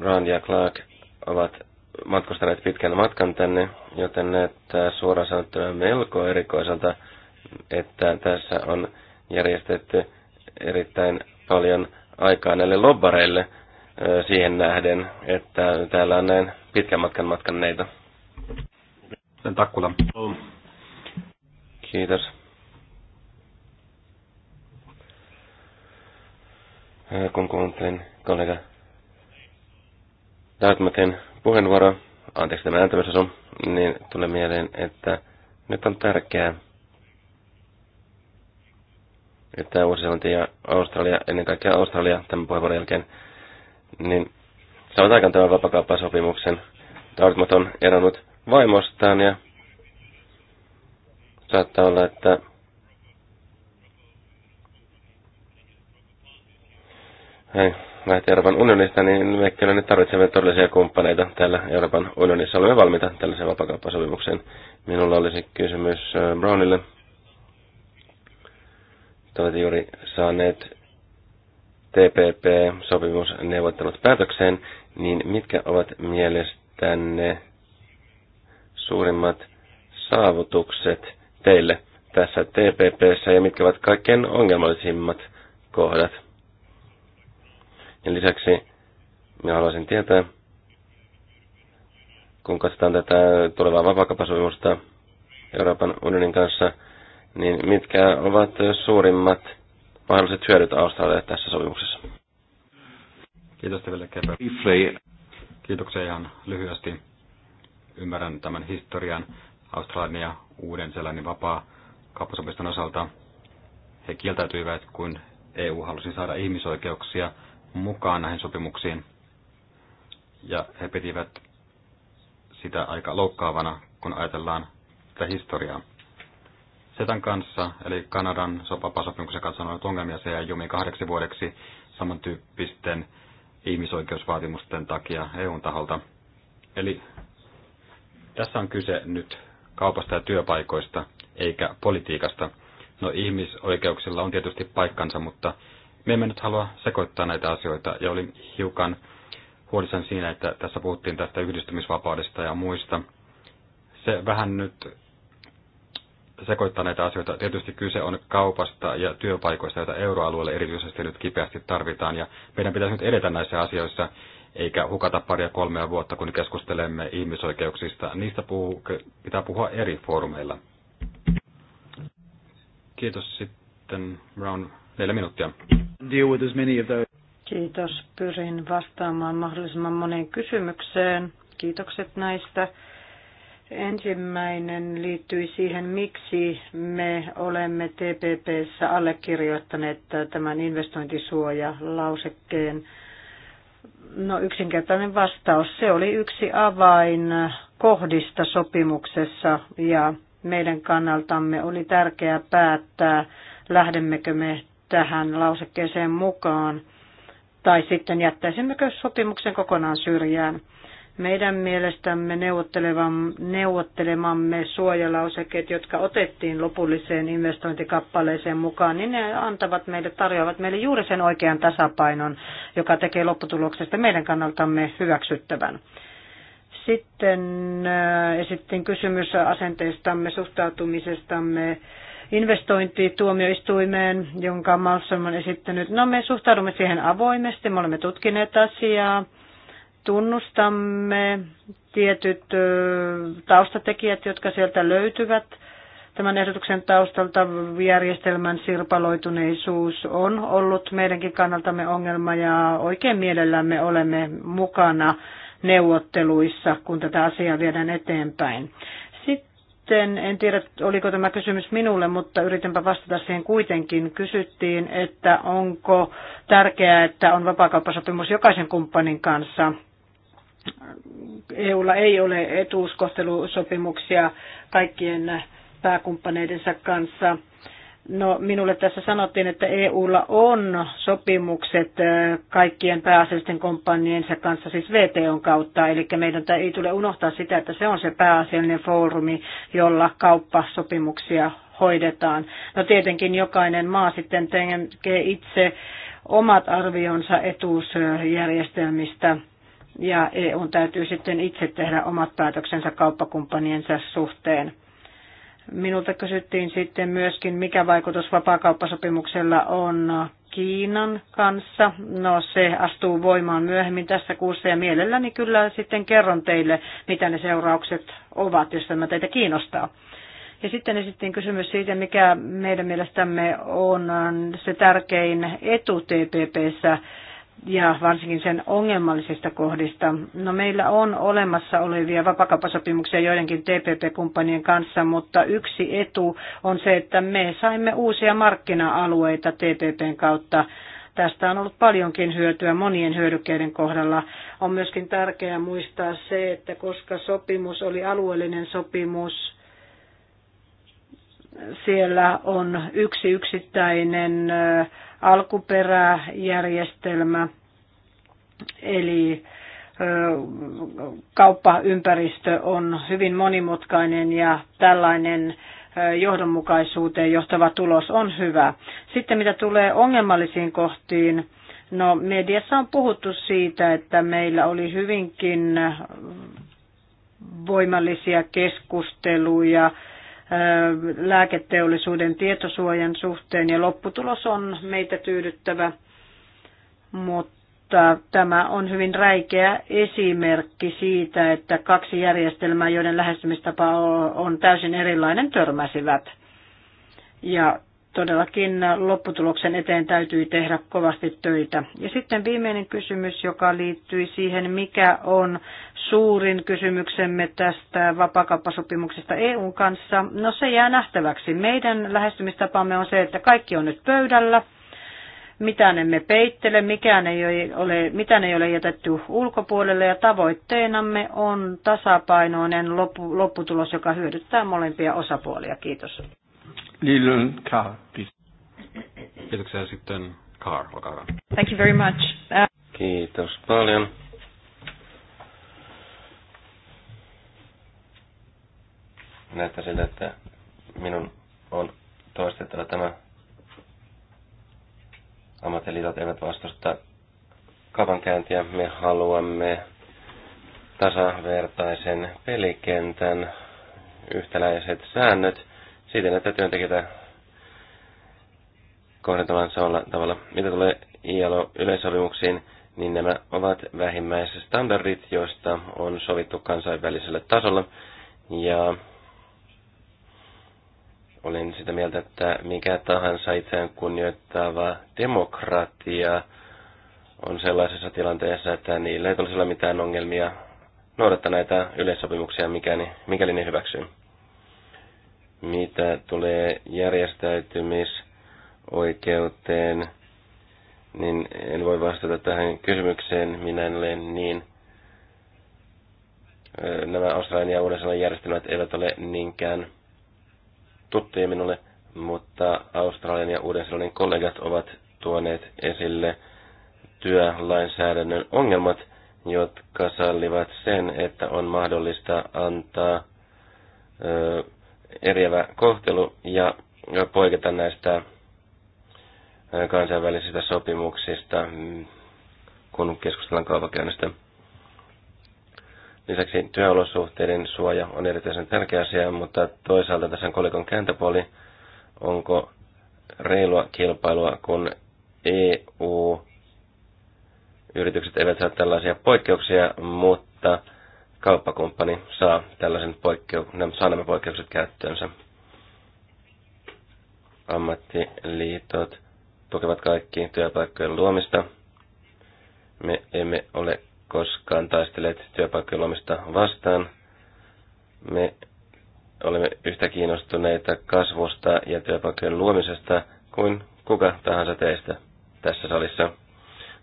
Rand ja Clark ovat matkustaneet pitkän matkan tänne, joten näyttää suoraan sanottuna melko erikoiselta, että tässä on järjestetty erittäin paljon aikaa näille lobbareille, siihen nähden, että täällä on näin pitkän matkan matkanneita. Sen Takkula. Kiitos. Kun kuuntelin kollega Dartmouthin puheenvuoro, anteeksi tämä ääntämisasu, niin tulee mieleen, että nyt on tärkeää, että Uusi-Seelanti ja Australia, ennen kaikkea Australia tämän puheenvuoron jälkeen, niin saavat aikaan tämän vapakauppasopimuksen. Dartmouth on eronnut vaimostaan ja saattaa olla, että Hei, lähti Euroopan unionista, niin me kyllä nyt tarvitsemme todellisia kumppaneita täällä Euroopan unionissa. Olemme valmiita tällaiseen vapakauppasopimukseen. Minulla olisi kysymys äh, Brownille. Te olette juuri saaneet TPP-sopimusneuvottelut päätökseen, niin mitkä ovat mielestänne suurimmat saavutukset teille tässä TPPssä ja mitkä ovat kaikkein ongelmallisimmat kohdat? Ja lisäksi minä haluaisin tietää, kun katsotaan tätä tulevaa vapaakapasopimusta Euroopan unionin kanssa, niin mitkä ovat suurimmat mahdolliset hyödyt Australialle tässä sopimuksessa. Kiitos teille kerran. Kiitoksia ihan lyhyesti. Ymmärrän tämän historian Australian ja Uuden-Seelannin vapaa kauppasopiston osalta. He kieltäytyivät, kun EU halusi saada ihmisoikeuksia mukaan näihin sopimuksiin. Ja he pitivät sitä aika loukkaavana, kun ajatellaan tätä historiaa. SETAn kanssa, eli Kanadan sopapasopimuksen kanssa on ollut ongelmia se jäi jumiin kahdeksi vuodeksi samantyyppisten ihmisoikeusvaatimusten takia EUn taholta. Eli tässä on kyse nyt kaupasta ja työpaikoista, eikä politiikasta. No ihmisoikeuksilla on tietysti paikkansa, mutta me emme nyt halua sekoittaa näitä asioita, ja olin hiukan huolissani siinä, että tässä puhuttiin tästä yhdistymisvapaudesta ja muista. Se vähän nyt sekoittaa näitä asioita. Tietysti kyse on kaupasta ja työpaikoista, joita euroalueelle erityisesti nyt kipeästi tarvitaan. Ja meidän pitäisi nyt edetä näissä asioissa, eikä hukata paria kolmea vuotta, kun keskustelemme ihmisoikeuksista. Niistä puhuu, pitää puhua eri foorumeilla. Kiitos sitten Brown. Neljä minuuttia. Deal with as many of those. Kiitos. Pyrin vastaamaan mahdollisimman moneen kysymykseen. Kiitokset näistä Ensimmäinen liittyi siihen, miksi me olemme TPPssä allekirjoittaneet tämän investointisuojalausekkeen. No yksinkertainen vastaus. Se oli yksi avain kohdista sopimuksessa ja meidän kannaltamme oli tärkeää päättää, lähdemmekö me tähän lausekkeeseen mukaan tai sitten jättäisimmekö sopimuksen kokonaan syrjään. Meidän mielestämme neuvottelemamme suojalausekkeet, jotka otettiin lopulliseen investointikappaleeseen mukaan, niin ne antavat meille, tarjoavat meille juuri sen oikean tasapainon, joka tekee lopputuloksesta meidän kannaltamme hyväksyttävän. Sitten äh, esittiin kysymys asenteestamme, suhtautumisestamme investointituomioistuimeen, jonka Malmström on esittänyt. No me suhtaudumme siihen avoimesti, me olemme tutkineet asiaa tunnustamme tietyt taustatekijät, jotka sieltä löytyvät. Tämän ehdotuksen taustalta järjestelmän sirpaloituneisuus on ollut meidänkin kannaltamme ongelma ja oikein mielellämme olemme mukana neuvotteluissa, kun tätä asiaa viedään eteenpäin. Sitten, en tiedä oliko tämä kysymys minulle, mutta yritänpä vastata siihen kuitenkin. Kysyttiin, että onko tärkeää, että on vapaakauppasopimus jokaisen kumppanin kanssa. EUlla ei ole etuuskohtelusopimuksia kaikkien pääkumppaneidensa kanssa. No, minulle tässä sanottiin, että EUlla on sopimukset äh, kaikkien pääasiallisten kumppaniensa kanssa, siis VTOn kautta, eli meidän ei tule unohtaa sitä, että se on se pääasiallinen foorumi, jolla kauppasopimuksia hoidetaan. No tietenkin jokainen maa sitten tekee itse omat arvionsa etuusjärjestelmistä ja EU täytyy sitten itse tehdä omat päätöksensä kauppakumppaniensa suhteen. Minulta kysyttiin sitten myöskin, mikä vaikutus vapaakauppasopimuksella on Kiinan kanssa. No se astuu voimaan myöhemmin tässä kuussa ja mielelläni kyllä sitten kerron teille, mitä ne seuraukset ovat, jos tämä teitä kiinnostaa. Ja sitten esittiin kysymys siitä, mikä meidän mielestämme on se tärkein etu TPPssä ja varsinkin sen ongelmallisista kohdista. No meillä on olemassa olevia vapakauppasopimuksia joidenkin TPP-kumppanien kanssa, mutta yksi etu on se, että me saimme uusia markkina-alueita TPPn kautta. Tästä on ollut paljonkin hyötyä monien hyödykkeiden kohdalla. On myöskin tärkeää muistaa se, että koska sopimus oli alueellinen sopimus, siellä on yksi yksittäinen äh, alkuperäjärjestelmä, eli kauppaympäristö on hyvin monimutkainen ja tällainen johdonmukaisuuteen johtava tulos on hyvä. Sitten mitä tulee ongelmallisiin kohtiin, no mediassa on puhuttu siitä, että meillä oli hyvinkin voimallisia keskusteluja lääketeollisuuden tietosuojan suhteen ja lopputulos on meitä tyydyttävä, mutta tämä on hyvin räikeä esimerkki siitä, että kaksi järjestelmää, joiden lähestymistapa on täysin erilainen, törmäsivät. Ja todellakin lopputuloksen eteen täytyy tehdä kovasti töitä. Ja sitten viimeinen kysymys, joka liittyy siihen, mikä on suurin kysymyksemme tästä vapakauppasopimuksesta EUn kanssa. No se jää nähtäväksi. Meidän lähestymistapamme on se, että kaikki on nyt pöydällä. Mitään emme peittele, mikään ei ole, mitään ei ole jätetty ulkopuolelle ja tavoitteenamme on tasapainoinen lopputulos, joka hyödyttää molempia osapuolia. Kiitos. Lilun Carr, please. Kiitoksia sitten Carr, olkaa hyvä. Thank you very much. Uh... Kiitos paljon. Näyttää siltä, että minun on toistettava tämä ammattiliitot eivät vastusta kavankäyntiä. Me haluamme tasavertaisen pelikentän, yhtäläiset säännöt – siitä näitä työntekijöitä kohdentamaan samalla tavalla. Mitä tulee ILO-yleisopimuksiin, niin nämä ovat vähimmäisstandardit, joista on sovittu kansainvälisellä tasolla. Ja olen sitä mieltä, että mikä tahansa itseään kunnioittava demokratia on sellaisessa tilanteessa, että niillä ei tulisi olla mitään ongelmia noudattaa näitä yleissopimuksia, mikäli, mikäli ne hyväksyy mitä tulee järjestäytymisoikeuteen, niin en voi vastata tähän kysymykseen. Minä en ole niin... Nämä Australian ja Uuden järjestelmät eivät ole niinkään tuttuja minulle, mutta Australian ja Uuden kollegat ovat tuoneet esille työlainsäädännön ongelmat, jotka sallivat sen, että on mahdollista antaa eriävä kohtelu ja poiketa näistä kansainvälisistä sopimuksista, mm, kun keskustellaan kaupakäynnistä. Lisäksi työolosuhteiden suoja on erityisen tärkeä asia, mutta toisaalta tässä on kolikon kääntöpuoli. Onko reilua kilpailua, kun EU-yritykset eivät saa tällaisia poikkeuksia, mutta kauppakumppani saa tällaisen poikkeu- saa nämä poikkeukset käyttöönsä. Ammattiliitot tukevat kaikki työpaikkojen luomista. Me emme ole koskaan taistelleet työpaikkojen luomista vastaan. Me olemme yhtä kiinnostuneita kasvusta ja työpaikkojen luomisesta kuin kuka tahansa teistä tässä salissa.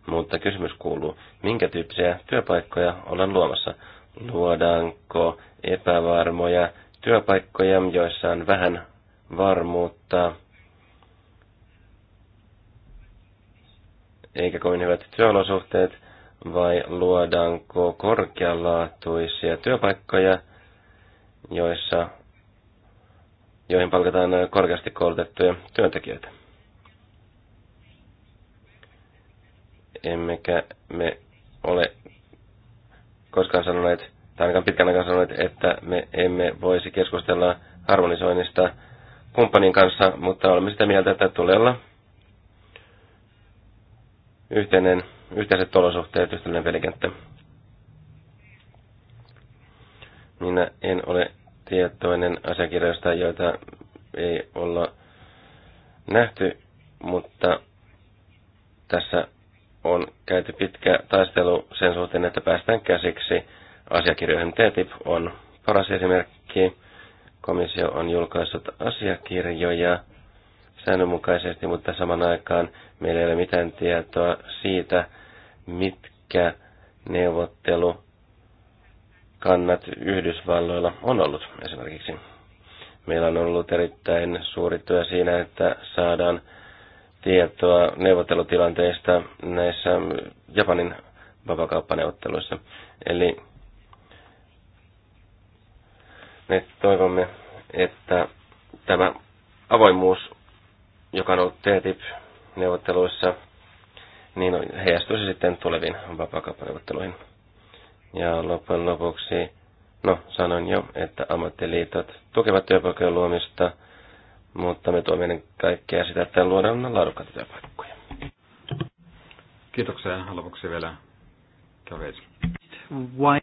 Mutta kysymys kuuluu, minkä tyyppisiä työpaikkoja ollaan luomassa? luodaanko epävarmoja työpaikkoja, joissa on vähän varmuutta, eikä kovin hyvät työolosuhteet, vai luodaanko korkealaatuisia työpaikkoja, joissa, joihin palkataan korkeasti koulutettuja työntekijöitä. Emmekä me ole koskaan sanoneet, tai ainakaan pitkän aikaa sanoneet, että me emme voisi keskustella harmonisoinnista kumppanin kanssa, mutta olemme sitä mieltä, että tulee olla yhteinen, yhteiset olosuhteet, yhteinen pelikenttä. Minä en ole tietoinen asiakirjoista, joita ei olla nähty, mutta tässä on käyty pitkä taistelu sen suhteen, että päästään käsiksi asiakirjoihin. TTIP on paras esimerkki. Komissio on julkaissut asiakirjoja säännönmukaisesti, mutta saman aikaan meillä ei ole mitään tietoa siitä, mitkä kannat Yhdysvalloilla on ollut esimerkiksi. Meillä on ollut erittäin suuri työ siinä, että saadaan tietoa neuvottelutilanteista näissä Japanin vapakauppaneuvotteluissa. Eli me toivomme, että tämä avoimuus, joka on ollut TTIP-neuvotteluissa, niin heijastuisi sitten tuleviin vapakauppaneuvotteluihin. Ja loppujen lopuksi, no sanoin jo, että ammattiliitot tukevat työpaikkojen luomista – mutta me tuomme ennen kaikkea sitä, että luodaan laadukkaita työpaikkoja. Kiitoksia. Lopuksi vielä Kavets. Why?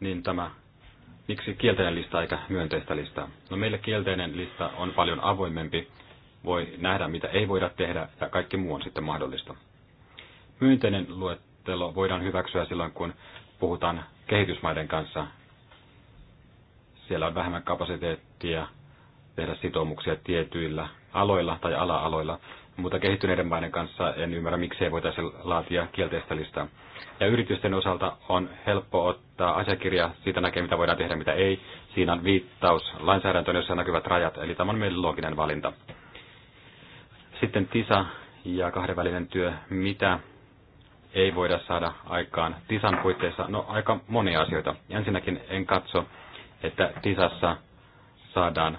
Niin tämä, miksi kielteinen lista eikä myönteistä listaa? No meillä kielteinen lista on paljon avoimempi, voi nähdä mitä ei voida tehdä ja kaikki muu on sitten mahdollista. Myönteinen luettelo voidaan hyväksyä silloin, kun puhutaan kehitysmaiden kanssa. Siellä on vähemmän kapasiteettia tehdä sitoumuksia tietyillä aloilla tai ala-aloilla, mutta kehittyneiden maiden kanssa en ymmärrä, miksei voitaisi laatia kielteistä listaa. Ja yritysten osalta on helppo ottaa asiakirja, siitä näkee mitä voidaan tehdä, mitä ei. Siinä on viittaus lainsäädäntöön, jossa näkyvät rajat, eli tämä on meille looginen valinta. Sitten TISA ja kahdenvälinen työ, mitä ei voida saada aikaan TISAn puitteissa? No aika monia asioita. Ensinnäkin en katso, että TISassa saadaan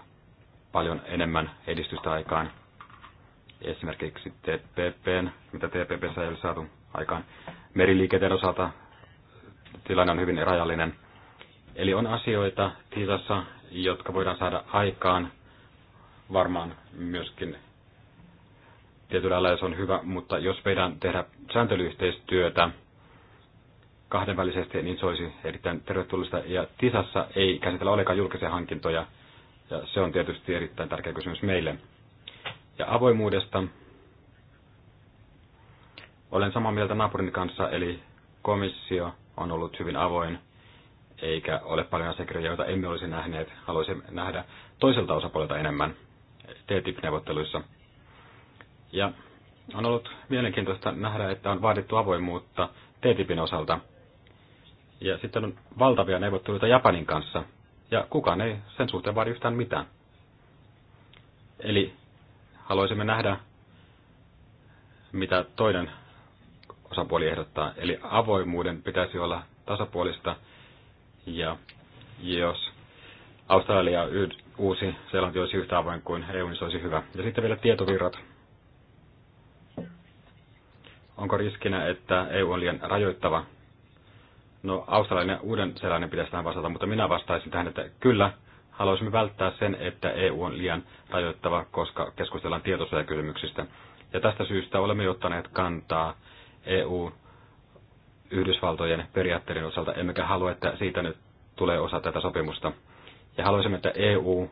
paljon enemmän edistystä aikaan. Esimerkiksi TPPn, mitä TPPssä ei ole saatu aikaan. Meriliikenteen osalta tilanne on hyvin rajallinen. Eli on asioita TISassa, jotka voidaan saada aikaan varmaan myöskin tietyllä lailla se on hyvä, mutta jos meidän tehdä sääntelyyhteistyötä kahdenvälisesti, niin se olisi erittäin tervetullista. Ja TISassa ei käsitellä olekaan julkisia hankintoja, ja se on tietysti erittäin tärkeä kysymys meille. Ja avoimuudesta olen samaa mieltä naapurin kanssa, eli komissio on ollut hyvin avoin, eikä ole paljon asiakirjoja, joita emme olisi nähneet. Haluaisin nähdä toiselta osapuolelta enemmän TTIP-neuvotteluissa. Ja on ollut mielenkiintoista nähdä, että on vaadittu avoimuutta TTIPin osalta. Ja sitten on valtavia neuvotteluita Japanin kanssa, ja kukaan ei sen suhteen vaadi yhtään mitään. Eli haluaisimme nähdä, mitä toinen osapuoli ehdottaa. Eli avoimuuden pitäisi olla tasapuolista ja jos Australia ja uusi Seelanti olisi yhtä avoin kuin EU, niin se olisi hyvä. Ja sitten vielä tietovirrat. Onko riskinä, että EU on liian rajoittava No, australainen ja uuden sellainen pitäisi tähän vastata, mutta minä vastaisin tähän, että kyllä, haluaisimme välttää sen, että EU on liian rajoittava, koska keskustellaan tietosuojakysymyksistä. Ja tästä syystä olemme ottaneet kantaa EU Yhdysvaltojen periaatteiden osalta, emmekä halua, että siitä nyt tulee osa tätä sopimusta. Ja haluaisimme, että EU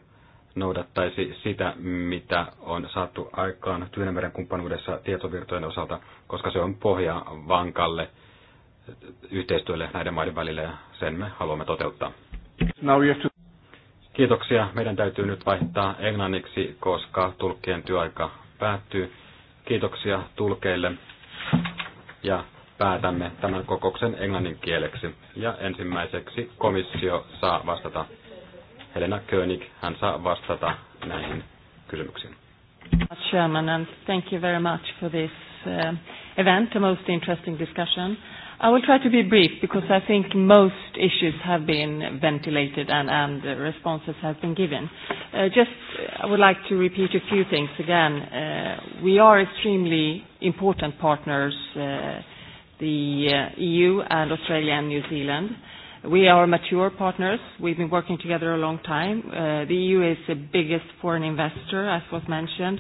noudattaisi sitä, mitä on saatu aikaan Tyynämeren kumppanuudessa tietovirtojen osalta, koska se on pohja vankalle – yhteistyölle näiden maiden välillä ja sen me haluamme toteuttaa. Kiitoksia. Meidän täytyy nyt vaihtaa englanniksi, koska tulkkien työaika päättyy. Kiitoksia tulkeille ja päätämme tämän kokouksen englannin kieleksi. Ja ensimmäiseksi komissio saa vastata. Helena König, hän saa vastata näihin kysymyksiin. Chairman, and thank you very much for this uh, event, a most interesting discussion. I will try to be brief because I think most issues have been ventilated and, and responses have been given. Uh, just, I would like to repeat a few things again. Uh, we are extremely important partners, uh, the uh, EU and Australia and New Zealand. We are mature partners. We've been working together a long time. Uh, the EU is the biggest foreign investor, as was mentioned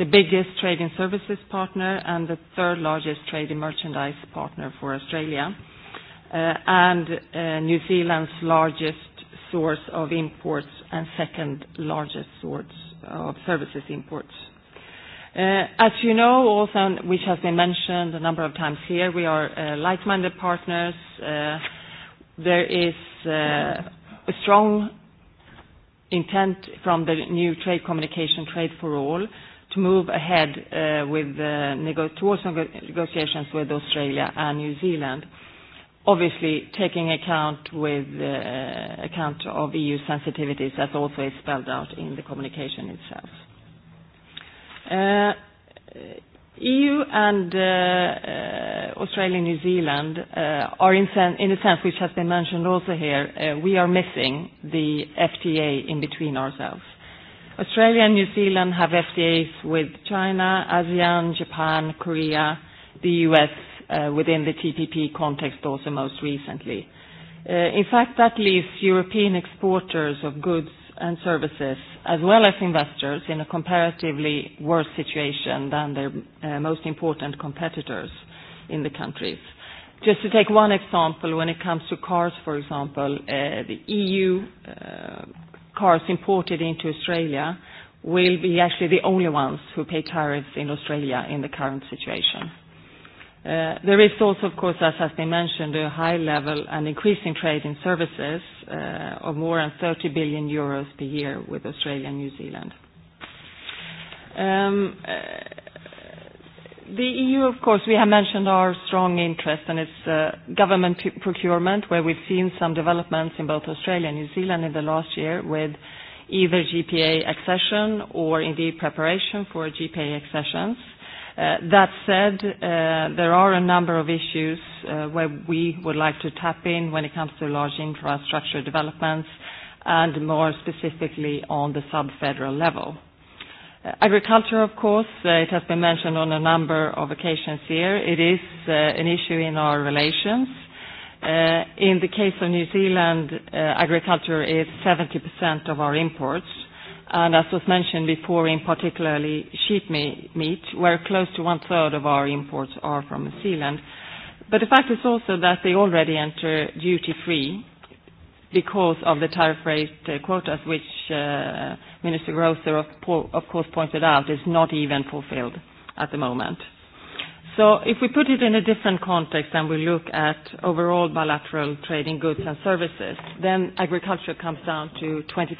the biggest trade in services partner and the third largest trade in merchandise partner for Australia, uh, and uh, New Zealand's largest source of imports and second largest source of services imports. Uh, as you know, also, which has been mentioned a number of times here, we are uh, like-minded partners. Uh, there is uh, a strong intent from the new trade communication, Trade for All, to move ahead uh, with uh, nego towards negotiations with Australia and New Zealand, obviously taking account with uh, account of EU sensitivities, as also is spelled out in the communication itself. Uh, EU and uh, uh, Australia and New Zealand uh, are in, sen in a sense, which has been mentioned also here, uh, we are missing the FTA in between ourselves. Australia and New Zealand have FTAs with China, ASEAN, Japan, Korea, the US uh, within the TPP context also most recently. Uh, in fact, that leaves European exporters of goods and services, as well as investors, in a comparatively worse situation than their uh, most important competitors in the countries. Just to take one example, when it comes to cars, for example, uh, the EU uh, cars imported into Australia will be actually the only ones who pay tariffs in Australia in the current situation. Uh, there is also, of course, as has been mentioned, a high level and increasing trade in services uh, of more than 30 billion euros per year with Australia and New Zealand. Um, uh, The EU, of course, we have mentioned our strong interest, and it's uh, government procurement, where we've seen some developments in both Australia and New Zealand in the last year with either GPA accession or indeed preparation for GPA accessions. Uh, that said, uh, there are a number of issues uh, where we would like to tap in when it comes to large infrastructure developments and more specifically on the sub-federal level. Uh, agriculture, of course, uh, it has been mentioned on a number of occasions here. It is uh, an issue in our relations. Uh, in the case of New Zealand, uh, agriculture is 70% of our imports. And as was mentioned before, in particularly sheep meat, where close to one-third of our imports are from New Zealand. But the fact is also that they already enter duty-free because of the tariff rate uh, quotas, which uh, Minister Grosser, of, of course, pointed out, is not even fulfilled at the moment. So if we put it in a different context and we look at overall bilateral trading goods and services, then agriculture comes down to 25%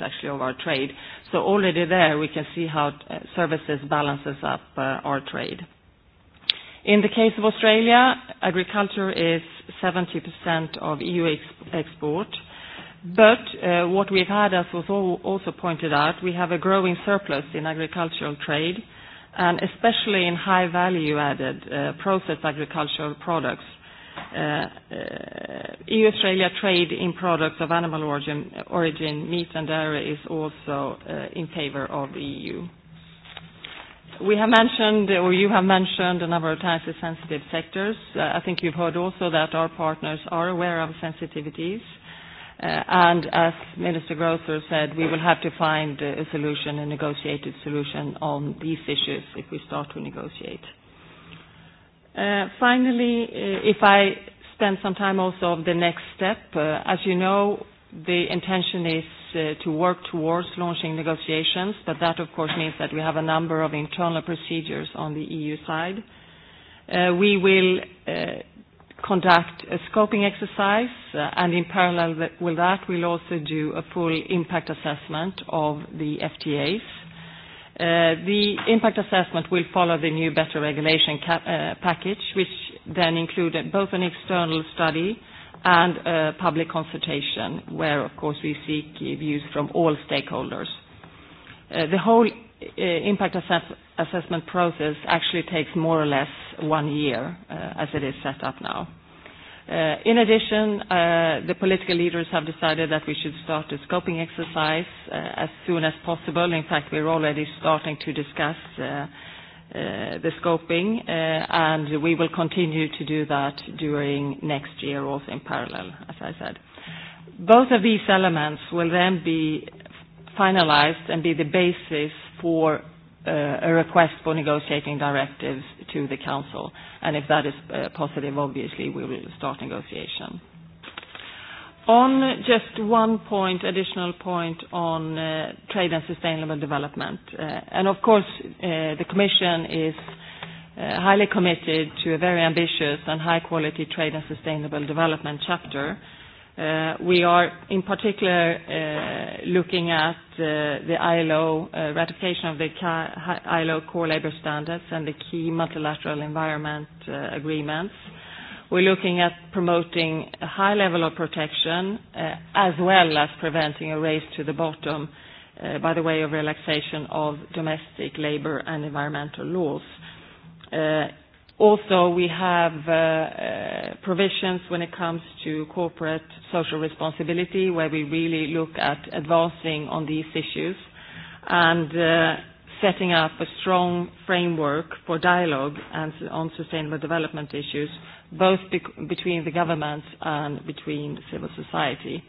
actually of our trade. So already there, we can see how uh, services balances up uh, our trade. In the case of Australia, agriculture is 70% of EU ex export. But uh, What we've had, as was also pointed out, we have a growing surplus in agricultural trade, and especially in high value-added uh, processed agricultural products. Uh, uh EU-Australia trade in products of animal origin, origin, meat and dairy is also uh, in favor of the EU. We have mentioned, or you have mentioned a number of times the sensitive sectors. Uh, I think you've heard also that our partners are aware of sensitivities. Uh, and as Minister Grosser said, we will have to find a solution, a negotiated solution on these issues if we start to negotiate. Uh, finally, uh, if I spend some time also on the next step, uh, as you know, the intention is Uh, to work towards launching negotiations, but that, of course, means that we have a number of internal procedures on the EU side. Uh, we will uh, conduct a scoping exercise, and in parallel with that, we'll also do a full impact assessment of the FTAs. The impact assessment will follow the new better regulation package, which then included both an external study and a uh, public consultation, where, of course, we seek views from all stakeholders. Uh, the whole uh, impact assess assessment process actually takes more or less one year, uh, as it is set up now. Uh, in addition, uh, the political leaders have decided that we should start a scoping exercise uh, as soon as possible. In fact, we're already starting to discuss uh, Uh, the scoping, uh, and we will continue to do that during next year also in parallel, as I said. Both of these elements will then be finalized and be the basis for uh, a request for negotiating directives to the council. and If that is positive, obviously, we will start negotiation. On just one point, additional point on uh, trade and sustainable development. Uh, and Of course, uh, the Commission is uh, highly committed to a very ambitious and high-quality trade and sustainable development chapter. Uh, we are, in particular, uh, looking at the ILO ratification of the ILO core labor standards and the key multilateral environment agreements, We're looking at promoting a high level of protection uh, as well as preventing a race to the bottom uh, by the way of relaxation of domestic labor and environmental laws. Uh, also, we have uh, uh, provisions when it comes to corporate social responsibility, where we really look at advancing on these issues and uh, setting up a strong framework for dialogue and on sustainable development issues both bec- between the governments and between civil society.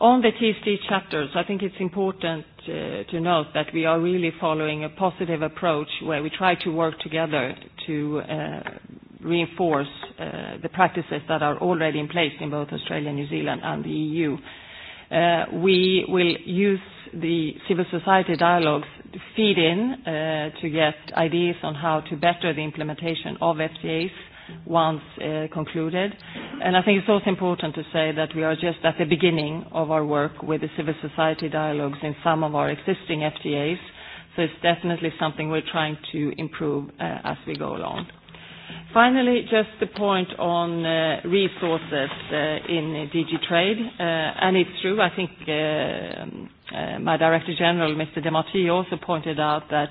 On the TSD chapters, I think it's important uh, to note that we are really following a positive approach where we try to work together to uh, reinforce uh, the practices that are already in place in both Australia, New Zealand, and the EU. Uh, we will use the civil society dialogues to feed in uh, to get ideas on how to better the implementation of FTAs once uh, concluded. And I think it's also important to say that we are just at the beginning of our work with the civil society dialogues in some of our existing FTAs, so it's definitely something we're trying to improve uh, as we go along. Finally, just the point on uh, resources uh, in DG Trade. Uh, and It's true, I think, uh, um, uh, my Director General, Mr. de Martino, also pointed out that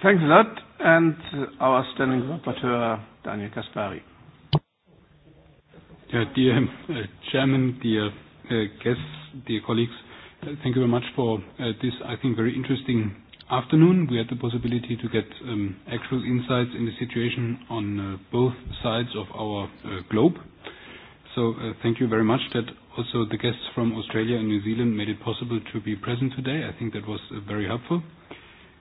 Thanks a lot, and our standing rapporteur, Daniel Kaspari. Yeah, dear uh, Chairman, dear uh, guests, dear colleagues, uh, thank you very much for uh, this, I think, very interesting afternoon. We had the possibility to get um, actual insights in the situation on uh, both sides of our uh, globe. So uh, thank you very much that also the guests from Australia and New Zealand made it possible to be present today. I think that was uh, very helpful.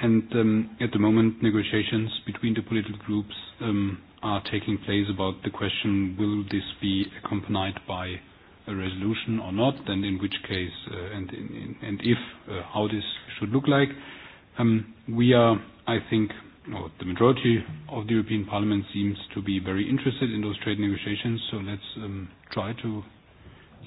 and um, at the moment, negotiations between the political groups um, are taking place about the question, will this be accompanied by a resolution or not, and in which case, uh, and, in, and if, uh, how this should look like. Um, we are, I think, or the majority of the European Parliament seems to be very interested in those trade negotiations, so let's um, try to